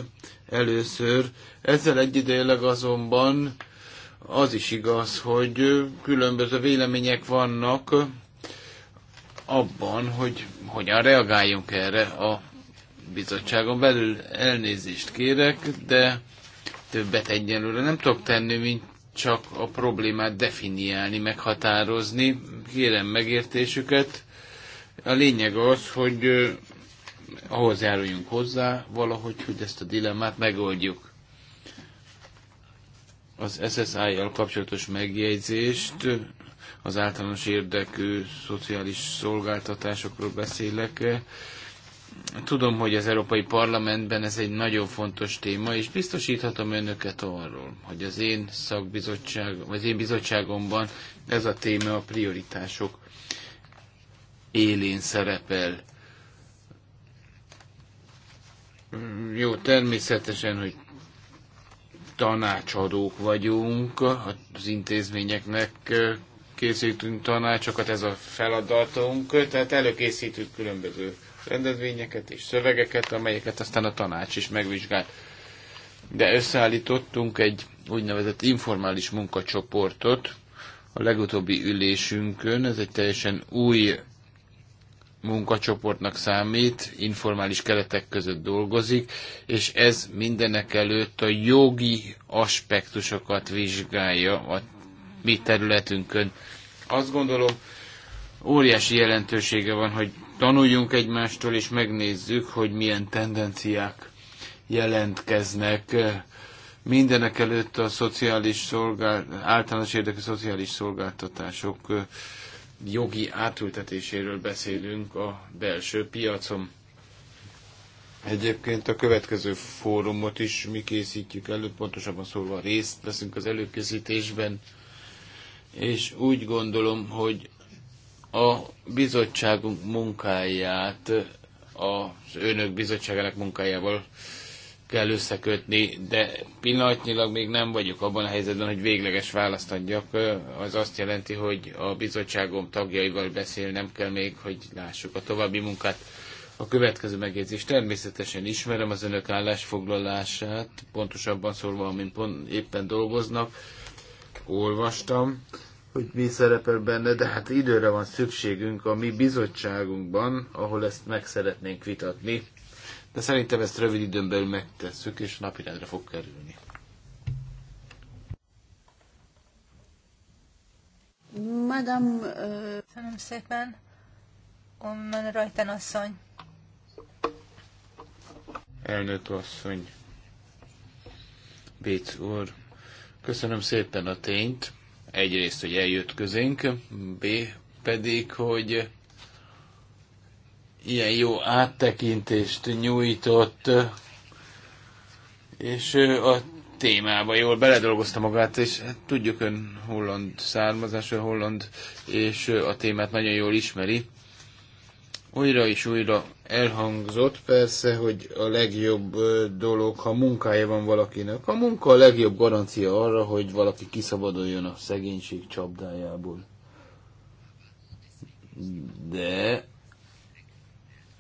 először. Ezzel egyidejleg azonban az is igaz, hogy különböző vélemények vannak abban, hogy hogyan reagáljunk erre a bizottságon belül. Elnézést kérek, de többet egyenlőre nem tudok tenni, mint csak a problémát definiálni, meghatározni. Kérem megértésüket. A lényeg az, hogy ahhoz járuljunk hozzá valahogy, hogy ezt a dilemmát megoldjuk. Az SSI-jal kapcsolatos megjegyzést az általános érdekű szociális szolgáltatásokról beszélek. Tudom, hogy az Európai Parlamentben ez egy nagyon fontos téma, és biztosíthatom önöket arról, hogy az én szakbizottság, vagy az én bizottságomban ez a téma a prioritások élén szerepel. Jó, természetesen, hogy tanácsadók vagyunk az intézményeknek, készítünk tanácsokat, ez a feladatunk, tehát előkészítünk különböző rendezvényeket és szövegeket, amelyeket aztán a tanács is megvizsgál. De összeállítottunk egy úgynevezett informális munkacsoportot a legutóbbi ülésünkön, ez egy teljesen új munkacsoportnak számít, informális keretek között dolgozik, és ez mindenek előtt a jogi aspektusokat vizsgálja a mi területünkön. Azt gondolom, óriási jelentősége van, hogy tanuljunk egymástól, és megnézzük, hogy milyen tendenciák jelentkeznek. Mindenek előtt a szociális szolgál, általános érdekű szociális szolgáltatások jogi átültetéséről beszélünk a belső piacon. Egyébként a következő fórumot is mi készítjük elő, pontosabban szólva részt veszünk az előkészítésben és úgy gondolom, hogy a bizottságunk munkáját az önök bizottságának munkájával kell összekötni, de pillanatnyilag még nem vagyok abban a helyzetben, hogy végleges választ adjak. Az azt jelenti, hogy a bizottságom tagjaival beszélnem kell még, hogy lássuk a további munkát. A következő megjegyzés. Természetesen ismerem az önök állásfoglalását, pontosabban szólva, amin pont éppen dolgoznak olvastam, hogy mi szerepel benne, de hát időre van szükségünk a mi bizottságunkban, ahol ezt meg szeretnénk vitatni. De szerintem ezt rövid időn belül megtesszük, és napirendre fog kerülni. Madam... Uh... szépen. Omen Rajten asszony. Elnök asszony. Béc úr. Köszönöm szépen a tényt. Egyrészt, hogy eljött közénk, B pedig, hogy ilyen jó áttekintést nyújtott, és a témába jól beledolgozta magát, és hát tudjuk ön holland származású, holland, és a témát nagyon jól ismeri újra és újra elhangzott persze, hogy a legjobb dolog, ha munkája van valakinek. A munka a legjobb garancia arra, hogy valaki kiszabaduljon a szegénység csapdájából. De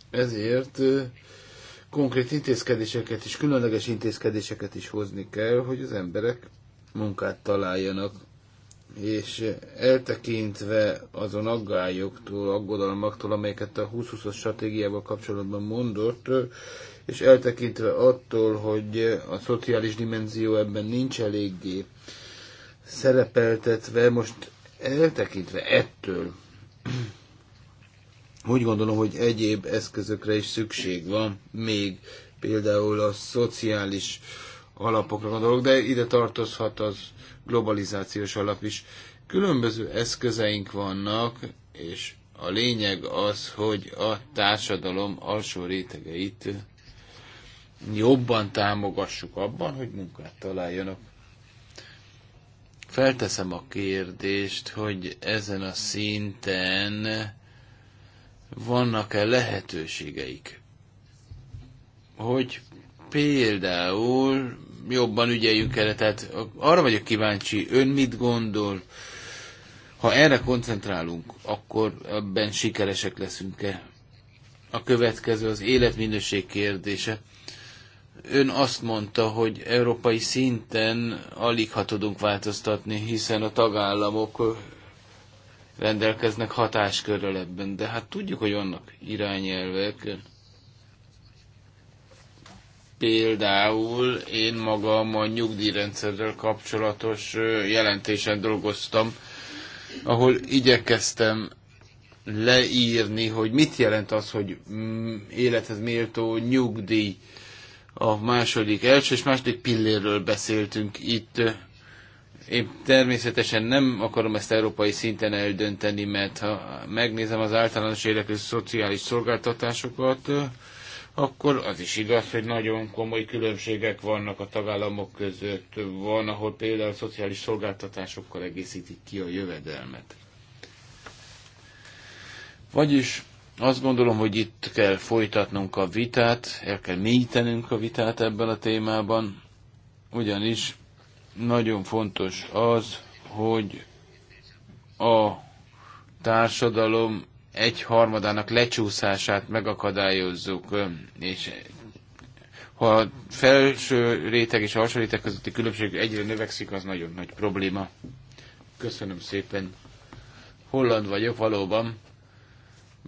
ezért konkrét intézkedéseket is, különleges intézkedéseket is hozni kell, hogy az emberek munkát találjanak és eltekintve azon aggályoktól, aggodalmaktól, amelyeket a 2020-as stratégiával kapcsolatban mondott, és eltekintve attól, hogy a szociális dimenzió ebben nincs eléggé szerepeltetve, most eltekintve ettől, úgy gondolom, hogy egyéb eszközökre is szükség van, még például a szociális uh, alapokra gondolok, de ide tartozhat az globalizációs alap is. Különböző eszközeink vannak, és a lényeg az, hogy a társadalom alsó rétegeit jobban támogassuk abban, hogy munkát találjanak. Felteszem a kérdést, hogy ezen a szinten vannak-e lehetőségeik, hogy például jobban ügyeljünk erre, tehát arra vagyok kíváncsi, ön mit gondol, ha erre koncentrálunk, akkor ebben sikeresek leszünk-e? A következő az életminőség kérdése. Ön azt mondta, hogy európai szinten alig ha tudunk változtatni, hiszen a tagállamok rendelkeznek hatáskörrel ebben, de hát tudjuk, hogy vannak irányelvek, Például én magam a nyugdíjrendszerrel kapcsolatos jelentésen dolgoztam, ahol igyekeztem leírni, hogy mit jelent az, hogy mm, élethez méltó nyugdíj. A második, első és második pillérről beszéltünk itt. Én természetesen nem akarom ezt európai szinten eldönteni, mert ha megnézem az általános életű szociális szolgáltatásokat, akkor az is igaz, hogy nagyon komoly különbségek vannak a tagállamok között. Van, ahol például a szociális szolgáltatásokkal egészítik ki a jövedelmet. Vagyis azt gondolom, hogy itt kell folytatnunk a vitát, el kell mélyítenünk a vitát ebben a témában, ugyanis nagyon fontos az, hogy a társadalom egy harmadának lecsúszását megakadályozzuk, és ha a felső réteg és a alsó réteg közötti különbség egyre növekszik, az nagyon nagy probléma. Köszönöm szépen. Holland vagyok valóban.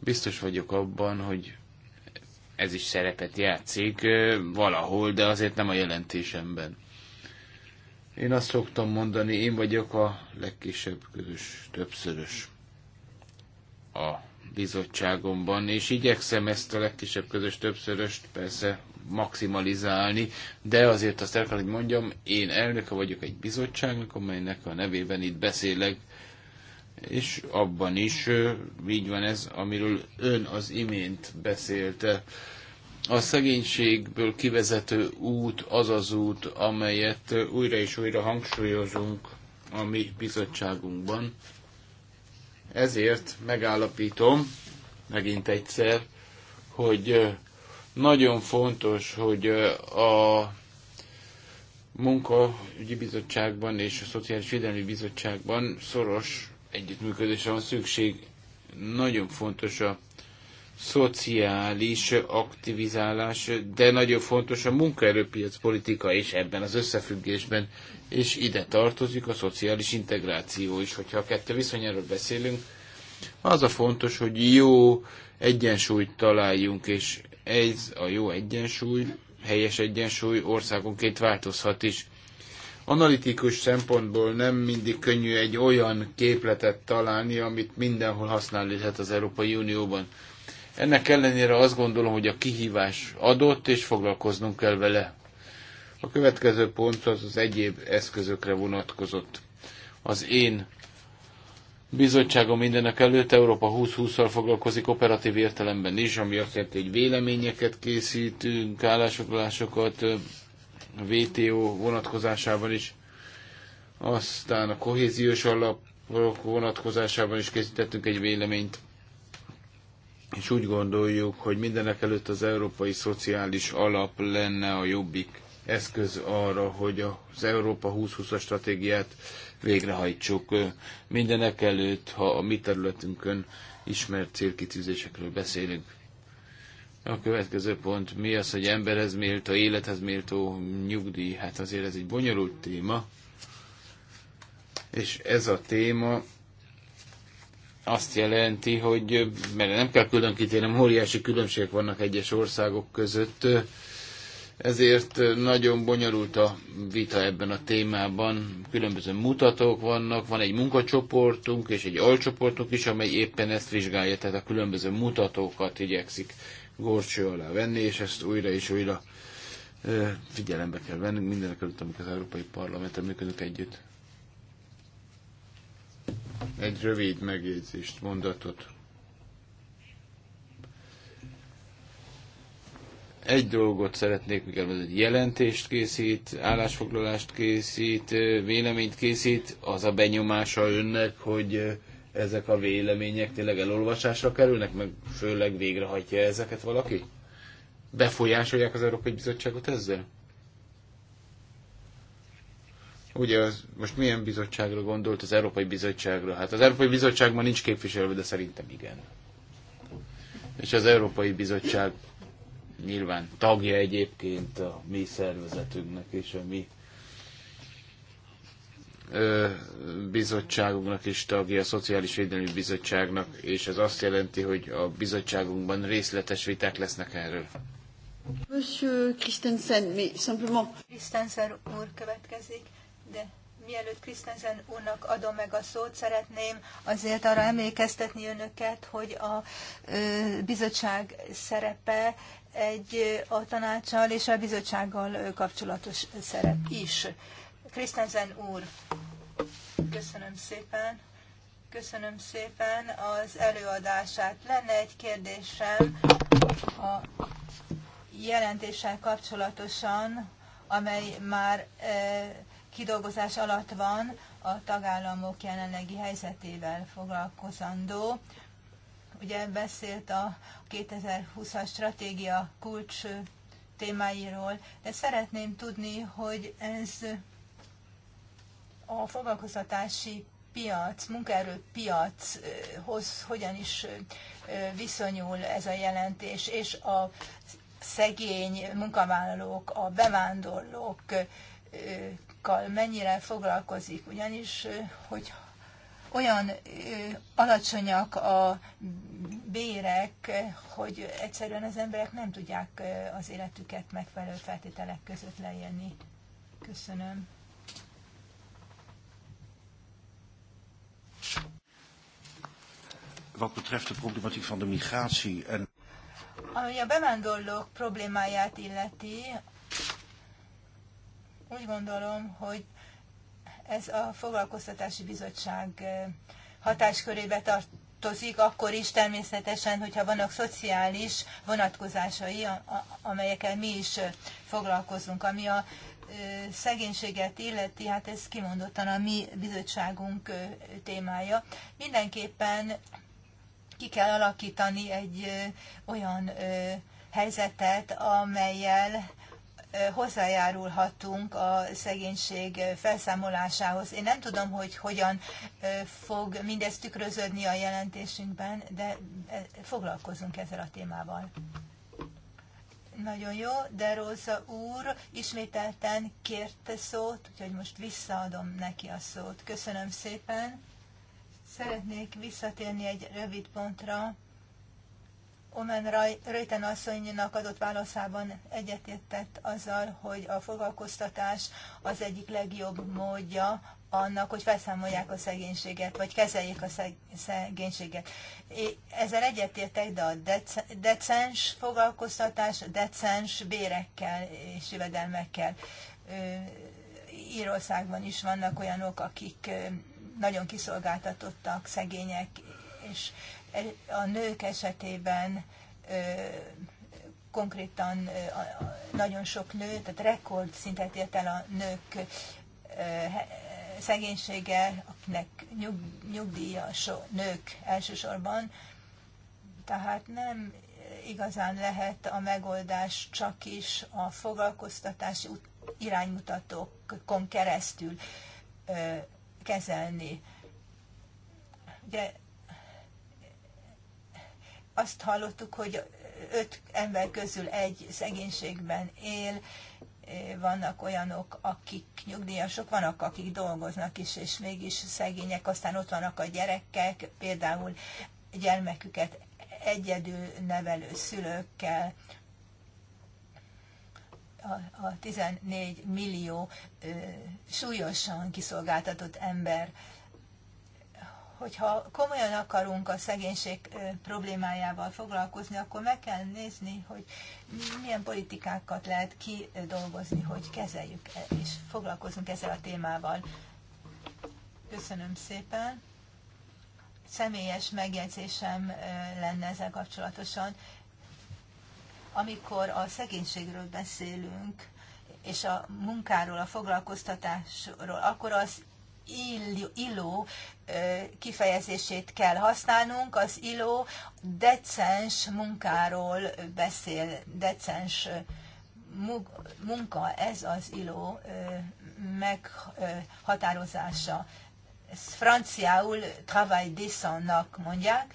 Biztos vagyok abban, hogy ez is szerepet játszik valahol, de azért nem a jelentésemben. Én azt szoktam mondani, én vagyok a legkisebb közös többszörös a bizottságomban, és igyekszem ezt a legkisebb közös többszöröst persze maximalizálni, de azért azt el kell, hogy mondjam, én elnöke vagyok egy bizottságnak, amelynek a nevében itt beszélek, és abban is így van ez, amiről ön az imént beszélte. A szegénységből kivezető út az az út, amelyet újra és újra hangsúlyozunk a mi bizottságunkban, ezért megállapítom megint egyszer, hogy nagyon fontos, hogy a munkaügyi bizottságban és a Szociális Védelmi Bizottságban szoros együttműködésre van szükség. Nagyon fontos a szociális aktivizálás, de nagyon fontos a munkaerőpiac politika is ebben az összefüggésben, és ide tartozik a szociális integráció is, hogyha a kettő viszonyáról beszélünk, az a fontos, hogy jó egyensúlyt találjunk, és ez a jó egyensúly, helyes egyensúly országonként változhat is. Analitikus szempontból nem mindig könnyű egy olyan képletet találni, amit mindenhol használni lehet az Európai Unióban. Ennek ellenére azt gondolom, hogy a kihívás adott, és foglalkoznunk kell vele. A következő pont az az egyéb eszközökre vonatkozott. Az én bizottságom mindenek előtt Európa 2020-szal foglalkozik operatív értelemben is, ami azt jelenti, hogy véleményeket készítünk, állásoklásokat, VTO vonatkozásában is, aztán a kohéziós alap vonatkozásában is készítettünk egy véleményt és úgy gondoljuk, hogy mindenek előtt az európai szociális alap lenne a jobbik eszköz arra, hogy az Európa 2020-as stratégiát végrehajtsuk. Mindenek előtt, ha a mi területünkön ismert célkitűzésekről beszélünk. A következő pont mi az, hogy emberhez méltó, élethez méltó nyugdíj? Hát azért ez egy bonyolult téma, és ez a téma azt jelenti, hogy mert nem kell külön kitérnem, óriási különbségek vannak egyes országok között, ezért nagyon bonyolult a vita ebben a témában. Különböző mutatók vannak, van egy munkacsoportunk és egy alcsoportunk is, amely éppen ezt vizsgálja, tehát a különböző mutatókat igyekszik gorcső alá venni, és ezt újra és újra figyelembe kell vennünk mindenek előtt, amikor az Európai Parlamenten működünk együtt. Egy rövid megjegyzést, mondatot. Egy dolgot szeretnék, mivel ez egy jelentést készít, állásfoglalást készít, véleményt készít, az a benyomása önnek, hogy ezek a vélemények tényleg elolvasásra kerülnek, meg főleg végrehajtja ezeket valaki? Befolyásolják az Európai Bizottságot ezzel? Ugye az, most milyen bizottságra gondolt? Az Európai Bizottságra. Hát az Európai Bizottságban nincs képviselő, de szerintem igen. És az Európai Bizottság nyilván tagja egyébként a mi szervezetünknek és a mi ö, bizottságunknak is tagja, a Szociális Védelmi Bizottságnak, és ez azt jelenti, hogy a bizottságunkban részletes viták lesznek erről. Monsieur Christensen, mi simplement... Christensen úr következik de mielőtt Krisztensen úrnak adom meg a szót, szeretném azért arra emlékeztetni önöket, hogy a bizottság szerepe egy a tanácssal és a bizottsággal kapcsolatos szerep is. Krisztensen úr, köszönöm szépen. Köszönöm szépen az előadását. Lenne egy kérdésem a jelentéssel kapcsolatosan, amely már e, kidolgozás alatt van a tagállamok jelenlegi helyzetével foglalkozandó. Ugye beszélt a 2020-as stratégia kulcs témáiról, de szeretném tudni, hogy ez a foglalkoztatási piac, piachoz hogyan is viszonyul ez a jelentés, és a szegény munkavállalók, a bevándorlók problémákkal mennyire foglalkozik, ugyanis hogy olyan alacsonyak a bérek, hogy egyszerűen az emberek nem tudják az életüket megfelelő feltételek között leélni. Köszönöm. Wat betreft de problematiek van de migratie en... Ami a bevándorlók problémáját illeti, úgy gondolom, hogy ez a foglalkoztatási bizottság eh, hatáskörébe tartozik, akkor is természetesen, hogyha vannak szociális vonatkozásai, amelyekkel mi is eh, foglalkozunk. Ami a eh, szegénységet illeti, hát ez kimondottan a mi bizottságunk témája. Mindenképpen ki kell alakítani egy olyan helyzetet, amelyel hozzájárulhatunk a szegénység felszámolásához. Én nem tudom, hogy hogyan fog mindez tükröződni a jelentésünkben, de foglalkozunk ezzel a témával. Nagyon jó, de Róza úr ismételten kérte szót, úgyhogy most visszaadom neki a szót. Köszönöm szépen. Szeretnék visszatérni egy rövid pontra Omen Röjten asszonynak adott válaszában egyetértett azzal, hogy a foglalkoztatás az egyik legjobb módja annak, hogy felszámolják a szegénységet, vagy kezeljék a szegénységet. Ezzel egyetértek, de a decens foglalkoztatás, decens bérekkel és jövedelmekkel. Írországban is vannak olyanok, akik nagyon kiszolgáltatottak, szegények, és a nők esetében konkrétan nagyon sok nő, tehát rekord szintet ért el a nők szegénysége, akinek nyug, nyugdíjas nők elsősorban, tehát nem igazán lehet a megoldás csak is a foglalkoztatási iránymutatókon keresztül kezelni. Ugye azt hallottuk, hogy öt ember közül egy szegénységben él, vannak olyanok, akik nyugdíjasok, vannak, akik dolgoznak is, és mégis szegények, aztán ott vannak a gyerekek, például gyermeküket egyedül nevelő szülőkkel, a, 14 millió súlyosan kiszolgáltatott ember hogyha komolyan akarunk a szegénység problémájával foglalkozni, akkor meg kell nézni, hogy milyen politikákat lehet kidolgozni, hogy kezeljük e, és foglalkozunk ezzel a témával. Köszönöm szépen. Személyes megjegyzésem lenne ezzel kapcsolatosan. Amikor a szegénységről beszélünk, és a munkáról, a foglalkoztatásról, akkor az illó kifejezését kell használnunk. Az illó decens munkáról beszél, decens munka, ez az illó meghatározása. Ezt franciául travail décentnak mondják,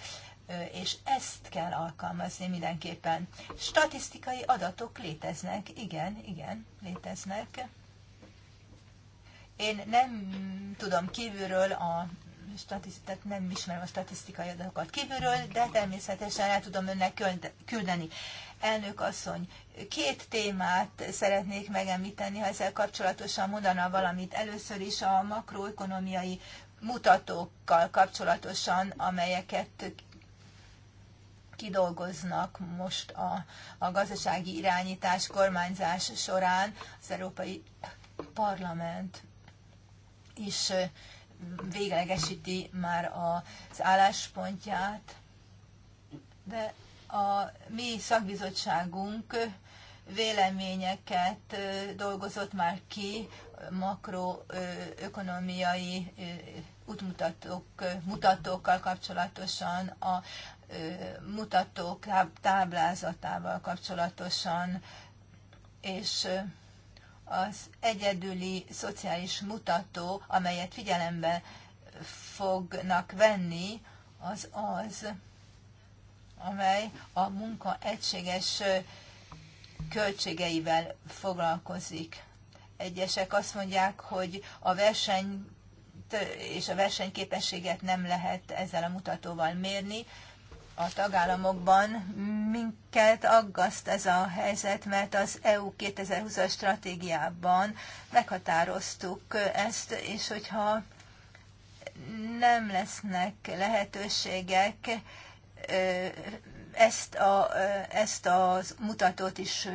és ezt kell alkalmazni mindenképpen. Statisztikai adatok léteznek, igen, igen, léteznek. Én nem tudom kívülről a statisztikát, nem ismerem a statisztikai adatokat kívülről, de természetesen el tudom önnek küldeni. Elnök asszony, két témát szeretnék megemlíteni, ha ezzel kapcsolatosan mondaná valamit. Először is a makroekonomiai mutatókkal kapcsolatosan, amelyeket kidolgoznak most a, a gazdasági irányítás, kormányzás során az Európai Parlament is véglegesíti már az álláspontját, de a mi szakbizottságunk véleményeket dolgozott már ki makroökonomiai útmutatók, mutatókkal kapcsolatosan, a mutatók táblázatával kapcsolatosan, és az egyedüli szociális mutató, amelyet figyelembe fognak venni, az az, amely a munka egységes költségeivel foglalkozik. Egyesek azt mondják, hogy a verseny és a versenyképességet nem lehet ezzel a mutatóval mérni, a tagállamokban. Minket aggaszt ez a helyzet, mert az EU 2020-as stratégiában meghatároztuk ezt, és hogyha nem lesznek lehetőségek, ezt, a, ezt az mutatót is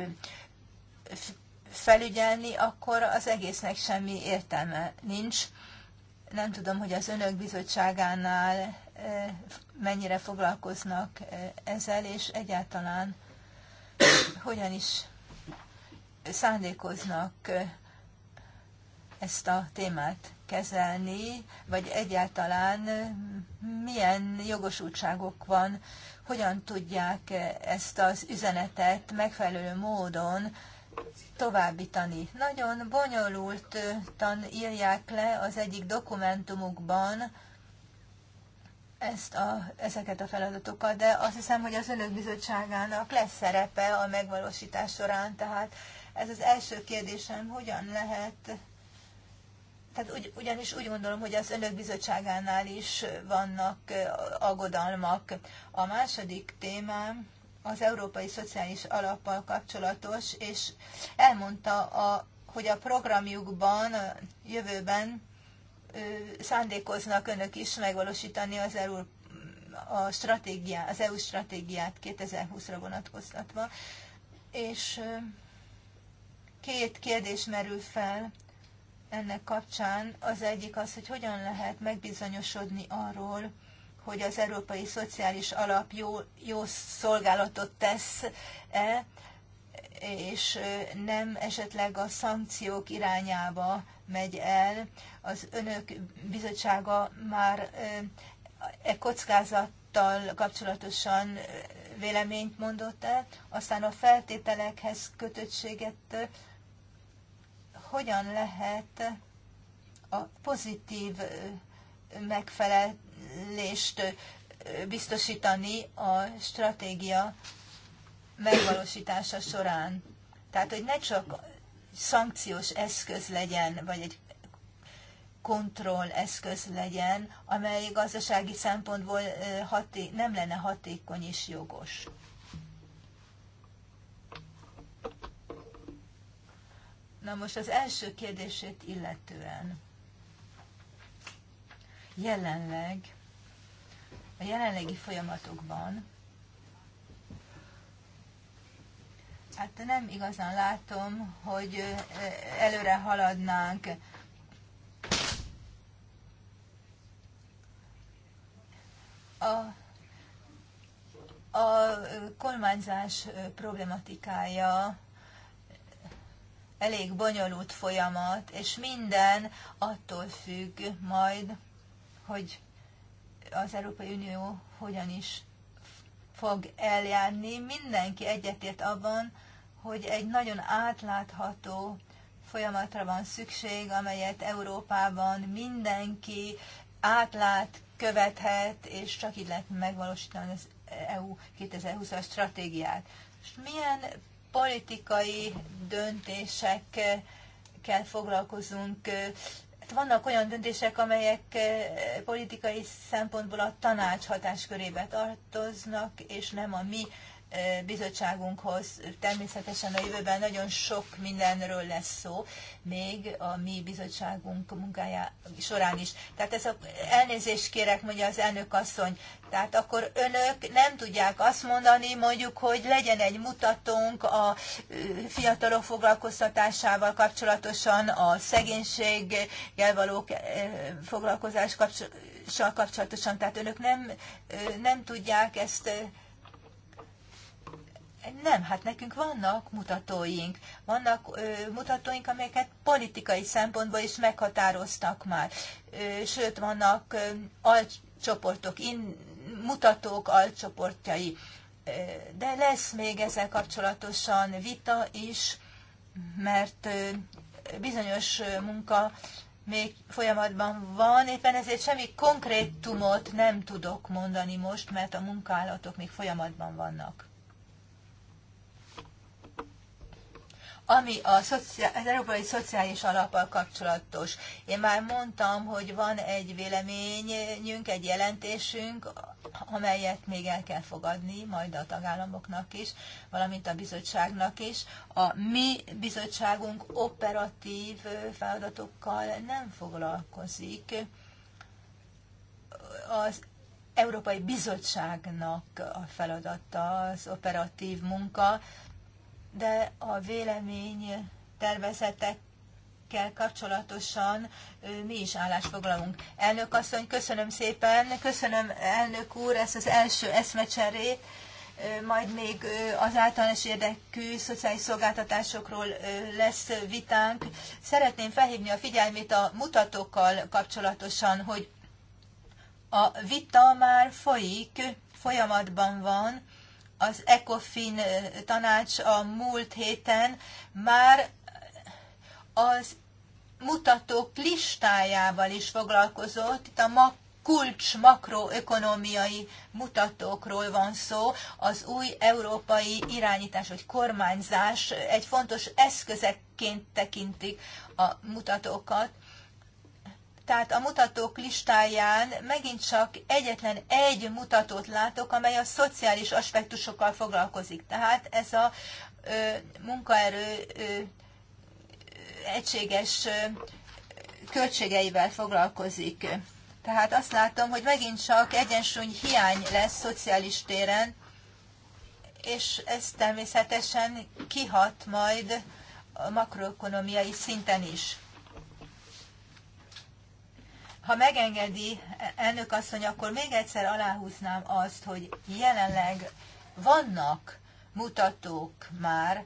felügyelni, akkor az egésznek semmi értelme nincs. Nem tudom, hogy az önök bizottságánál mennyire foglalkoznak e, ezzel, és egyáltalán hogyan is szándékoznak e, ezt a témát kezelni, vagy egyáltalán e, milyen jogosultságok van, hogyan tudják ezt az üzenetet megfelelő módon továbbítani. Nagyon bonyolultan írják le az egyik dokumentumukban ezt a, ezeket a feladatokat, de azt hiszem, hogy az önök bizottságának lesz szerepe a megvalósítás során, tehát ez az első kérdésem, hogyan lehet, tehát ugy, ugyanis úgy gondolom, hogy az önök bizottságánál is vannak aggodalmak. A második témám az Európai Szociális Alappal kapcsolatos, és elmondta, a, hogy a programjukban jövőben szándékoznak önök is megvalósítani az EU a stratégiá, az EU stratégiát 2020-ra vonatkoztatva. És két kérdés merül fel ennek kapcsán. Az egyik az, hogy hogyan lehet megbizonyosodni arról, hogy az Európai Szociális Alap jó, jó szolgálatot tesz-e és nem esetleg a szankciók irányába megy el. Az önök bizottsága már e kockázattal kapcsolatosan véleményt mondott el, aztán a feltételekhez kötöttséget hogyan lehet a pozitív megfelelést biztosítani a stratégia megvalósítása során. Tehát, hogy ne csak szankciós eszköz legyen, vagy egy kontroll eszköz legyen, amely gazdasági szempontból haté- nem lenne hatékony és jogos. Na most az első kérdését illetően. Jelenleg, a jelenlegi folyamatokban hát nem igazán látom, hogy előre haladnánk. A, a kormányzás problematikája elég bonyolult folyamat, és minden attól függ majd, hogy az Európai Unió hogyan is fog eljárni. Mindenki egyetért abban, hogy egy nagyon átlátható folyamatra van szükség, amelyet Európában mindenki átlát, követhet, és csak így lehet megvalósítani az EU 2020-as stratégiát. És milyen politikai döntésekkel foglalkozunk? Hát vannak olyan döntések, amelyek eh, politikai szempontból a tanács hatáskörébe tartoznak, és nem a mi bizottságunkhoz. Természetesen a jövőben nagyon sok mindenről lesz szó, még a mi bizottságunk munkája során is. Tehát ez a, elnézést kérek, mondja az elnök asszony. Tehát akkor önök nem tudják azt mondani, mondjuk, hogy legyen egy mutatónk a fiatalok foglalkoztatásával kapcsolatosan, a szegénységgel való foglalkozással kapcsolatosan. Tehát önök nem, nem tudják ezt nem, hát nekünk vannak mutatóink. Vannak ö, mutatóink, amelyeket politikai szempontból is meghatároztak már. Ö, sőt, vannak ö, alcsoportok, in, mutatók alcsoportjai. Ö, de lesz még ezzel kapcsolatosan vita is, mert ö, bizonyos munka még folyamatban van, éppen ezért semmi konkrétumot nem tudok mondani most, mert a munkálatok még folyamatban vannak. Ami a szociál, az Európai Szociális Alappal kapcsolatos, én már mondtam, hogy van egy véleményünk, egy jelentésünk, amelyet még el kell fogadni, majd a tagállamoknak is, valamint a bizottságnak is. A mi bizottságunk operatív feladatokkal nem foglalkozik. Az Európai Bizottságnak a feladata az operatív munka, de a vélemény tervezetekkel kapcsolatosan mi is állásfoglalunk. Elnök asszony, köszönöm szépen, köszönöm elnök úr ezt az első eszmecserét, majd még az általános érdekű szociális szolgáltatásokról lesz vitánk. Szeretném felhívni a figyelmét a mutatókkal kapcsolatosan, hogy a vita már folyik, folyamatban van, az ECOFIN tanács a múlt héten már az mutatók listájával is foglalkozott. Itt a mak kulcs makroökonomiai mutatókról van szó. Az új európai irányítás vagy kormányzás egy fontos eszközeként tekintik a mutatókat. Tehát a mutatók listáján megint csak egyetlen egy mutatót látok, amely a szociális aspektusokkal foglalkozik. Tehát ez a ö, munkaerő ö, egységes ö, költségeivel foglalkozik. Tehát azt látom, hogy megint csak egyensúly hiány lesz szociális téren, és ez természetesen kihat majd a makroökonomiai szinten is. Ha megengedi, elnök asszony, akkor még egyszer aláhúznám azt, hogy jelenleg vannak mutatók már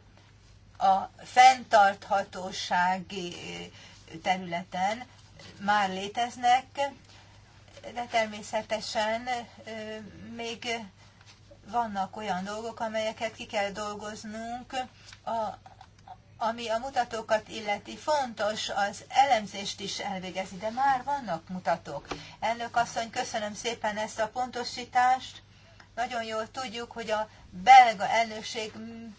a fenntarthatósági területen, már léteznek, de természetesen még vannak olyan dolgok, amelyeket ki kell dolgoznunk a ami a mutatókat illeti, fontos az elemzést is elvégezi, de már vannak mutatók. Elnök asszony, köszönöm szépen ezt a pontosítást. Nagyon jól tudjuk, hogy a belga elnökség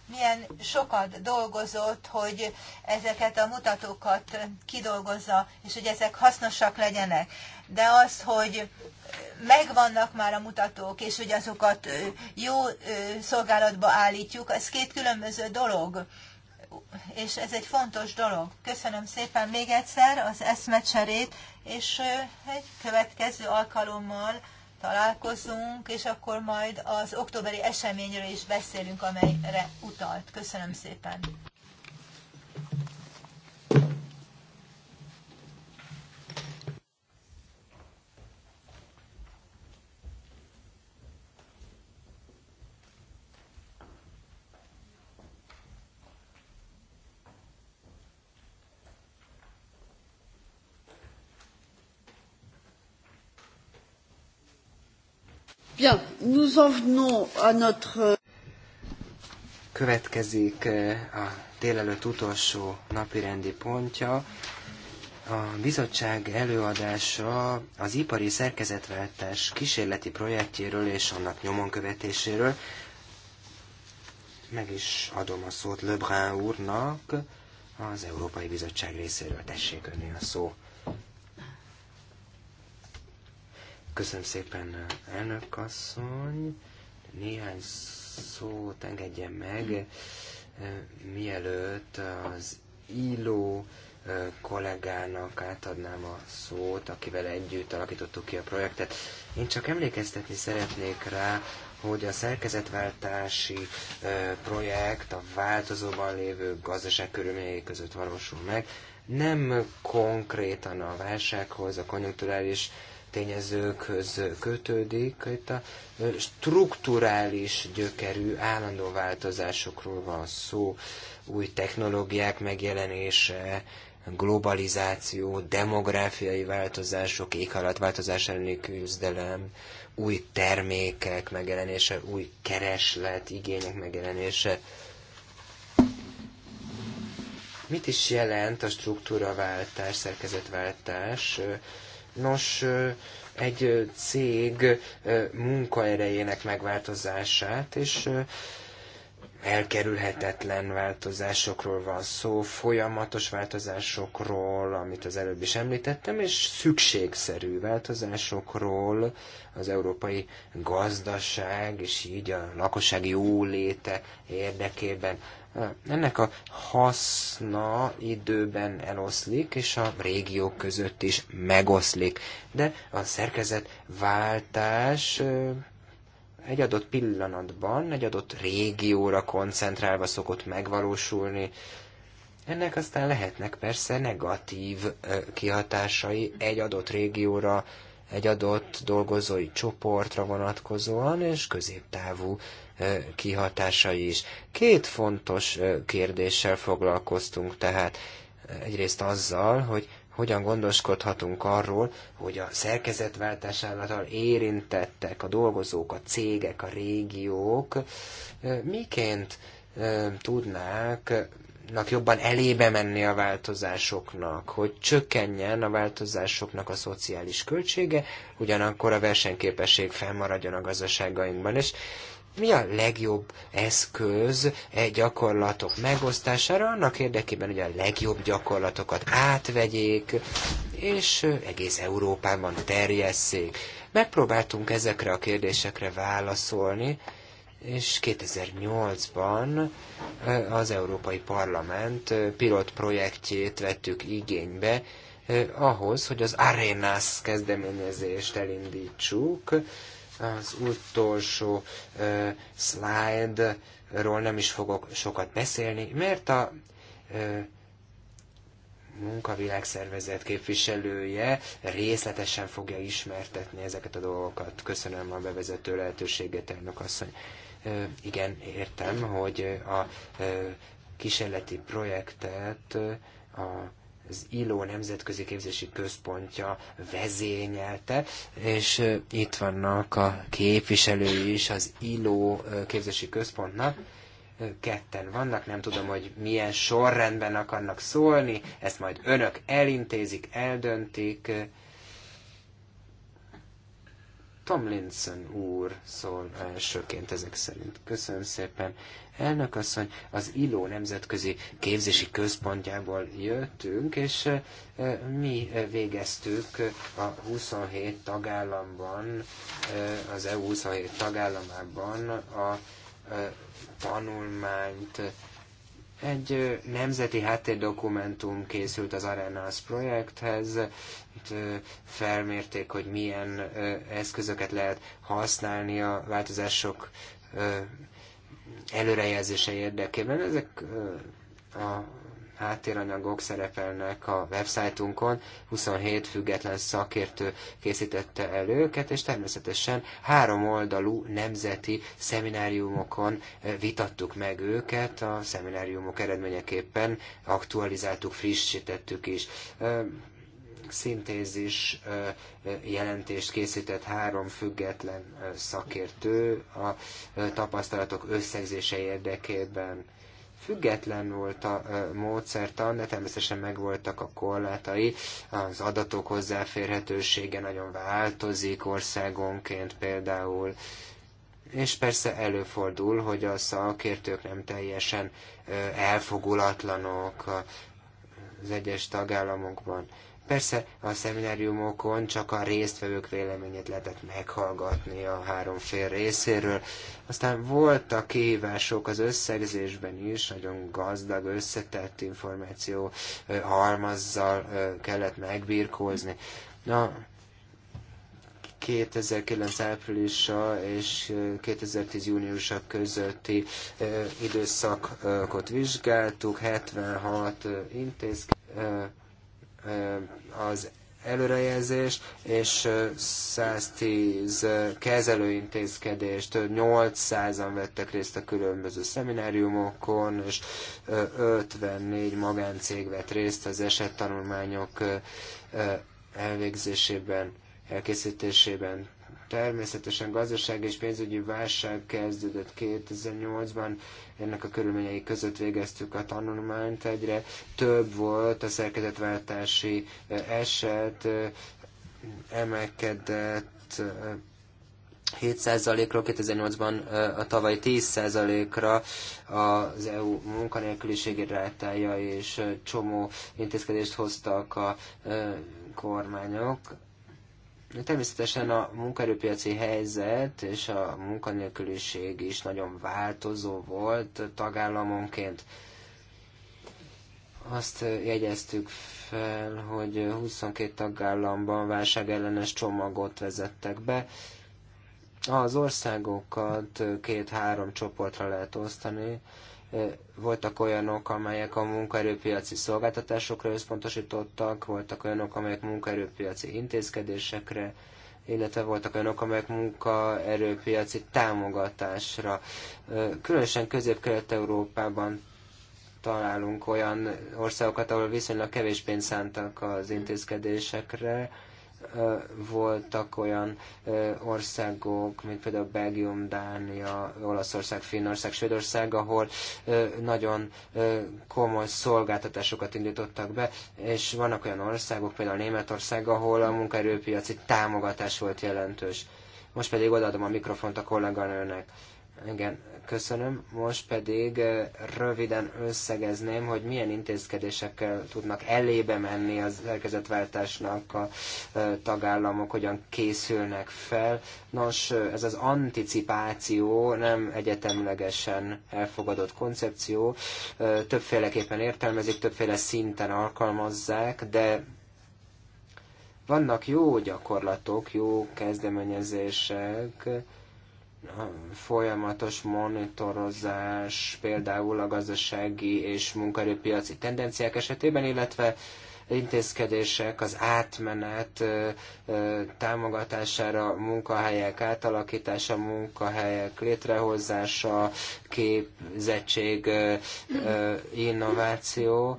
milyen sokat dolgozott, hogy ezeket a mutatókat kidolgozza, és hogy ezek hasznosak legyenek. De az, hogy megvannak már a mutatók, és hogy azokat jó szolgálatba állítjuk, ez két különböző dolog és ez egy fontos dolog. Köszönöm szépen még egyszer az eszmecserét, és egy következő alkalommal találkozunk, és akkor majd az októberi eseményről is beszélünk, amelyre utalt. Köszönöm szépen! Bien, nous en venons à notre... Euh, Következik eh, a délelőtt utolsó napirendi pontja. A bizottság előadása az ipari szerkezetváltás kísérleti projektjéről és annak nyomon követéséről. Meg is adom a szót Lebrun úrnak az Európai Bizottság részéről. Tessék önni a szót. Köszönöm szépen, elnök asszony. Néhány szót engedjen meg, hm. eh, mielőtt az ILO eh, kollégának átadnám a szót, akivel együtt alakítottuk ki a projektet. Én csak emlékeztetni szeretnék rá, hogy a szerkezetváltási eh, projekt a változóban lévő gazdaság körülményei között valósul meg, nem konkrétan a válsághoz, a konjunkturális tényezőkhöz kötődik. Itt a strukturális gyökerű állandó változásokról van szó, új technológiák megjelenése, globalizáció, demográfiai változások, éghajlatváltozás elleni küzdelem, új termékek megjelenése, új kereslet, igények megjelenése. Mit is jelent a struktúraváltás, szerkezetváltás? Nos, egy cég munkaerejének megváltozását, és elkerülhetetlen változásokról van szó, folyamatos változásokról, amit az előbb is említettem, és szükségszerű változásokról az európai gazdaság, és így a lakossági jóléte érdekében ennek a haszna időben eloszlik, és a régiók között is megoszlik. De a szerkezetváltás egy adott pillanatban, egy adott régióra koncentrálva szokott megvalósulni. Ennek aztán lehetnek persze negatív kihatásai egy adott régióra, egy adott dolgozói csoportra vonatkozóan, és középtávú kihatásai is. Két fontos kérdéssel foglalkoztunk tehát. Egyrészt azzal, hogy hogyan gondoskodhatunk arról, hogy a szerkezetváltás által érintettek a dolgozók, a cégek, a régiók miként tudnák jobban elébe menni a változásoknak, hogy csökkenjen a változásoknak a szociális költsége, ugyanakkor a versenyképesség fennmaradjon a gazdaságainkban. És mi a legjobb eszköz egy gyakorlatok megosztására, annak érdekében, hogy a legjobb gyakorlatokat átvegyék, és egész Európában terjesszék. Megpróbáltunk ezekre a kérdésekre válaszolni, és 2008-ban az Európai Parlament pilot projektjét vettük igénybe, ahhoz, hogy az Arenas kezdeményezést elindítsuk. Az utolsó uh, slide nem is fogok sokat beszélni, mert a uh, munkavilágszervezet képviselője részletesen fogja ismertetni ezeket a dolgokat. Köszönöm a bevezető lehetőséget, elnök asszony. Uh, igen, értem, hogy a kísérleti projektet a az ILO Nemzetközi Képzési Központja vezényelte, és itt vannak a képviselői is az ILO Képzési Központnak. Ketten vannak, nem tudom, hogy milyen sorrendben akarnak szólni, ezt majd önök elintézik, eldöntik. Tomlinson úr szól elsőként ezek szerint. Köszönöm szépen. Elnök asszony, az ILO Nemzetközi Képzési Központjából jöttünk, és e, e, mi végeztük a 27 tagállamban, e, az EU 27 tagállamában a tanulmányt egy nemzeti háttérdokumentum készült az Arenas projekthez, itt felmérték, hogy milyen eszközöket lehet használni a változások előrejelzése érdekében. Ezek a háttéranyagok szerepelnek a websájtunkon, 27 független szakértő készítette el őket, és természetesen három oldalú nemzeti szemináriumokon eh, vitattuk meg őket, a szemináriumok eredményeképpen aktualizáltuk, frissítettük is eh, szintézis eh, jelentést készített három független szakértő a tapasztalatok összegzése érdekében Független volt a módszertan, de természetesen megvoltak a korlátai. Az adatok hozzáférhetősége nagyon változik országonként például. És persze előfordul, hogy a szakértők nem teljesen elfogulatlanok az egyes tagállamokban Persze a szemináriumokon csak a résztvevők véleményét lehetett meghallgatni a három fél részéről. Aztán voltak kihívások az összegzésben is, nagyon gazdag, összetett információ halmazzal kellett megbírkózni. Na, 2009 áprilisa és 2010 júniusa közötti időszakot vizsgáltuk, 76 intézkedés az előrejelzés és 110 kezelőintézkedést, 800-an vettek részt a különböző szemináriumokon, és 54 magáncég vett részt az esettanulmányok elvégzésében, elkészítésében. Természetesen gazdasági és pénzügyi válság kezdődött 2008-ban, ennek a körülményei között végeztük a tanulmányt, egyre több volt a szerkezetváltási eh, eset, eh, emelkedett 7%-ról eh, 2008-ban a tavaly 10%-ra az EU munkanélküliségi rátája és csomó intézkedést hoztak a kormányok Természetesen a munkaerőpiaci helyzet és a munkanélküliség is nagyon változó volt tagállamonként. Azt jegyeztük fel, hogy 22 tagállamban válságellenes csomagot vezettek be. Az országokat két-három csoportra lehet osztani voltak olyanok, amelyek a munkaerőpiaci szolgáltatásokra összpontosítottak, voltak olyanok, amelyek munkaerőpiaci intézkedésekre, illetve voltak olyanok, amelyek munkaerőpiaci támogatásra. Különösen Közép-Kelet-Európában találunk olyan országokat, ahol viszonylag kevés pénzt szántak az intézkedésekre, voltak olyan országok, mint például Belgium, Dánia, Olaszország, Finnország, Svédország, ahol nagyon komoly szolgáltatásokat indítottak be, és vannak olyan országok, például Németország, ahol a munkaerőpiaci támogatás volt jelentős. Most pedig odaadom a mikrofont a kolléganőnek. Igen, Köszönöm. Most pedig eh, röviden összegezném, hogy milyen intézkedésekkel tudnak elébe menni az szerkezetváltásnak a eh, tagállamok, hogyan készülnek fel. Nos, eh, ez az anticipáció nem egyetemlegesen elfogadott koncepció. Többféleképpen értelmezik, többféle szinten alkalmazzák, de vannak jó gyakorlatok, jó kezdeményezések, folyamatos monitorozás, például a gazdasági és munkaerőpiaci tendenciák esetében, illetve intézkedések az átmenet támogatására, munkahelyek átalakítása, munkahelyek létrehozása, képzettség, innováció,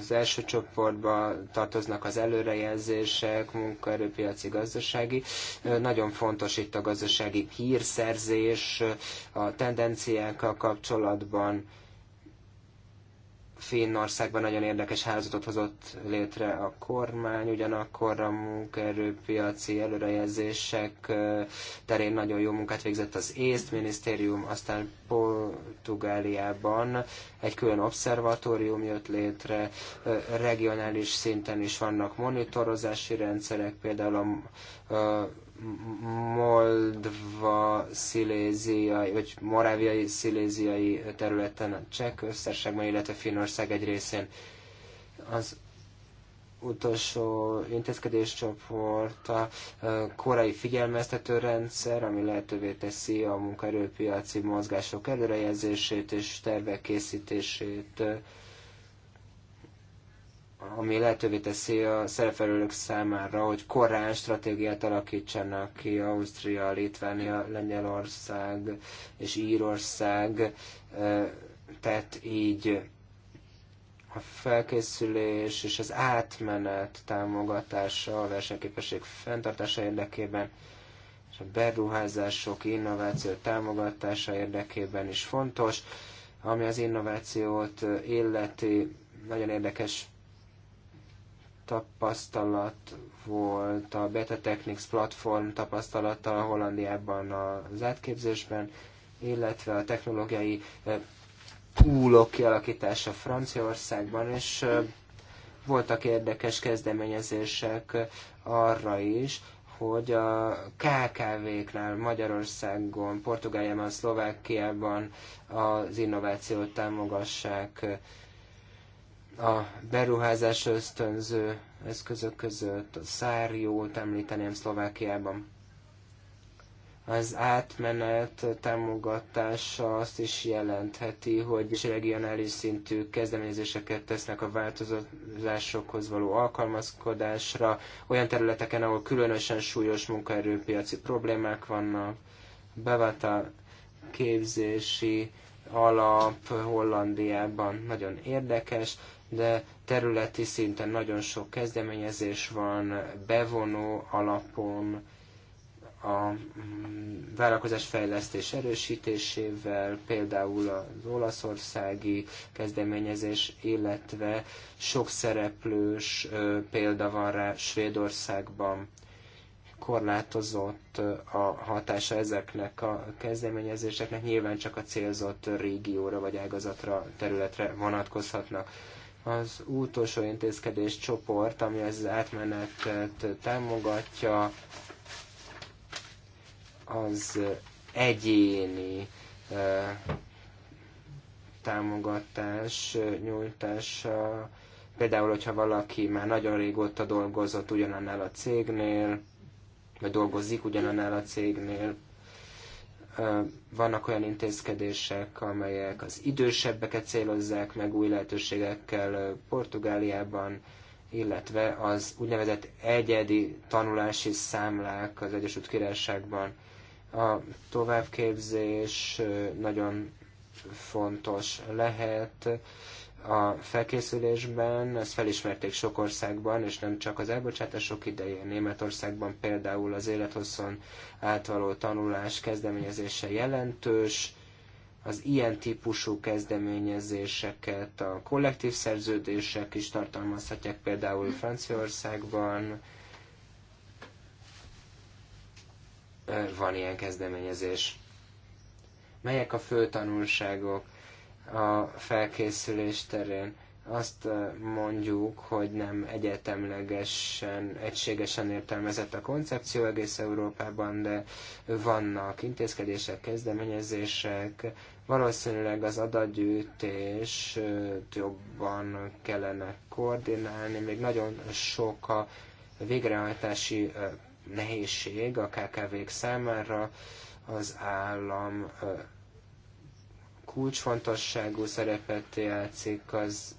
az első csoportba tartoznak az előrejelzések, munkaerőpiaci, gazdasági. Nagyon fontos itt a gazdasági hírszerzés, a tendenciákkal kapcsolatban Finnországban nagyon érdekes hálózatot hozott létre a kormány, ugyanakkor a munkaerőpiaci előrejelzések terén nagyon jó munkát végzett az észt minisztérium, aztán Portugáliában egy külön obszervatórium jött létre, regionális szinten is vannak monitorozási rendszerek, például a Moldva sziléziai, vagy moráviai sziléziai területen, a cseh köztársaságban, illetve Finnország egy részén. Az utolsó intézkedéscsoport a korai figyelmeztető rendszer, ami lehetővé teszi a munkaerőpiaci mozgások előrejelzését és tervek készítését ami lehetővé teszi a szerefelők számára, hogy korán stratégiát alakítsanak ki Ausztria, Litvánia, Lengyelország és Írország. Tehát így a felkészülés és az átmenet támogatása a versenyképesség fenntartása érdekében, és a beruházások, innováció támogatása érdekében is fontos, ami az innovációt illeti, nagyon érdekes tapasztalat volt a Beta Technics platform tapasztalata a Hollandiában az átképzésben, illetve a technológiai eh, púlok kialakítása Franciaországban, és eh, voltak érdekes kezdeményezések eh, arra is, hogy a KKV-knál Magyarországon, Portugáliában, Szlovákiában az innovációt támogassák a beruházás ösztönző eszközök között a szárjót említeném Szlovákiában. Az átmenet támogatása azt is jelentheti, hogy regionális szintű kezdeményezéseket tesznek a változásokhoz való alkalmazkodásra, olyan területeken, ahol különösen súlyos munkaerőpiaci problémák vannak, bevata képzési alap Hollandiában nagyon érdekes, de területi szinten nagyon sok kezdeményezés van, bevonó alapon, a mm, vállalkozás fejlesztés erősítésével, például az olaszországi kezdeményezés, illetve sok szereplős példa van rá Svédországban. Korlátozott a hatása ezeknek a kezdeményezéseknek, nyilván csak a célzott régióra vagy ágazatra, területre vonatkozhatnak az utolsó intézkedés csoport, ami az átmenetet támogatja, az egyéni támogatás nyújtása. Például, hogyha valaki már nagyon régóta dolgozott ugyanannál a cégnél, vagy dolgozik ugyanannál a cégnél, vannak olyan intézkedések, amelyek az idősebbeket célozzák meg új lehetőségekkel Portugáliában, illetve az úgynevezett egyedi tanulási számlák az Egyesült Királyságban. A továbbképzés nagyon fontos lehet a felkészülésben, ezt felismerték sok országban, és nem csak az elbocsátások idején. Németországban például az élethosszon átvaló tanulás kezdeményezése jelentős, az ilyen típusú kezdeményezéseket a kollektív szerződések is tartalmazhatják, például Franciaországban van ilyen kezdeményezés. Melyek a fő tanulságok? a felkészülés terén. Azt mondjuk, hogy nem egyetemlegesen, egységesen értelmezett a koncepció egész Európában, de vannak intézkedések, kezdeményezések, valószínűleg az adatgyűjtés jobban kellene koordinálni, még nagyon sok a végrehajtási nehézség a KKV-k számára, az állam kulcsfontosságú szerepet játszik az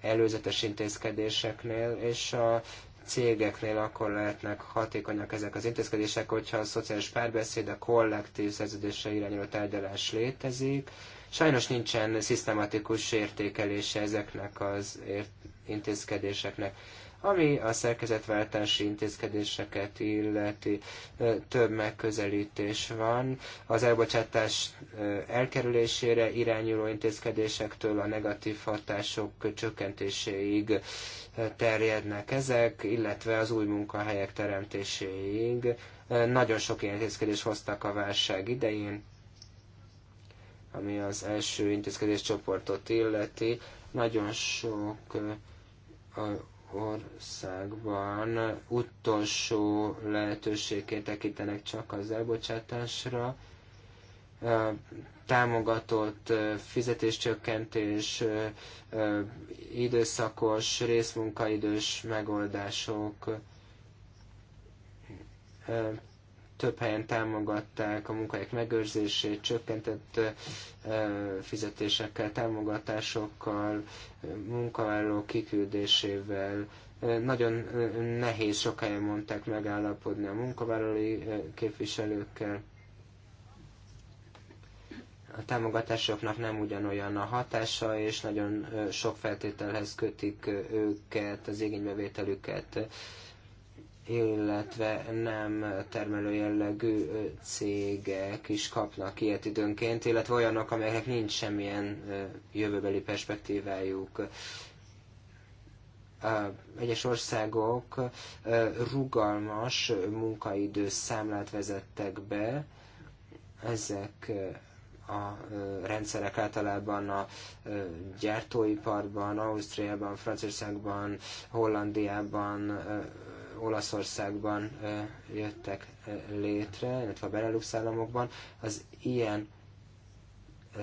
előzetes intézkedéseknél, és a cégeknél akkor lehetnek hatékonyak ezek az intézkedések, hogyha a szociális párbeszéd, a kollektív szerződésre irányuló tárgyalás létezik. Sajnos nincsen szisztematikus értékelése ezeknek az ért- intézkedéseknek ami a szerkezetváltási intézkedéseket illeti, több megközelítés van. Az elbocsátás elkerülésére irányuló intézkedésektől a negatív hatások csökkentéséig terjednek ezek, illetve az új munkahelyek teremtéséig. Nagyon sok intézkedés intézkedést hoztak a válság idején, ami az első intézkedéscsoportot illeti. Nagyon sok országban utolsó lehetőségként tekintenek csak az elbocsátásra. Támogatott fizetéscsökkentés, időszakos, részmunkaidős megoldások több helyen támogatták a munkahelyek megőrzését, csökkentett fizetésekkel, támogatásokkal, munkavállalók kiküldésével, nagyon nehéz sok helyen mondták megállapodni a munkavállalói képviselőkkel. A támogatásoknak nem ugyanolyan a hatása, és nagyon sok feltételhez kötik őket, az igénybevételüket illetve nem termelő jellegű cégek is kapnak ilyet időnként, illetve olyanok, amelyeknek nincs semmilyen jövőbeli perspektívájuk. Egyes országok rugalmas munkaidő számlát vezettek be, ezek a rendszerek általában a gyártóiparban, Ausztriában, Franciaországban, Hollandiában Olaszországban jöttek létre, illetve a Benelux államokban, az ilyen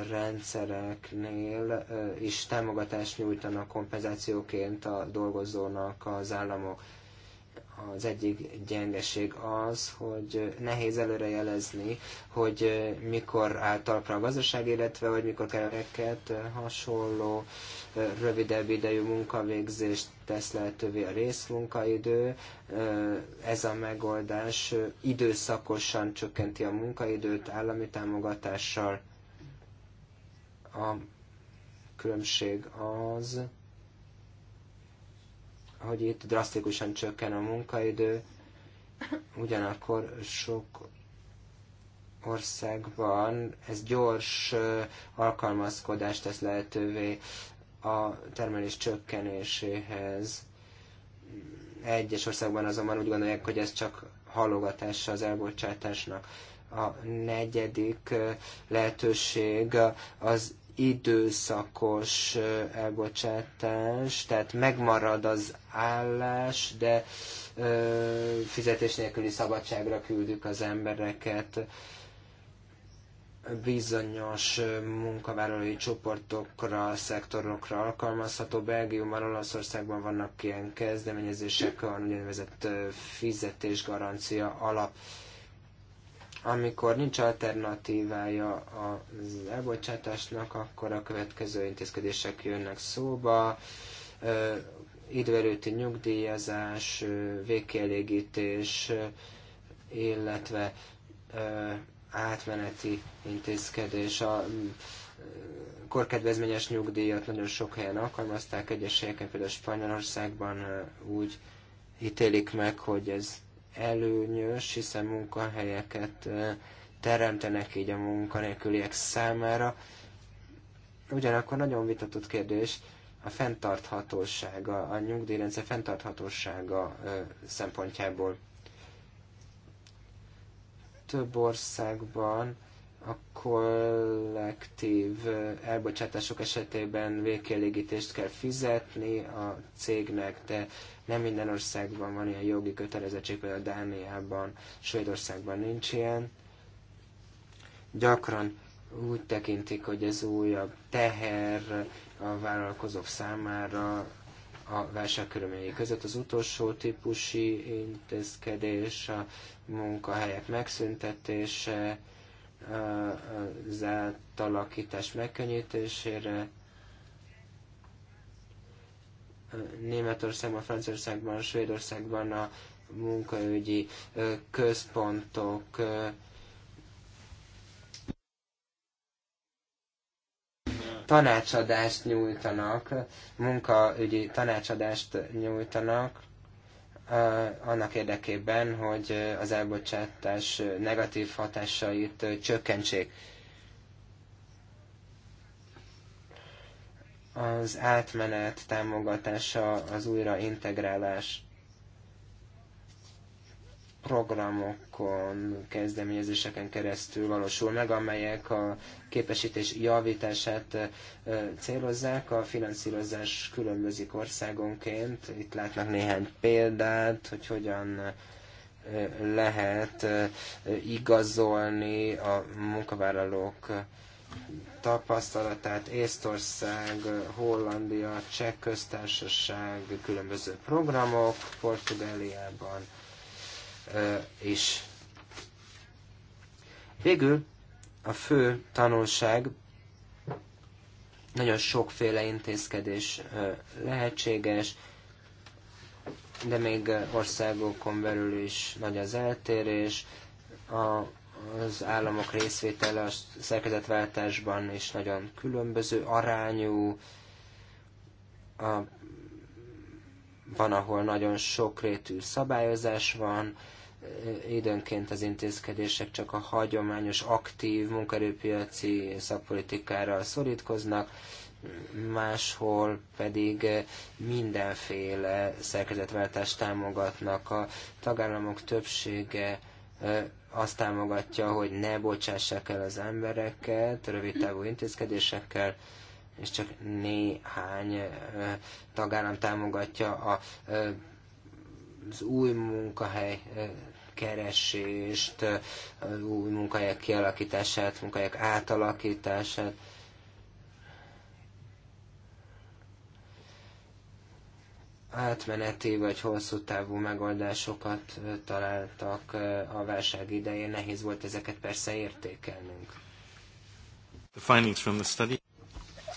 rendszereknél is támogatást nyújtanak kompenzációként a dolgozónak az államok az egyik gyengeség az, hogy nehéz előrejelezni, hogy mikor állt talpra a gazdaság, illetve hogy mikor kereket hasonló rövidebb idejű munkavégzést tesz lehetővé a részmunkaidő. Ez a megoldás időszakosan csökkenti a munkaidőt állami támogatással. A különbség az, hogy itt drasztikusan csökken a munkaidő, ugyanakkor sok országban ez gyors alkalmazkodást tesz lehetővé a termelés csökkenéséhez. Egyes országban azonban úgy gondolják, hogy ez csak halogatása az elbocsátásnak. A negyedik lehetőség az időszakos elbocsátás, tehát megmarad az állás, de fizetés nélküli szabadságra küldük az embereket bizonyos munkavállalói csoportokra, szektorokra alkalmazható. Belgiumban, Olaszországban vannak ilyen kezdeményezések, a úgynevezett fizetésgarancia alap amikor nincs alternatívája az elbocsátásnak, akkor a következő intézkedések jönnek szóba, időelőtti nyugdíjazás, végkielégítés, illetve átmeneti intézkedés. A korkedvezményes nyugdíjat nagyon sok helyen alkalmazták, egyes helyeken, például Spanyolországban úgy ítélik meg, hogy ez előnyös, hiszen munkahelyeket teremtenek így a munkanélküliek számára. Ugyanakkor nagyon vitatott kérdés a fenntarthatósága, a nyugdíjrendszer fenntarthatósága szempontjából. Több országban a kollektív eh, elbocsátások esetében végkielégítést kell fizetni a cégnek, de nem minden országban van ilyen jogi kötelezettség, például Dániában, Svédországban nincs ilyen. Gyakran úgy tekintik, hogy ez újabb teher a vállalkozók számára a válságkörülményei között. Az utolsó típusi intézkedés a munkahelyek megszüntetése, az átalakítás megkönnyítésére. Németországban, Franciaországban, Svédországban a munkaügyi központok tanácsadást nyújtanak, munkaügyi tanácsadást nyújtanak, annak érdekében, hogy az elbocsátás negatív hatásait csökkentsék. Az átmenet támogatása, az újraintegrálás programokon, kezdeményezéseken keresztül valósul meg, amelyek a képesítés javítását célozzák. A finanszírozás különbözik országonként. Itt látnak néhány példát, hogy hogyan lehet igazolni a munkavállalók tapasztalatát Észtország, Hollandia, Cseh köztársaság, különböző programok Portugáliában is. Végül a fő tanulság nagyon sokféle intézkedés lehetséges, de még országokon belül is nagy az eltérés. A, az államok részvétele a szerkezetváltásban is nagyon különböző, arányú. A, van, ahol nagyon sokrétű szabályozás van, időnként az intézkedések csak a hagyományos, aktív munkerőpiaci szakpolitikára szorítkoznak, máshol pedig mindenféle szerkezetváltást támogatnak. A tagállamok többsége azt támogatja, hogy ne bocsássák el az embereket távú intézkedésekkel, és csak néhány tagállam támogatja a, az új munkahely keresést, új munkahelyek kialakítását, munkahelyek átalakítását. átmeneti vagy hosszú távú megoldásokat találtak a válság idején, nehéz volt ezeket persze értékelnünk. The findings from the study.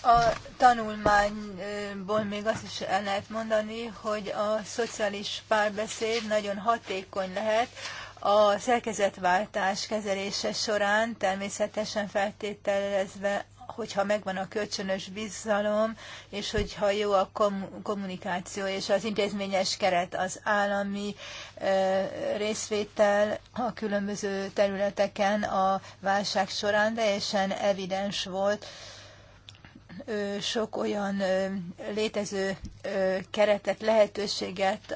A tanulmányból még azt is el lehet mondani, hogy a szociális párbeszéd nagyon hatékony lehet a szerkezetváltás kezelése során, természetesen feltételezve, hogyha megvan a kölcsönös bizalom, és hogyha jó a kommunikáció és az intézményes keret, az állami részvétel a különböző területeken a válság során teljesen evidens volt, sok olyan létező keretet, lehetőséget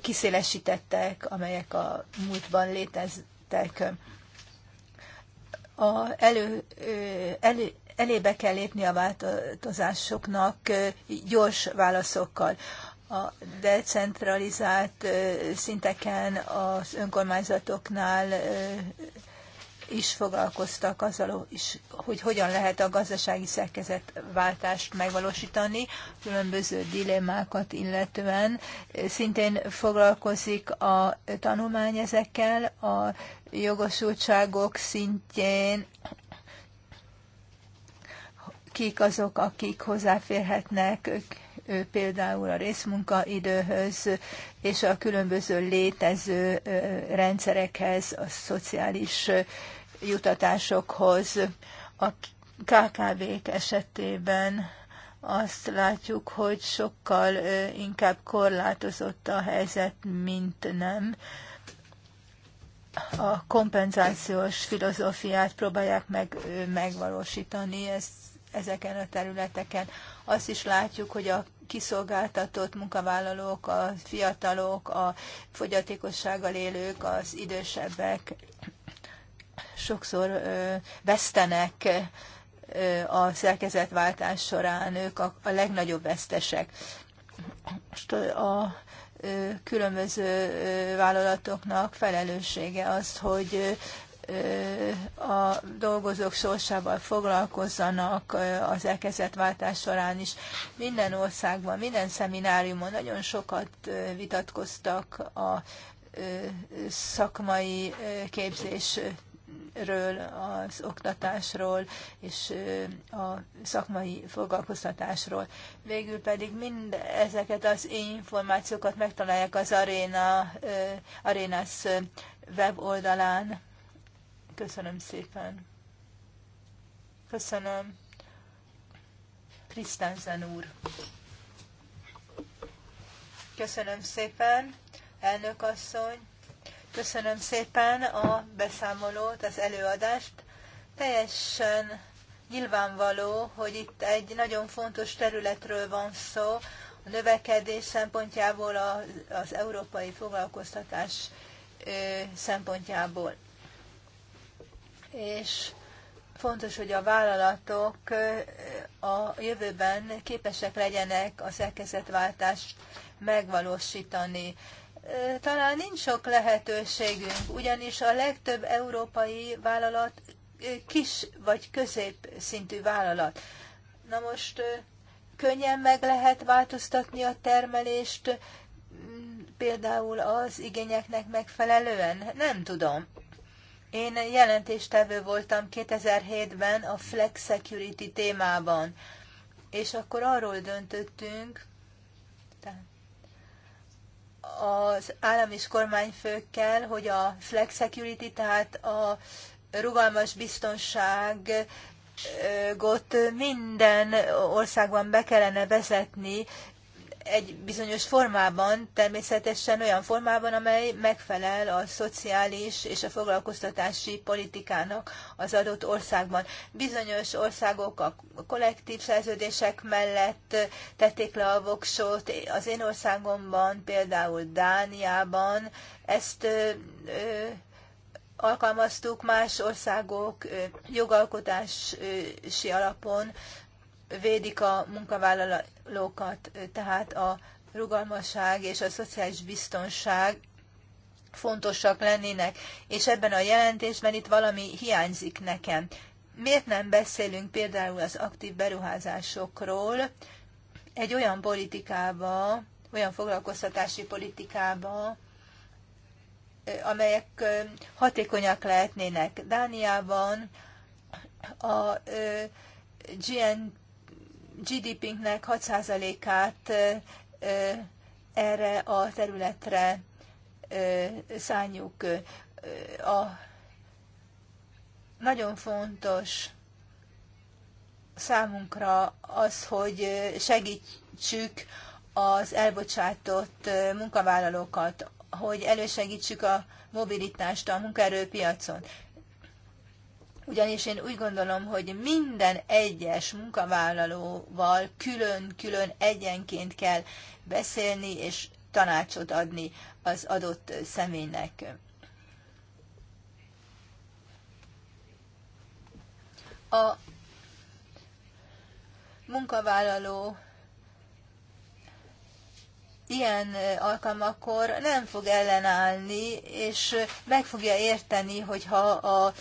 kiszélesítettek, amelyek a múltban léteztek. A elő, elő, elébe kell lépni a változásoknak gyors válaszokkal. A decentralizált szinteken, az önkormányzatoknál is foglalkoztak azzal, is, hogy hogyan lehet a gazdasági szerkezetváltást megvalósítani, különböző dilemmákat illetően. Szintén foglalkozik a tanulmány ezekkel, a jogosultságok szintjén, kik azok, akik hozzáférhetnek például a részmunkaidőhöz és a különböző létező rendszerekhez, a szociális jutatásokhoz. A KKV-k esetében azt látjuk, hogy sokkal inkább korlátozott a helyzet, mint nem. A kompenzációs filozófiát próbálják meg, megvalósítani ez, ezeken a területeken. Azt is látjuk, hogy a kiszolgáltatott munkavállalók, a fiatalok, a fogyatékossággal élők, az idősebbek sokszor vesztenek a szerkezetváltás során, ők a legnagyobb vesztesek. Most a különböző vállalatoknak felelőssége az, hogy a dolgozók sorsával foglalkozzanak az elkezdett során is. Minden országban, minden szemináriumon nagyon sokat vitatkoztak a szakmai képzés ről, az oktatásról és a szakmai foglalkoztatásról. Végül pedig mind ezeket az információkat megtalálják az Arena, Arenas weboldalán. Köszönöm szépen. Köszönöm. Krisztánzen úr. Köszönöm szépen, elnök asszony. Köszönöm szépen a beszámolót, az előadást. Teljesen nyilvánvaló, hogy itt egy nagyon fontos területről van szó, a növekedés szempontjából, az európai foglalkoztatás szempontjából. És fontos, hogy a vállalatok a jövőben képesek legyenek a szerkezetváltást megvalósítani talán nincs sok lehetőségünk, ugyanis a legtöbb európai vállalat kis vagy középszintű vállalat. Na most könnyen meg lehet változtatni a termelést, például az igényeknek megfelelően? Nem tudom. Én jelentéstevő voltam 2007-ben a Flex Security témában, és akkor arról döntöttünk, tehát az állam és kormányfőkkel, hogy a flex security, tehát a rugalmas biztonság minden országban be kellene vezetni, egy bizonyos formában, természetesen olyan formában, amely megfelel a szociális és a foglalkoztatási politikának az adott országban. Bizonyos országok a kollektív szerződések mellett tették le a voksot, az én országomban, például Dániában ezt ö, ö, alkalmaztuk, más országok jogalkotási alapon védik a munkavállalókat, tehát a rugalmasság és a szociális biztonság fontosak lennének, és ebben a jelentésben itt valami hiányzik nekem. Miért nem beszélünk például az aktív beruházásokról egy olyan politikába, olyan foglalkoztatási politikába, amelyek hatékonyak lehetnének. Dániában a GNP GDP-nknek 6%-át erre a területre szálljuk. A nagyon fontos számunkra az, hogy segítsük az elbocsátott munkavállalókat, hogy elősegítsük a mobilitást a munkaerőpiacon ugyanis én úgy gondolom, hogy minden egyes munkavállalóval külön-külön egyenként kell beszélni és tanácsot adni az adott személynek. A munkavállaló ilyen alkalmakkor nem fog ellenállni, és meg fogja érteni, hogyha a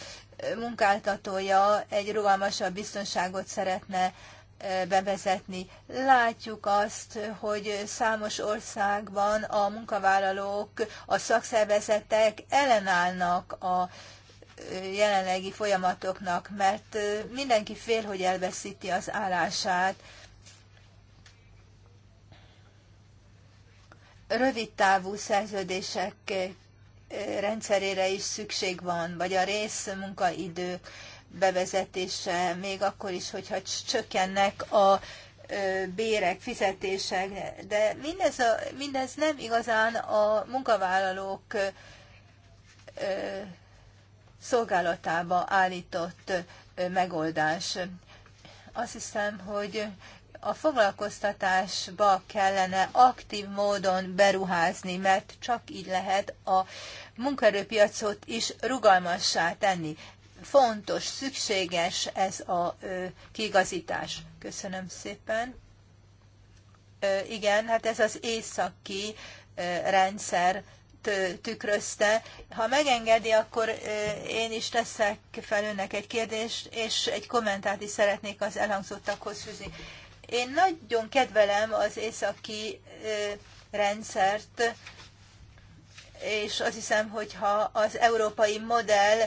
munkáltatója egy rugalmasabb biztonságot szeretne e, bevezetni. Látjuk azt, hogy számos országban a munkavállalók, a szakszervezetek ellenállnak a e, jelenlegi folyamatoknak, mert e, mindenki fél, hogy elveszíti az állását. Rövid távú szerződések rendszerére is szükség van, vagy a részmunkaidő bevezetése, még akkor is, hogyha csökkennek a bérek, fizetések, de mindez, a, mindez nem igazán a munkavállalók szolgálatába állított megoldás. Azt hiszem, hogy a foglalkoztatásba kellene aktív módon beruházni, mert csak így lehet a munkaerőpiacot is rugalmassá tenni. Fontos, szükséges ez a ö, Köszönöm szépen. Ö, igen, hát ez az északi ö, rendszer tükrözte. Ha megengedi, akkor én is teszek fel önnek egy kérdést, és egy kommentát is szeretnék az elhangzottakhoz fűzni. Én nagyon kedvelem az északi rendszert, és azt hiszem, hogyha az európai modell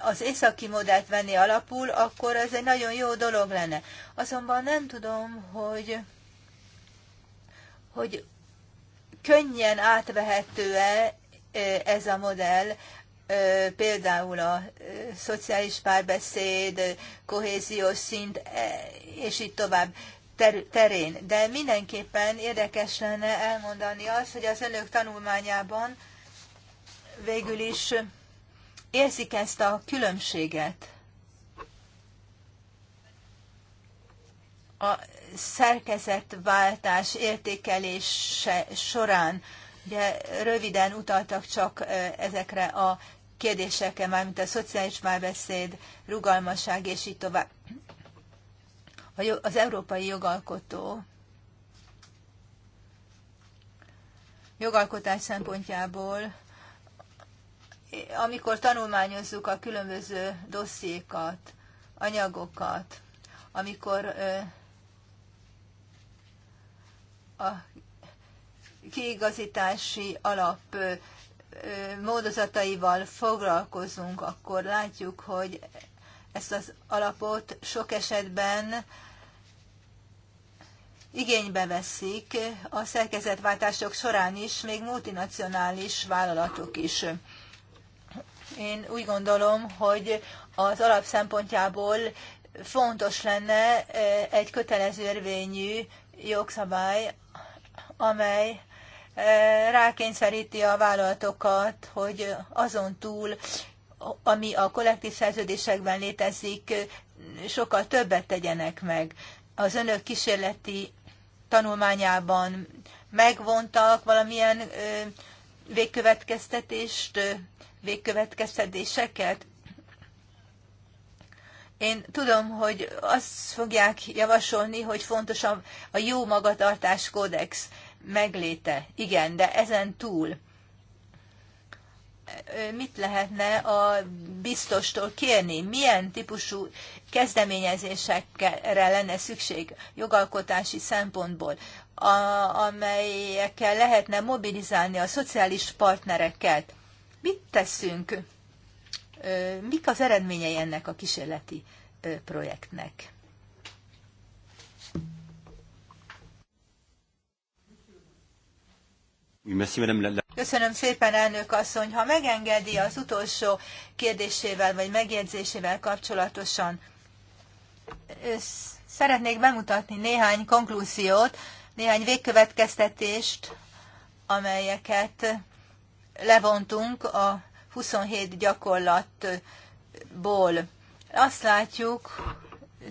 az északi modellt venni alapul, akkor ez egy nagyon jó dolog lenne. Azonban nem tudom, hogy, hogy könnyen átvehető-e ez a modell például a szociális párbeszéd, kohéziós szint, e, és így tovább terén. De mindenképpen érdekes lenne elmondani azt, hogy az önök tanulmányában végül is érzik ezt a különbséget. A szerkezetváltás értékelése során ugye röviden utaltak csak ezekre a kérdésekkel, mármint a szociális párbeszéd, rugalmasság és így tovább. Az európai jogalkotó jogalkotás szempontjából, amikor tanulmányozzuk a különböző dossziékat, anyagokat, amikor a kiigazítási alap módozataival foglalkozunk, akkor látjuk, hogy ezt az alapot sok esetben igénybe veszik a szerkezetváltások során is, még multinacionális vállalatok is. Én úgy gondolom, hogy az alap szempontjából fontos lenne egy kötelező érvényű jogszabály, amely rákényszeríti a vállalatokat, hogy azon túl, ami a kollektív szerződésekben létezik, sokkal többet tegyenek meg. Az önök kísérleti tanulmányában megvontak valamilyen végkövetkeztetést, végkövetkeztetéseket? Én tudom, hogy azt fogják javasolni, hogy fontos a, a jó magatartás kódex megléte. Igen, de ezen túl mit lehetne a biztostól kérni, milyen típusú kezdeményezésekre lenne szükség jogalkotási szempontból, a, amelyekkel lehetne mobilizálni a szociális partnereket. Mit teszünk? Mik az eredményei ennek a kísérleti projektnek? Köszönöm szépen, elnök asszony. Ha megengedi az utolsó kérdésével vagy megjegyzésével kapcsolatosan, szeretnék bemutatni néhány konklúziót, néhány végkövetkeztetést, amelyeket levontunk a 27 gyakorlatból. Azt látjuk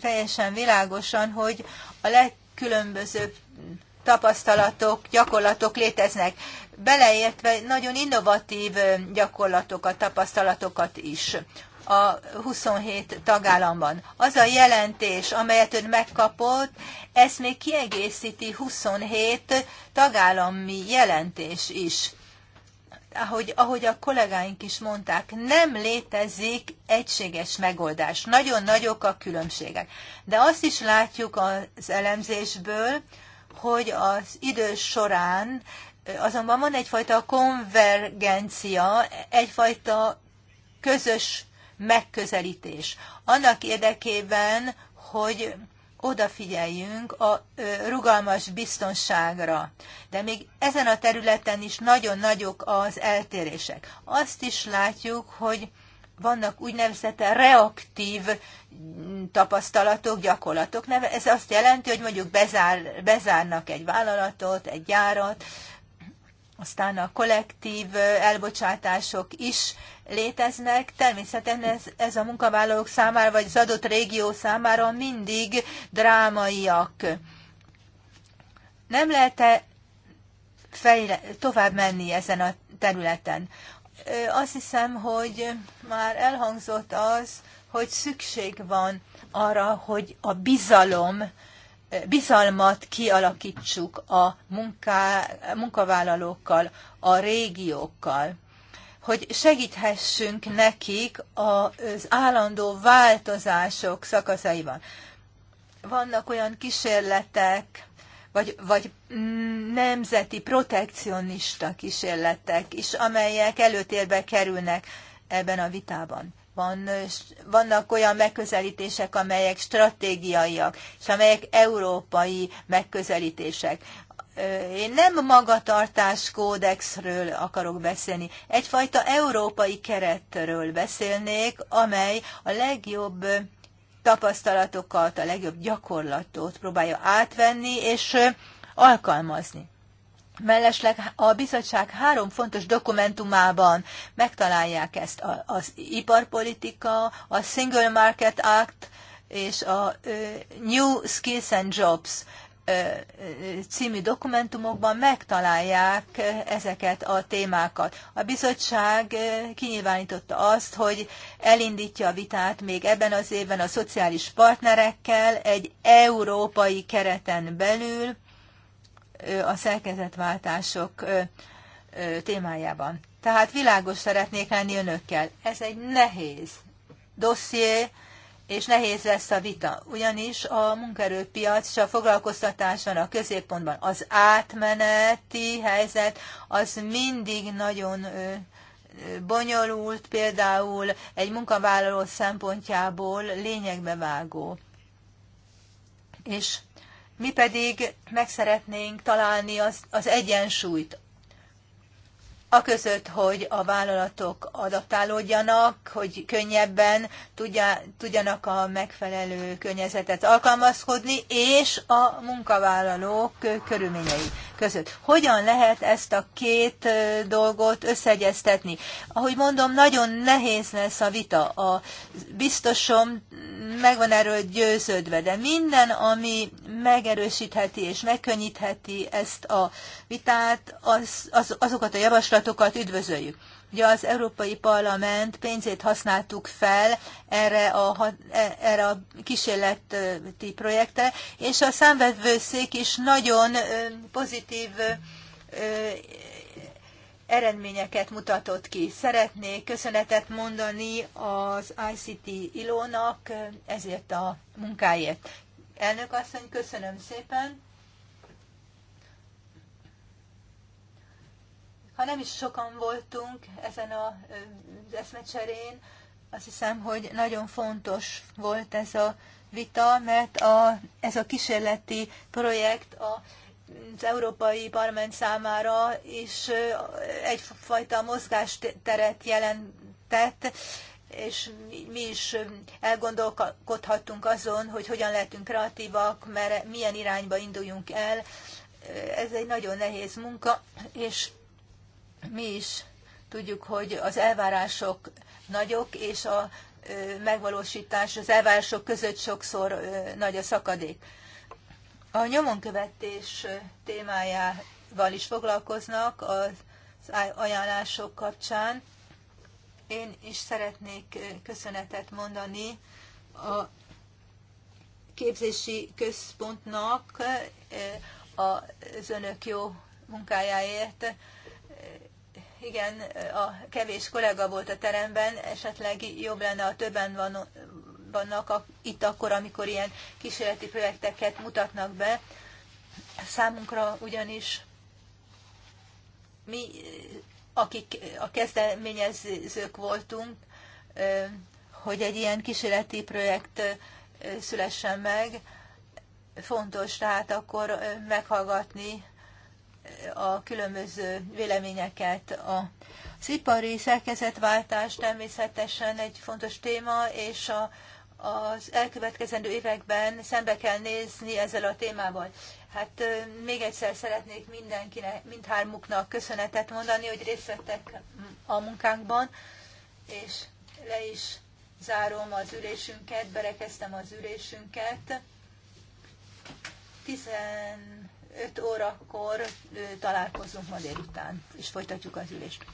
teljesen világosan, hogy a legkülönbözőbb tapasztalatok, gyakorlatok léteznek, beleértve nagyon innovatív gyakorlatokat, tapasztalatokat is a 27 tagállamban. Az a jelentés, amelyet ön megkapott, ezt még kiegészíti 27 tagállami jelentés is. Ahogy, ahogy a kollégáink is mondták, nem létezik egységes megoldás. Nagyon nagyok a különbségek. De azt is látjuk az elemzésből, hogy az idő során azonban van egyfajta konvergencia, egyfajta közös megközelítés. Annak érdekében, hogy odafigyeljünk a rugalmas biztonságra. De még ezen a területen is nagyon nagyok az eltérések. Azt is látjuk, hogy vannak úgynevezett reaktív tapasztalatok, gyakorlatok. Ez azt jelenti, hogy mondjuk bezár, bezárnak egy vállalatot, egy gyárat, aztán a kollektív elbocsátások is léteznek. Természetesen ez, ez a munkavállalók számára, vagy az adott régió számára mindig drámaiak. Nem lehet -e tovább menni ezen a területen azt hiszem, hogy már elhangzott az, hogy szükség van arra, hogy a bizalom, bizalmat kialakítsuk a munká, munkavállalókkal, a régiókkal, hogy segíthessünk nekik az állandó változások szakaszaiban. Vannak olyan kísérletek, vagy, vagy mm, nemzeti protekcionista kísérletek is, amelyek előtérbe kerülnek ebben a vitában. Van, vannak olyan megközelítések, amelyek stratégiaiak, és amelyek európai megközelítések. Én nem magatartás kódexről akarok beszélni, egyfajta európai keretről beszélnék, amely a legjobb tapasztalatokat, a legjobb gyakorlatot próbálja átvenni és alkalmazni. Mellesleg a bizottság három fontos dokumentumában megtalálják ezt az iparpolitika, a Single Market Act és a New Skills and Jobs című dokumentumokban megtalálják ezeket a témákat. A bizottság kinyilvánította azt, hogy elindítja a vitát még ebben az évben a szociális partnerekkel egy európai kereten belül a szerkezetváltások témájában. Tehát világos szeretnék lenni önökkel. Ez egy nehéz dosszié, és nehéz lesz a vita, ugyanis a munkaerőpiac és a foglalkoztatás van a középpontban. Az átmeneti helyzet az mindig nagyon bonyolult, például egy munkavállaló szempontjából lényegbe vágó. És mi pedig meg szeretnénk találni az, az egyensúlyt aközött, hogy a vállalatok adaptálódjanak, hogy könnyebben tudjanak a megfelelő környezetet alkalmazkodni, és a munkavállalók körülményei között. Hogyan lehet ezt a két dolgot összeegyeztetni? Ahogy mondom, nagyon nehéz lesz a vita. A biztosom meg van erről győződve, de minden, ami megerősítheti és megkönnyítheti ezt a vitát, az, az, azokat a javaslatokat üdvözöljük. Ugye az Európai Parlament pénzét használtuk fel erre a, e- erre a kísérleti projektre, és a számvevőszék is nagyon pozitív eredményeket mutatott ki. Szeretnék köszönetet mondani az ICT Ilónak ezért a munkáért. Elnök asszony, köszönöm szépen! Ha nem is sokan voltunk ezen az eszmecserén, azt hiszem, hogy nagyon fontos volt ez a vita, mert a, ez a kísérleti projekt a, az Európai Parlament számára is egyfajta mozgásteret jelentett, és mi is elgondolkodhattunk azon, hogy hogyan lehetünk kreatívak, mert milyen irányba induljunk el. Ez egy nagyon nehéz munka, és mi is tudjuk, hogy az elvárások nagyok, és a megvalósítás az elvárások között sokszor nagy a szakadék. A nyomonkövetés témájával is foglalkoznak az ajánlások kapcsán. Én is szeretnék köszönetet mondani a képzési központnak az önök jó munkájáért igen, a kevés kollega volt a teremben, esetleg jobb lenne, a többen van, vannak a, itt akkor, amikor ilyen kísérleti projekteket mutatnak be. Számunkra ugyanis mi, akik a kezdeményezők voltunk, hogy egy ilyen kísérleti projekt szülessen meg, fontos tehát akkor meghallgatni a különböző véleményeket. Az ipari szerkezetváltás természetesen egy fontos téma, és a, az elkövetkezendő években szembe kell nézni ezzel a témával. Hát még egyszer szeretnék mindenkinek, mindhármuknak köszönetet mondani, hogy részt vettek a munkánkban, és le is zárom az ülésünket, berekeztem az ülésünket. Tizen... 5 órakor találkozunk ma délután, és folytatjuk az ülést.